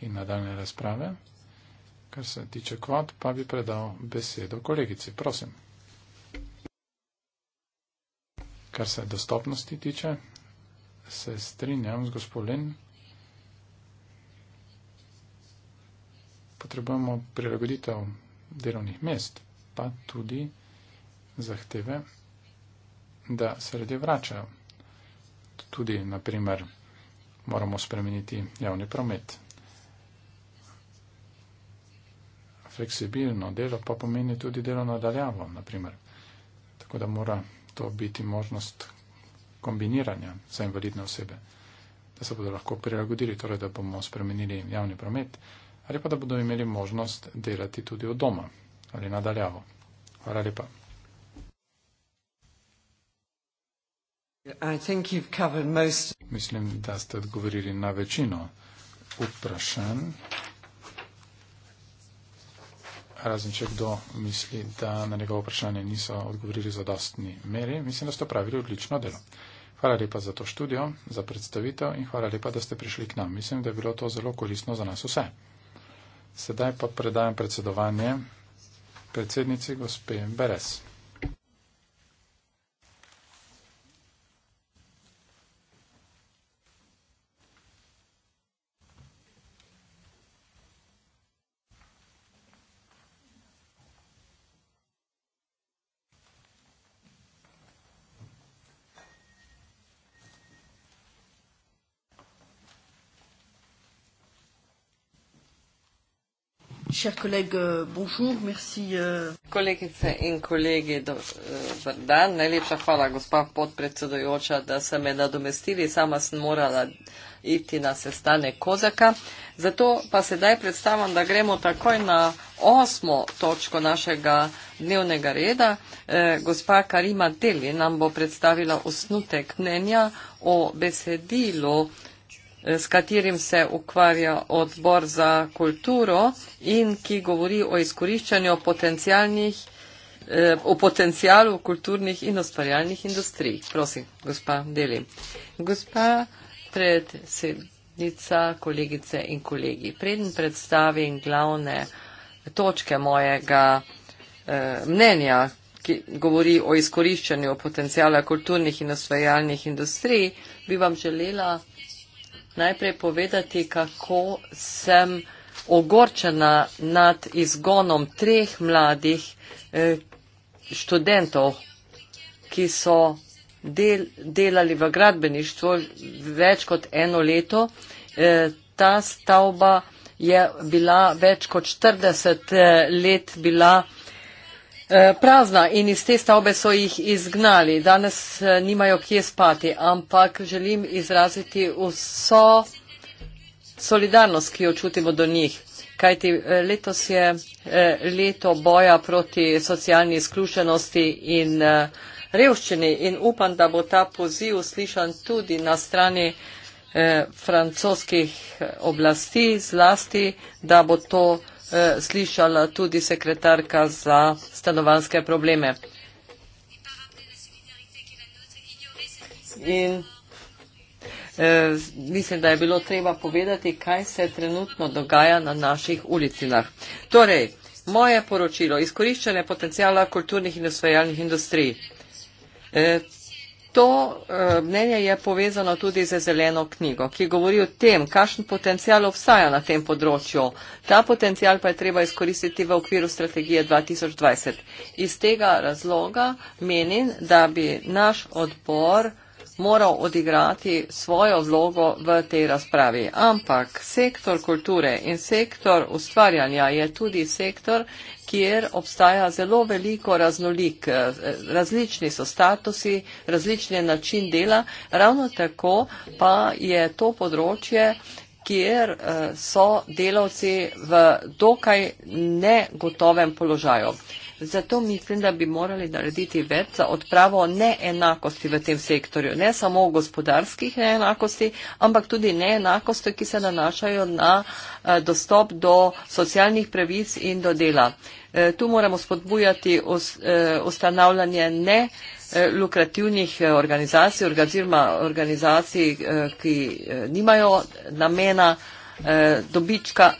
in nadaljne razprave, kar se tiče kvot, pa bi predal besedo kolegici. Prosim. Kar se dostopnosti tiče, se strinjam z gospodin. Potrebujemo prilagoditev delovnih mest, pa tudi zahteve, da se ljudje vračajo. Tudi, naprimer, moramo spremeniti javni promet. Fleksibilno delo pa pomeni tudi delo nadaljavo, naprimer. Tako da mora to biti možnost kombiniranja za invalidne osebe, da se bodo lahko prilagodili, torej da bomo spremenili javni promet, ali pa da bodo imeli možnost delati tudi od doma ali nadaljavo. Hvala lepa. Mislim, da ste odgovorili na večino vprašanj razen če kdo misli, da na njegovo vprašanje niso odgovorili za dostni meri, mislim, da ste pravili odlično delo. Hvala lepa za to študijo, za predstavitev in hvala lepa, da ste prišli k nam. Mislim, da je bilo to zelo koristno za nas vse. Sedaj pa predajam predsedovanje predsednici gospe Beres. Chers collègues, euh, bonjour, merci. Euh. Kolegice euh... in kolegi, dober dan. Najlepša hvala, gospa podpredsedujoča, da ste me nadomestili. Sama sem morala iti na sestane Kozaka. Zato pa sedaj predstavam, da gremo takoj na osmo točko našega dnevnega reda. E, gospa Karima Deli nam bo predstavila osnutek mnenja o besedilu s katerim se ukvarja odbor za kulturo in ki govori o izkoriščanju potencijalnih eh, o potencijalu kulturnih in ustvarjalnih industrij. Prosim, gospa Deli. Gospa predsednica, kolegice in kolegi, preden predstavim glavne točke mojega eh, mnenja, ki govori o izkoriščanju potencijala kulturnih in ustvarjalnih industrij, bi vam želela najprej povedati, kako sem ogorčena nad izgonom treh mladih eh, študentov, ki so del, delali v gradbeništvu več kot eno leto. Eh, ta stavba je bila več kot 40 eh, let bila Eh, prazna in iz te stavbe so jih izgnali. Danes eh, nimajo kje spati, ampak želim izraziti vso solidarnost, ki jo čutimo do njih. Kajti eh, letos je leto boja proti socialni izključenosti in revščini in upam, da bo ta poziv slišan tudi na strani francoskih oblasti, zlasti, da bo to Eh, slišala tudi sekretarka za stanovanske probleme. In eh, mislim, da je bilo treba povedati, kaj se trenutno dogaja na naših ulicinah. Torej, moje poročilo, izkoriščanje potencijala kulturnih in osvajalnih industrij. Eh, To eh, mnenje je povezano tudi z zeleno knjigo, ki govori o tem, kakšen potencial obstaja na tem področju. Ta potencial pa je treba izkoristiti v okviru strategije 2020. Iz tega razloga menim, da bi naš odbor moral odigrati svojo vlogo v tej razpravi. Ampak sektor kulture in sektor ustvarjanja je tudi sektor, kjer obstaja zelo veliko raznolik, eh, različni so statusi, različni način dela, ravno tako pa je to področje, kjer eh, so delavci v dokaj negotovem položaju. Zato mislim, da bi morali narediti več za odpravo neenakosti v tem sektorju, ne samo gospodarskih neenakosti, ampak tudi neenakosti, ki se nanašajo na eh, dostop do socialnih pravic in do dela. Eh, tu moramo spodbujati eh, ustanavljanje ne lukrativnih organizacij, organizacij, ki nimajo namena eh, dobička,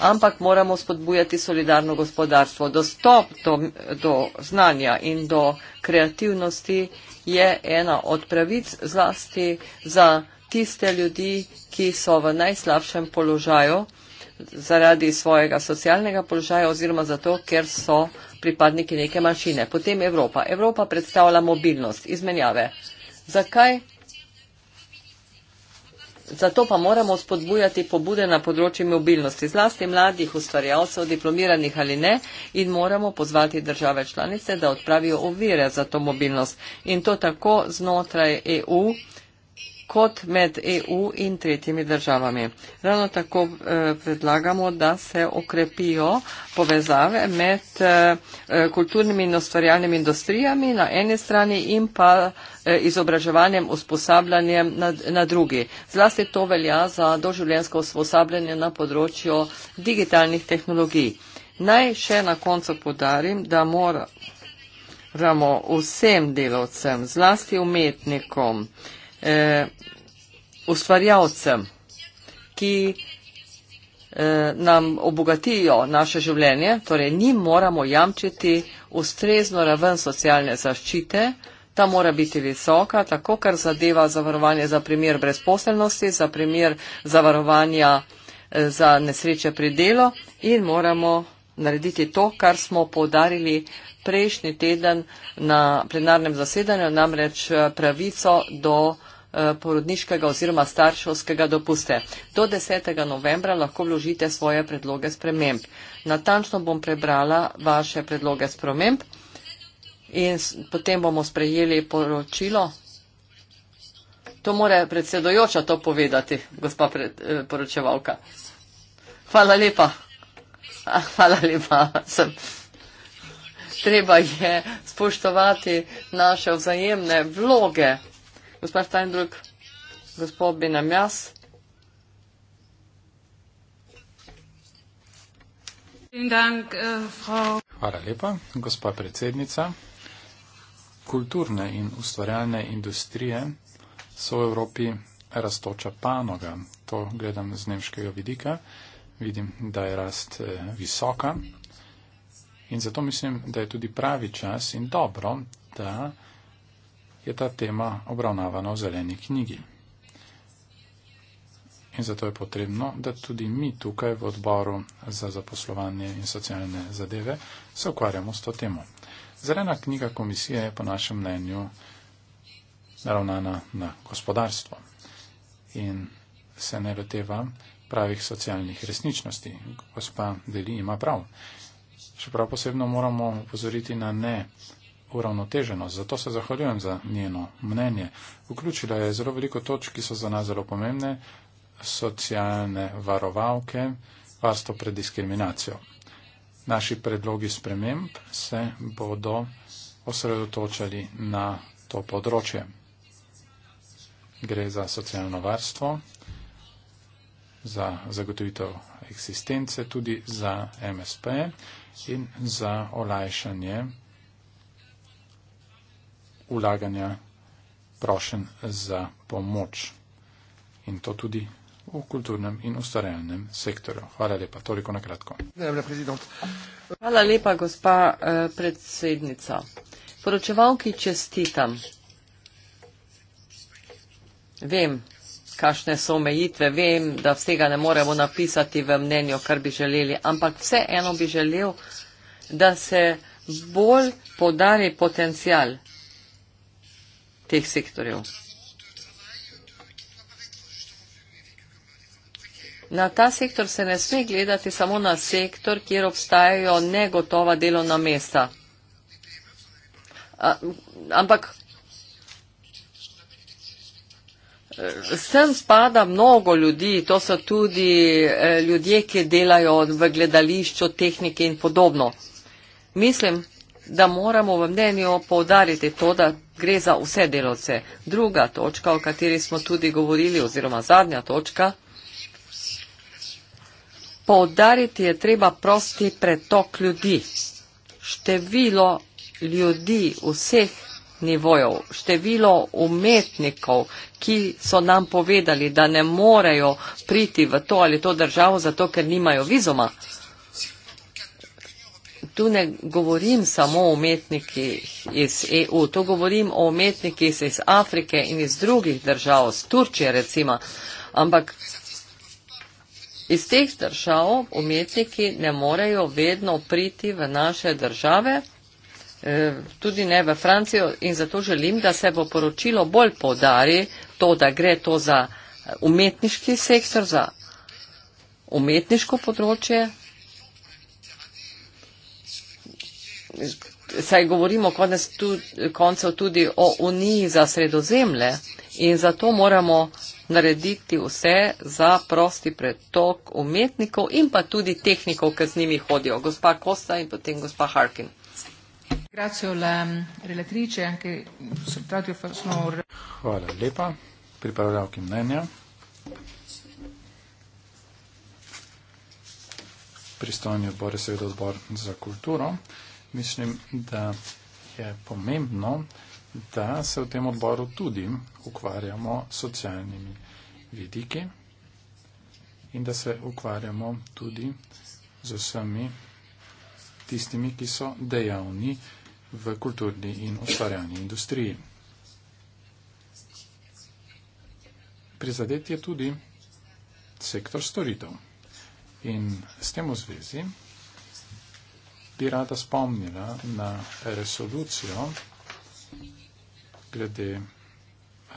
ampak moramo spodbujati solidarno gospodarstvo. Dostop do, do znanja in do kreativnosti je ena od pravic zlasti za tiste ljudi, ki so v najslabšem položaju zaradi svojega socialnega položaja oziroma zato, ker so pripadniki neke manjšine. Potem Evropa. Evropa predstavlja mobilnost, izmenjave. Zakaj Zato pa moramo spodbujati pobude na področju mobilnosti, zlasti mladih ustvarjalcev, diplomiranih ali ne, in moramo pozvati države članice, da odpravijo ovire za to mobilnost. In to tako znotraj EU, kot med EU in tretjimi državami. Ravno tako eh, predlagamo, da se okrepijo povezave med eh, eh, kulturnimi in ustvarjalnimi industrijami na eni strani in pa izobraževanjem, usposabljanjem na, na drugi. Zlasti to velja za doživljensko usposabljanje na področju digitalnih tehnologij. Naj še na koncu podarim, da moramo vsem delovcem, zlasti umetnikom, eh, ustvarjalcem, ki eh, nam obogatijo naše življenje, torej ni moramo jamčiti ustrezno raven socialne zaščite, ta mora biti visoka, tako kar zadeva zavarovanje za primer brezposelnosti, za primer zavarovanja eh, za nesreče pri delu in moramo narediti to, kar smo podarili prejšnji teden na plenarnem zasedanju, namreč eh, pravico do Eh, porodniškega oziroma starševskega dopuste. Do 10. novembra lahko vložite svoje predloge sprememb. Natančno bom prebrala vaše predloge sprememb in potem bomo sprejeli poročilo. To more predsedojoča to povedati, gospa pred, eh, poročevalka. Hvala lepa. Ah, hvala lepa. [LAUGHS] Sem. Treba je spoštovati naše vzajemne vloge. Gospa Steinbrück, gospod Benamjas. Äh, Hvala lepa, gospa predsednica. Kulturne in ustvarjalne industrije so v Evropi rastoča panoga. To gledam z nemškega vidika. Vidim, da je rast eh, visoka. In zato mislim, da je tudi pravi čas in dobro, da je ta tema obravnavana v zeleni knjigi. In zato je potrebno, da tudi mi tukaj v odboru za zaposlovanje in socialne zadeve se ukvarjamo s to temo. Zelena knjiga komisije je po našem mnenju naravnana na gospodarstvo in se ne loteva pravih socialnih resničnosti. Gospa Deli ima prav. Še prav posebno moramo upozoriti na ne. Uh, uravnoteženost. Zato se zahvaljujem za njeno mnenje. Vključila je zelo veliko točk, ki so za nas zelo pomembne. Socialne varovalke, varstvo pred diskriminacijo. Naši predlogi sprememb se bodo osredotočali na to področje. Gre za socialno varstvo, za zagotovitev eksistence, tudi za MSP in za olajšanje ulaganja prošen za pomoč in to tudi v kulturnem in ustvarjalnem sektorju. Hvala lepa, toliko na kratko. Hvala lepa, gospa eh, predsednica. Poročevalki čestitam. Vem, kakšne so omejitve, vem, da vsega ne moremo napisati v mnenju, kar bi želeli, ampak vseeno bi želel, da se bolj podari potencial teh sektorjev. Na ta sektor se ne sme gledati samo na sektor, kjer obstajajo negotova delovna mesta. A, ampak eh, sem spada mnogo ljudi, to so tudi eh, ljudje, ki delajo v gledališču, tehnike in podobno. Mislim, da moramo v mnenju povdariti to, da gre za vse delovce. Druga točka, o kateri smo tudi govorili, oziroma zadnja točka, povdariti je treba prosti pretok ljudi. Število ljudi vseh nivojev, število umetnikov, ki so nam povedali, da ne morejo priti v to ali to državo, zato ker nimajo vizoma tu ne govorim samo o umetnikih iz EU, tu govorim o umetnikih iz Afrike in iz drugih držav, iz Turčije recimo, ampak iz teh držav umetniki ne morejo vedno priti v naše države, eh, tudi ne v Francijo in zato želim, da se bo poročilo bolj podari to, da gre to za umetniški sektor, za umetniško področje, saj govorimo konec tudi, koncev tudi o uniji za sredozemlje in zato moramo narediti vse za prosti pretok umetnikov in pa tudi tehnikov, ki z njimi hodijo. Gospa Kosta in potem gospa Harkin. Um, Hvala lepa. Pripravljavki mnenja. Pristojni odbor je seveda odbor za kulturo mislim, da je pomembno, da se v tem odboru tudi ukvarjamo s socialnimi vidiki in da se ukvarjamo tudi z vsemi tistimi, ki so dejavni v kulturni in ustvarjalni industriji. Prizadeti je tudi sektor storitev. In s tem v zvezi bi rada spomnila na resolucijo glede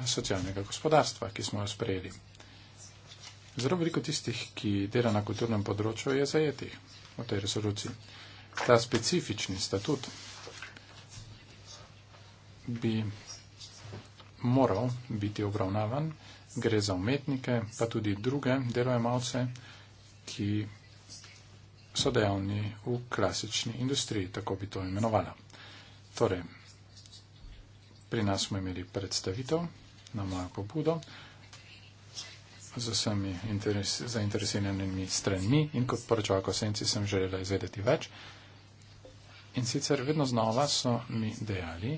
socialnega gospodarstva, ki smo jo sprejeli. Zelo veliko tistih, ki dela na kulturnem področju, je zajetih v tej resoluciji. Ta specifični statut bi moral biti obravnavan, gre za umetnike, pa tudi druge delojemalce, ki so dejavni v klasični industriji, tako bi to imenovala. Torej, pri nas smo imeli predstavitev na mojo pobudo z vsemi zainteresiranimi stranmi in kot poročevalko senci sem želela izvedeti več. In sicer vedno znova so mi dejali,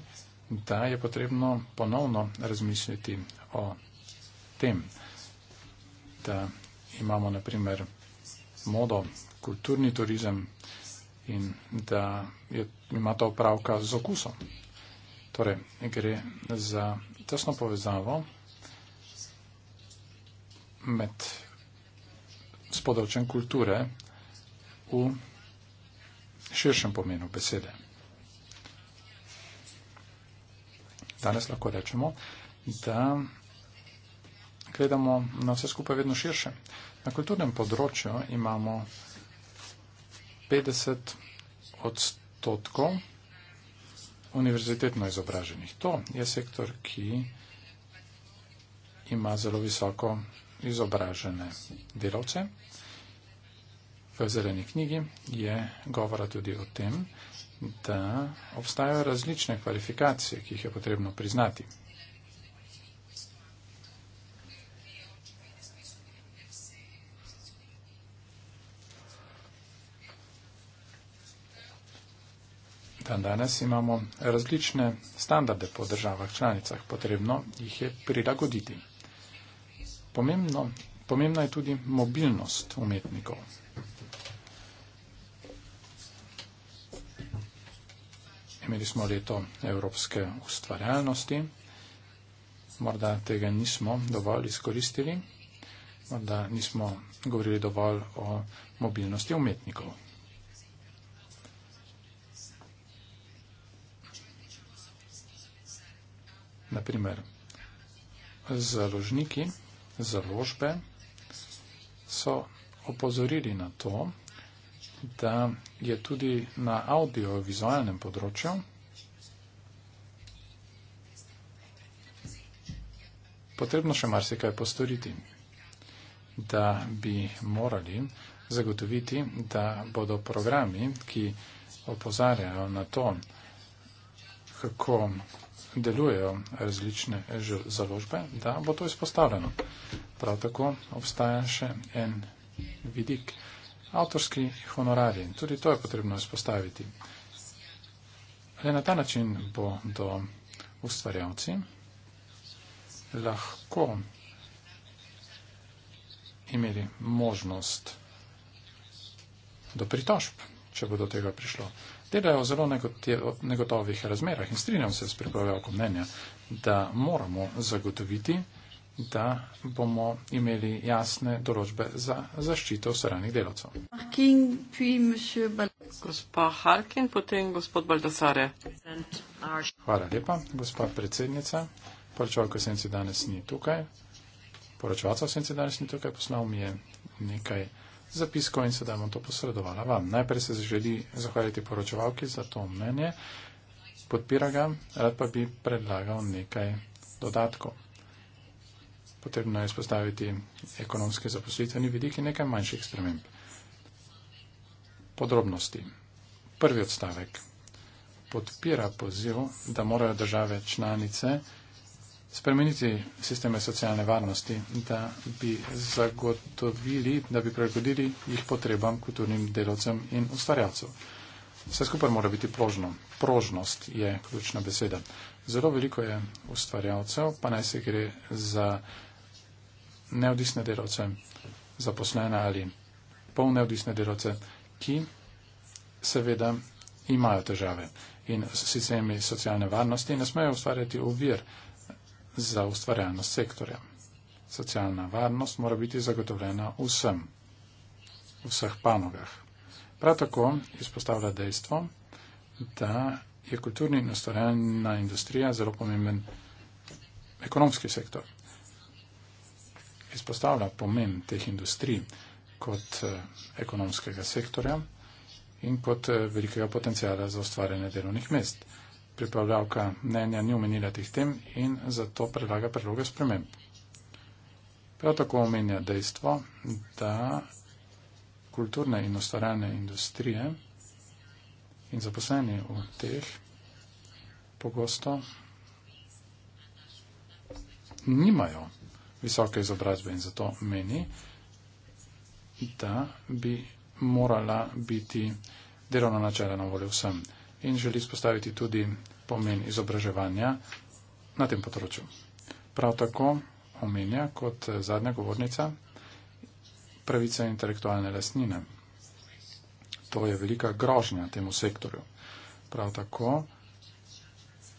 da je potrebno ponovno razmisliti o tem, da imamo naprimer modo kulturni turizem in da je, ima to opravka z okusom. Torej, gre za tesno povezavo med spodovčen kulture v širšem pomenu besede. Danes lahko rečemo, da gledamo na vse skupaj vedno širše. Na kulturnem področju imamo 50 odstotkov univerzitetno izobraženih. To je sektor, ki ima zelo visoko izobražene delavce. V zeleni knjigi je govora tudi o tem, da obstajajo različne kvalifikacije, ki jih je potrebno priznati. Dan danes imamo različne standarde po državah članicah, potrebno jih je prilagoditi. Pomembno, pomembna je tudi mobilnost umetnikov. Imeli smo leto evropske ustvarjalnosti, morda tega nismo dovolj izkoristili, morda nismo govorili dovolj o mobilnosti umetnikov. naprimer založniki založbe so opozorili na to, da je tudi na audiovizualnem področju potrebno še marsikaj postoriti, da bi morali zagotoviti, da bodo programi, ki opozarjajo na to, kako delujejo različne založbe, da bo to izpostavljeno. Prav tako obstaja še en vidik, avtorski honorarji. Tudi to je potrebno izpostaviti. Le na ta način bodo ustvarjavci lahko imeli možnost do pritožb, če bo do tega prišlo delajo v zelo negotovih razmerah in strinjam se s pripravljavkom mnenja, da moramo zagotoviti, da bomo imeli jasne določbe za zaščito osranih delavcev. Gospa Harkin, potem gospod Baldasare. Hvala lepa, gospa predsednica. Poročevalka Senci danes ni tukaj. Poročevalca Senci danes ni tukaj. Poslal mi je nekaj zapisko in sedaj bom to posredovala vam. Najprej se želi zahvaliti poročevalki za to mnenje, podpira ga, rad pa bi predlagal nekaj dodatkov. Potrebno je spostaviti ekonomski zaposlitveni vidik in nekaj manjših sprememb. Podrobnosti. Prvi odstavek podpira poziv, da morajo države članice spremeniti sisteme socialne varnosti, da bi zagotovili, da bi prilagodili jih potrebam kulturnim delovcem in ustvarjalcem. Vse skupaj mora biti prožno. Prožnost je ključna beseda. Zelo veliko je ustvarjalcev, pa naj se gre za neodvisne delovce, zaposlene ali pol neodvisne delovce, ki seveda imajo težave in s sistemi socialne varnosti ne smejo ustvarjati uvir za ustvarjalnost sektorja. Socialna varnost mora biti zagotovljena vsem, v vseh panogah. Prav tako izpostavlja dejstvo, da je kulturni in ustvarjalna industrija zelo pomemben ekonomski sektor. Izpostavlja pomen teh industrij kot eh, ekonomskega sektorja in kot eh, velikega potencijala za ustvarjanje delovnih mest pripravljavka mnenja ni omenila teh tem in zato predlaga predloge sprememb. Prav tako omenja dejstvo, da kulturne in ustvarjalne industrije in zaposleni v teh pogosto nimajo visoke izobrazbe in zato meni, da bi morala biti delovna načela na voljo vsem. In želi spostaviti tudi pomen izobraževanja na tem področju. Prav tako omenja kot eh, zadnja govornica pravica intelektualne lasnine. To je velika grožnja temu sektorju. Prav tako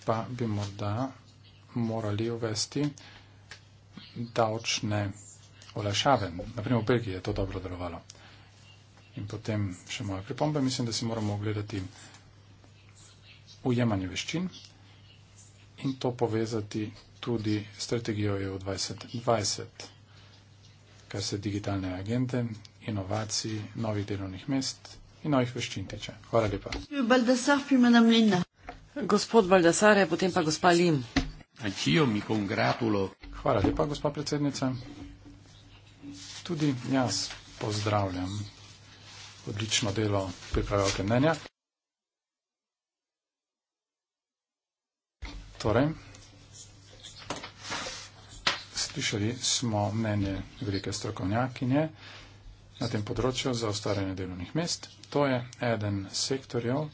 pa bi morda morali uvesti davčne olajšave. Naprimer, v Belgiji je to dobro delovalo. In potem še moja pripomba, mislim, da si moramo ogledati ujemanje veščin in to povezati tudi strategijo EU 2020, kar se digitalne agende, inovacij, novih delovnih mest in novih veščin tiče. Hvala lepa. Gospod Baldasare, potem pa gospa Lim. Ačijo mi congratulo. Hvala lepa, gospa predsednica. Tudi jaz pozdravljam odlično delo pripravljavke mnenja. Torej, slišali smo mnenje velike strokovnjakinje na tem področju za ustvarjanje delovnih mest. To je eden sektorjev,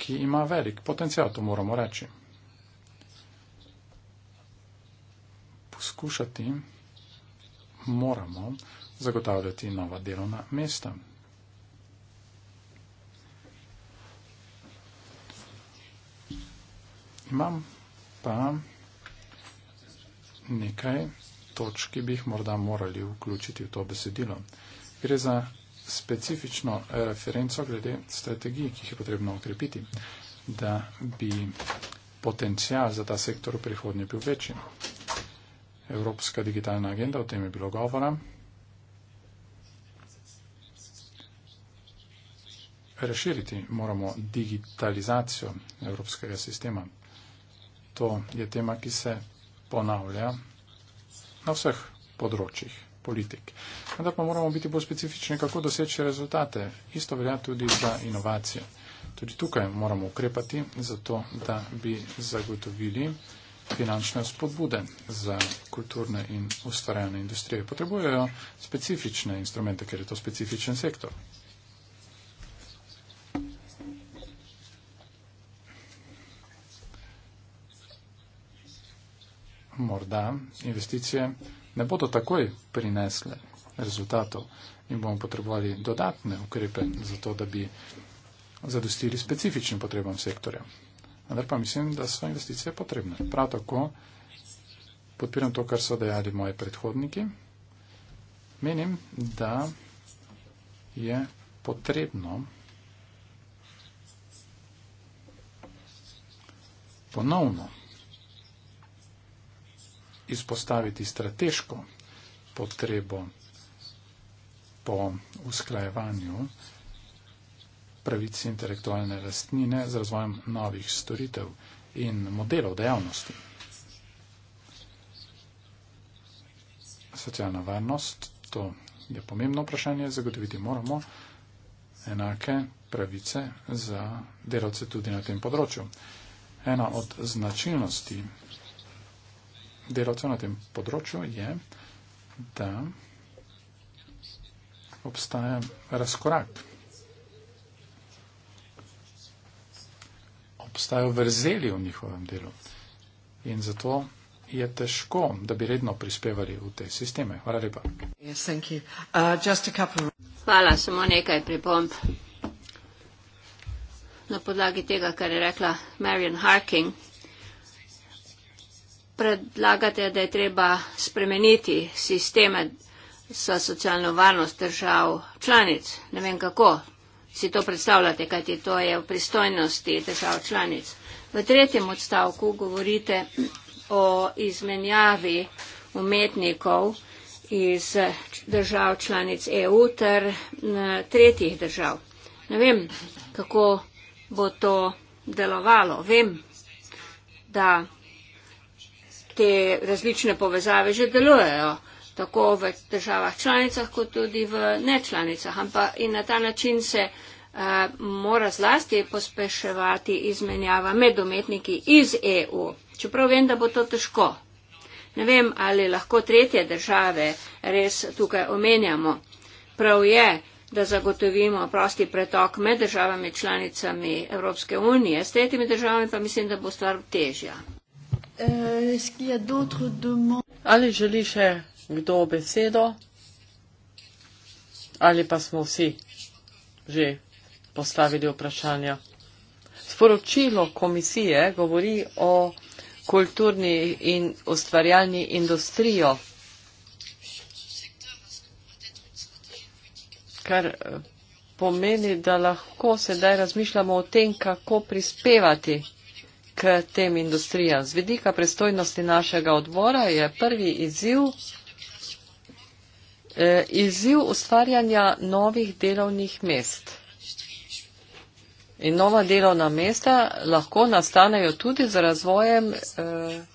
ki ima velik potencial, to moramo reči. Poskušati moramo zagotavljati nova delovna mesta. imam pa nekaj točk, ki bi jih morda morali vključiti v to besedilo. Gre za specifično referenco glede strategij, ki jih je potrebno ukrepiti, da bi potencial za ta sektor v prihodnje bil večji. Evropska digitalna agenda, o tem je bilo govora. Reširiti moramo digitalizacijo evropskega sistema to je tema, ki se ponavlja na vseh področjih politik. Vendar pa moramo biti bolj specifični, kako doseči rezultate. Isto velja tudi za inovacije. Tudi tukaj moramo ukrepati za to, da bi zagotovili finančne spodbude za kulturne in ustvarjalne industrije. Potrebujejo specifične instrumente, ker je to specifičen sektor. morda investicije ne bodo takoj prinesle rezultatov in bomo potrebovali dodatne ukrepe za to, da bi zadostili specifičnim potrebam sektorja. Vendar pa mislim, da so investicije potrebne. Prav tako podpiram to, kar so dejali moji predhodniki. Menim, da je potrebno ponovno izpostaviti strateško potrebo po usklajevanju pravici intelektualne lastnine z razvojem novih storitev in modelov dejavnosti. Socialna varnost, to je pomembno vprašanje, zagotoviti moramo enake pravice za delavce tudi na tem področju. Ena od značilnosti delavcev na tem področju je, da obstaja razkorak. Obstajajo vrzeli v njihovem delu in zato je težko, da bi redno prispevali v te sisteme. Hvala lepa. Yes, uh, of... Hvala, samo nekaj pripomp. Na podlagi tega, kar je rekla Marion Harking predlagate, da je treba spremeniti sisteme za socialno varnost držav članic. Ne vem, kako si to predstavljate, kajti to je v pristojnosti držav članic. V tretjem odstavku govorite o izmenjavi umetnikov iz držav članic EU ter tretjih držav. Ne vem, kako bo to delovalo. Vem, da te različne povezave že delujejo, tako v državah članicah, kot tudi v nečlanicah. Ampak in na ta način se uh, mora zlasti pospeševati izmenjava med umetniki iz EU. Čeprav vem, da bo to težko. Ne vem, ali lahko tretje države res tukaj omenjamo. Prav je, da zagotovimo prosti pretok med državami članicami Evropske unije. S tretjimi državami pa mislim, da bo stvar težja. Euh, Ali želi še kdo besedo? Ali pa smo vsi že postavili vprašanja? Sporočilo komisije govori o kulturni in ustvarjalni industrijo, kar eh, pomeni, da lahko sedaj razmišljamo o tem, kako prispevati k tem industrijam. Z vidika prestojnosti našega odbora je prvi izziv, eh, izziv ustvarjanja novih delovnih mest. In nova delovna mesta lahko nastanejo tudi z razvojem eh,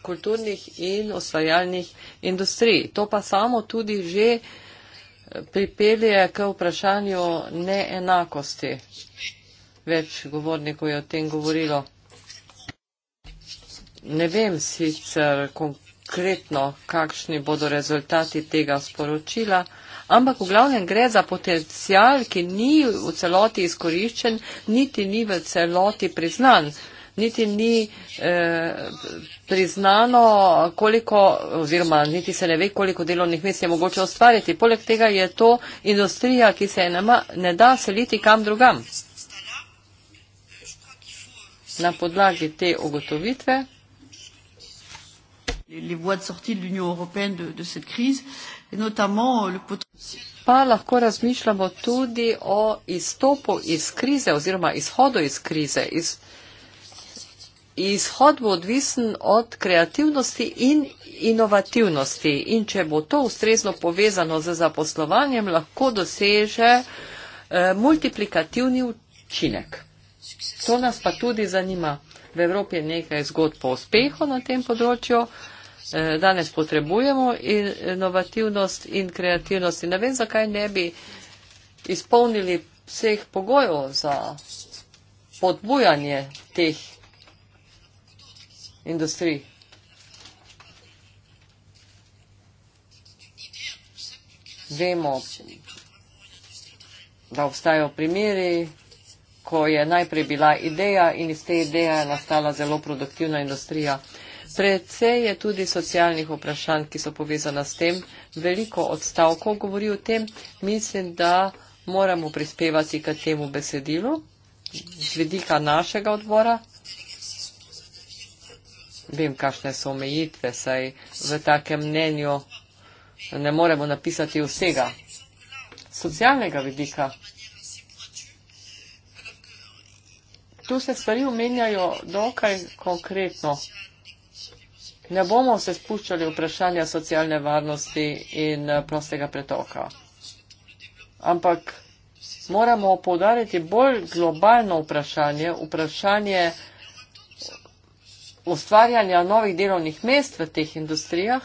kulturnih in ustvarjalnih industrij. To pa samo tudi že eh, pripelje k vprašanju neenakosti. Več govornikov je o tem govorilo ne vem sicer konkretno, kakšni bodo rezultati tega sporočila, ampak v glavnem gre za potencial, ki ni v celoti izkoriščen, niti ni v celoti priznan. Niti ni eh, priznano, koliko, oziroma niti se ne ve, koliko delovnih mest je mogoče ustvariti. Poleg tega je to industrija, ki se nema, ne da seliti kam drugam. Na podlagi te ugotovitve les voies de sortie de l'Union européenne de, de cette crise, et notamment euh, le potentiel. Pa lahko razmišljamo tudi o izstopu iz krize oziroma izhodu iz krize. Iz, izhod bo odvisen od kreativnosti in inovativnosti in če bo to ustrezno povezano z zaposlovanjem, lahko doseže eh, multiplikativni učinek. To nas pa tudi zanima. V Evropi je nekaj zgodb po uspehu na tem področju. Eh, Eh, danes potrebujemo inovativnost in kreativnost. In ne vem, zakaj ne bi izpolnili vseh pogojev za podbujanje teh industrij. Vemo, da obstajajo primeri, ko je najprej bila ideja in iz te ideje je nastala zelo produktivna industrija. Precej je tudi socialnih vprašanj, ki so povezana s tem. Veliko odstavkov govori o tem. Mislim, da moramo prispevati k temu besedilu z vidika našega odbora. Vem, kakšne so omejitve, saj v takem mnenju ne moremo napisati vsega. Socialnega vidika. Tu se stvari omenjajo dokaj konkretno. Ne bomo se spuščali v vprašanja socialne varnosti in eh, prostega pretoka. Ampak moramo povdariti bolj globalno vprašanje, vprašanje ustvarjanja novih delovnih mest v teh industrijah.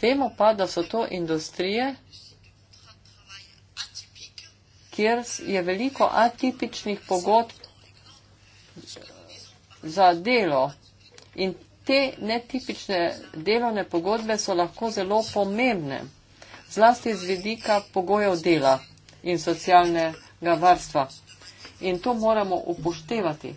Vemo pa, da so to industrije, kjer je veliko atipičnih pogodb za delo. In te netipične delovne pogodbe so lahko zelo pomembne, zlasti z vidika pogojev dela in socialnega varstva. In to moramo upoštevati.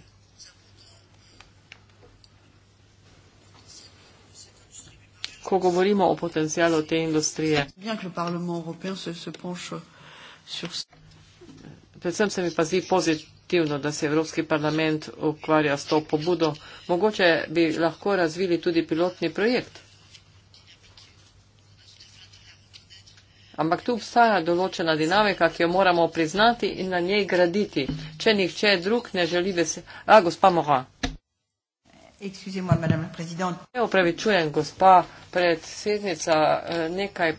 Ko govorimo o potencijalu te industrije. Predvsem se mi pa zdi pozitivno aktivno, da se Evropski parlament ukvarja s to pobudo. Mogoče bi lahko razvili tudi pilotni projekt. Ampak tu obstaja določena dinamika, ki jo moramo priznati in na njej graditi. Če nihče drug ne želi besediti. A, gospa Moha. Ja, opravičujem, gospa predsednica, eh, nekaj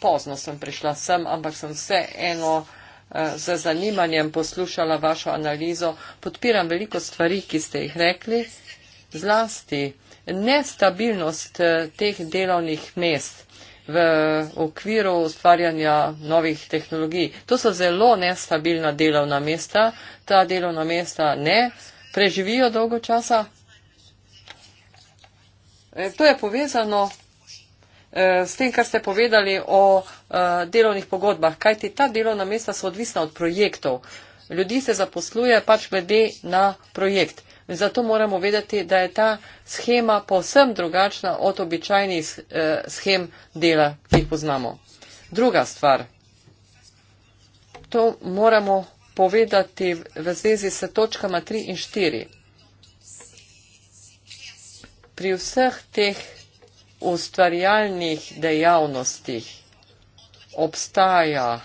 pozno sem prišla sem, ampak sem vse eno. Eh, z zanimanjem poslušala vašo analizo. Podpiram veliko stvari, ki ste jih rekli, zlasti nestabilnost eh, teh delovnih mest v okviru ustvarjanja novih tehnologij. To so zelo nestabilna delovna mesta. Ta delovna mesta ne preživijo dolgo časa. Eh, to je povezano Eh, s tem, kar ste povedali o eh, delovnih pogodbah, kajti ta delovna mesta so odvisna od projektov. Ljudi se zaposluje pač glede na projekt. Zato moramo vedeti, da je ta schema povsem drugačna od običajnih eh, schem dela, ki jih poznamo. Druga stvar, to moramo povedati v zvezi s točkama 3 in 4. Pri vseh teh ustvarjalnih dejavnostih obstaja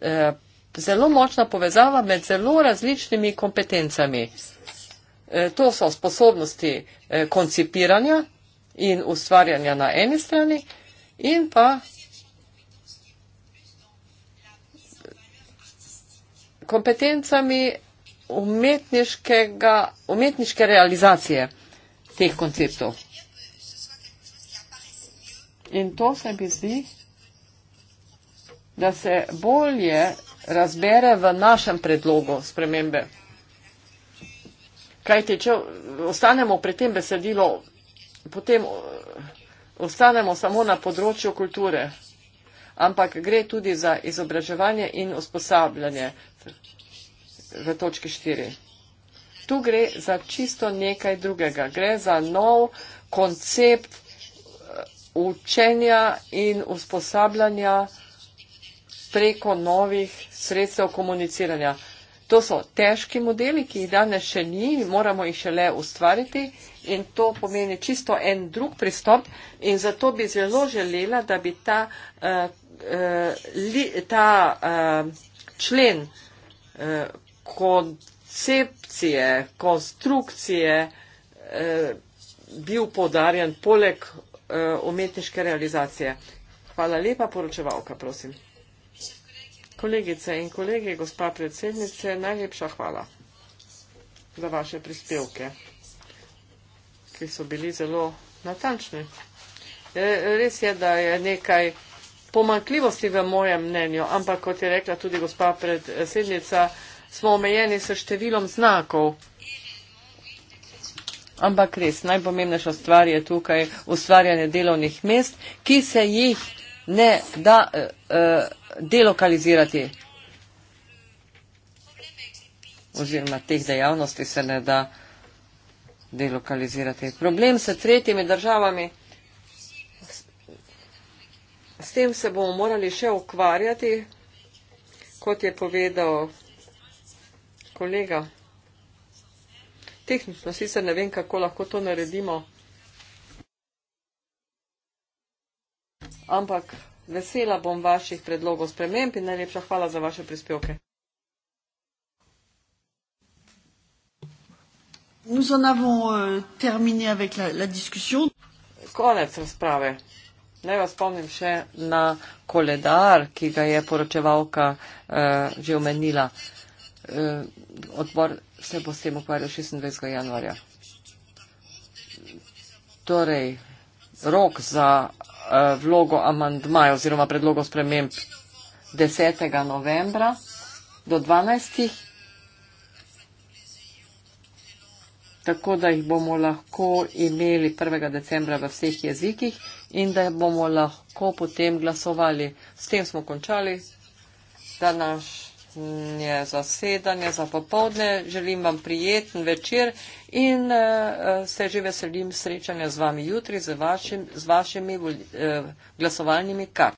eh, zelo močna povezava med zelo različnimi kompetencami. Eh, to so sposobnosti eh, koncipiranja in ustvarjanja na eni strani in pa kompetencami umetniške realizacije teh konceptov. In to se mi zdi, da se bolje razbere v našem predlogu spremembe. Kajti, če ostanemo pri tem besedilo, potem uh, ostanemo samo na področju kulture, ampak gre tudi za izobraževanje in usposabljanje v točki 4. Tu gre za čisto nekaj drugega. Gre za nov koncept učenja in usposabljanja preko novih sredstev komuniciranja. To so težki modeli, ki jih danes še ni, moramo jih šele ustvariti in to pomeni čisto en drug pristop in zato bi zelo želela, da bi ta, uh, uh, li, ta uh, člen uh, koncepcije, konstrukcije uh, bil podarjen poleg Eh, umetniške realizacije. Hvala lepa, poročevalka, prosim. Kolegice in kolege, gospa predsednice, najlepša hvala za vaše prispevke, ki so bili zelo natančni. E, res je, da je nekaj pomankljivosti v mojem mnenju, ampak kot je rekla tudi gospa predsednica, smo omejeni s številom znakov. Ampak res, najpomembnejša stvar je tukaj ustvarjanje delovnih mest, ki se jih ne da uh, uh, delokalizirati. Oziroma teh dejavnosti se ne da delokalizirati. Problem se tretjimi državami. S tem se bomo morali še ukvarjati, kot je povedal kolega tehnično sicer ne vem, kako lahko to naredimo. Ampak vesela bom vaših predlogov sprememb in najlepša hvala za vaše prispevke. Nous en avons euh, terminé avec la, la discussion. Konec razprave. Naj vas spomnim še na koledar, ki ga je poročevalka euh, že omenila. Euh, odbor se bo s tem ukvarjal 26. januarja. Torej, rok za eh, vlogo amandmaja oziroma predlogov sprememb 10. novembra do 12. tako da jih bomo lahko imeli 1. decembra v vseh jezikih in da bomo lahko potem glasovali. S tem smo končali današnji današnje zasedanje za popovdne. Želim vam prijeten večer in uh, se že veselim srečanja z vami jutri, z, vašim, z vašimi uh, glasovalnimi kartami.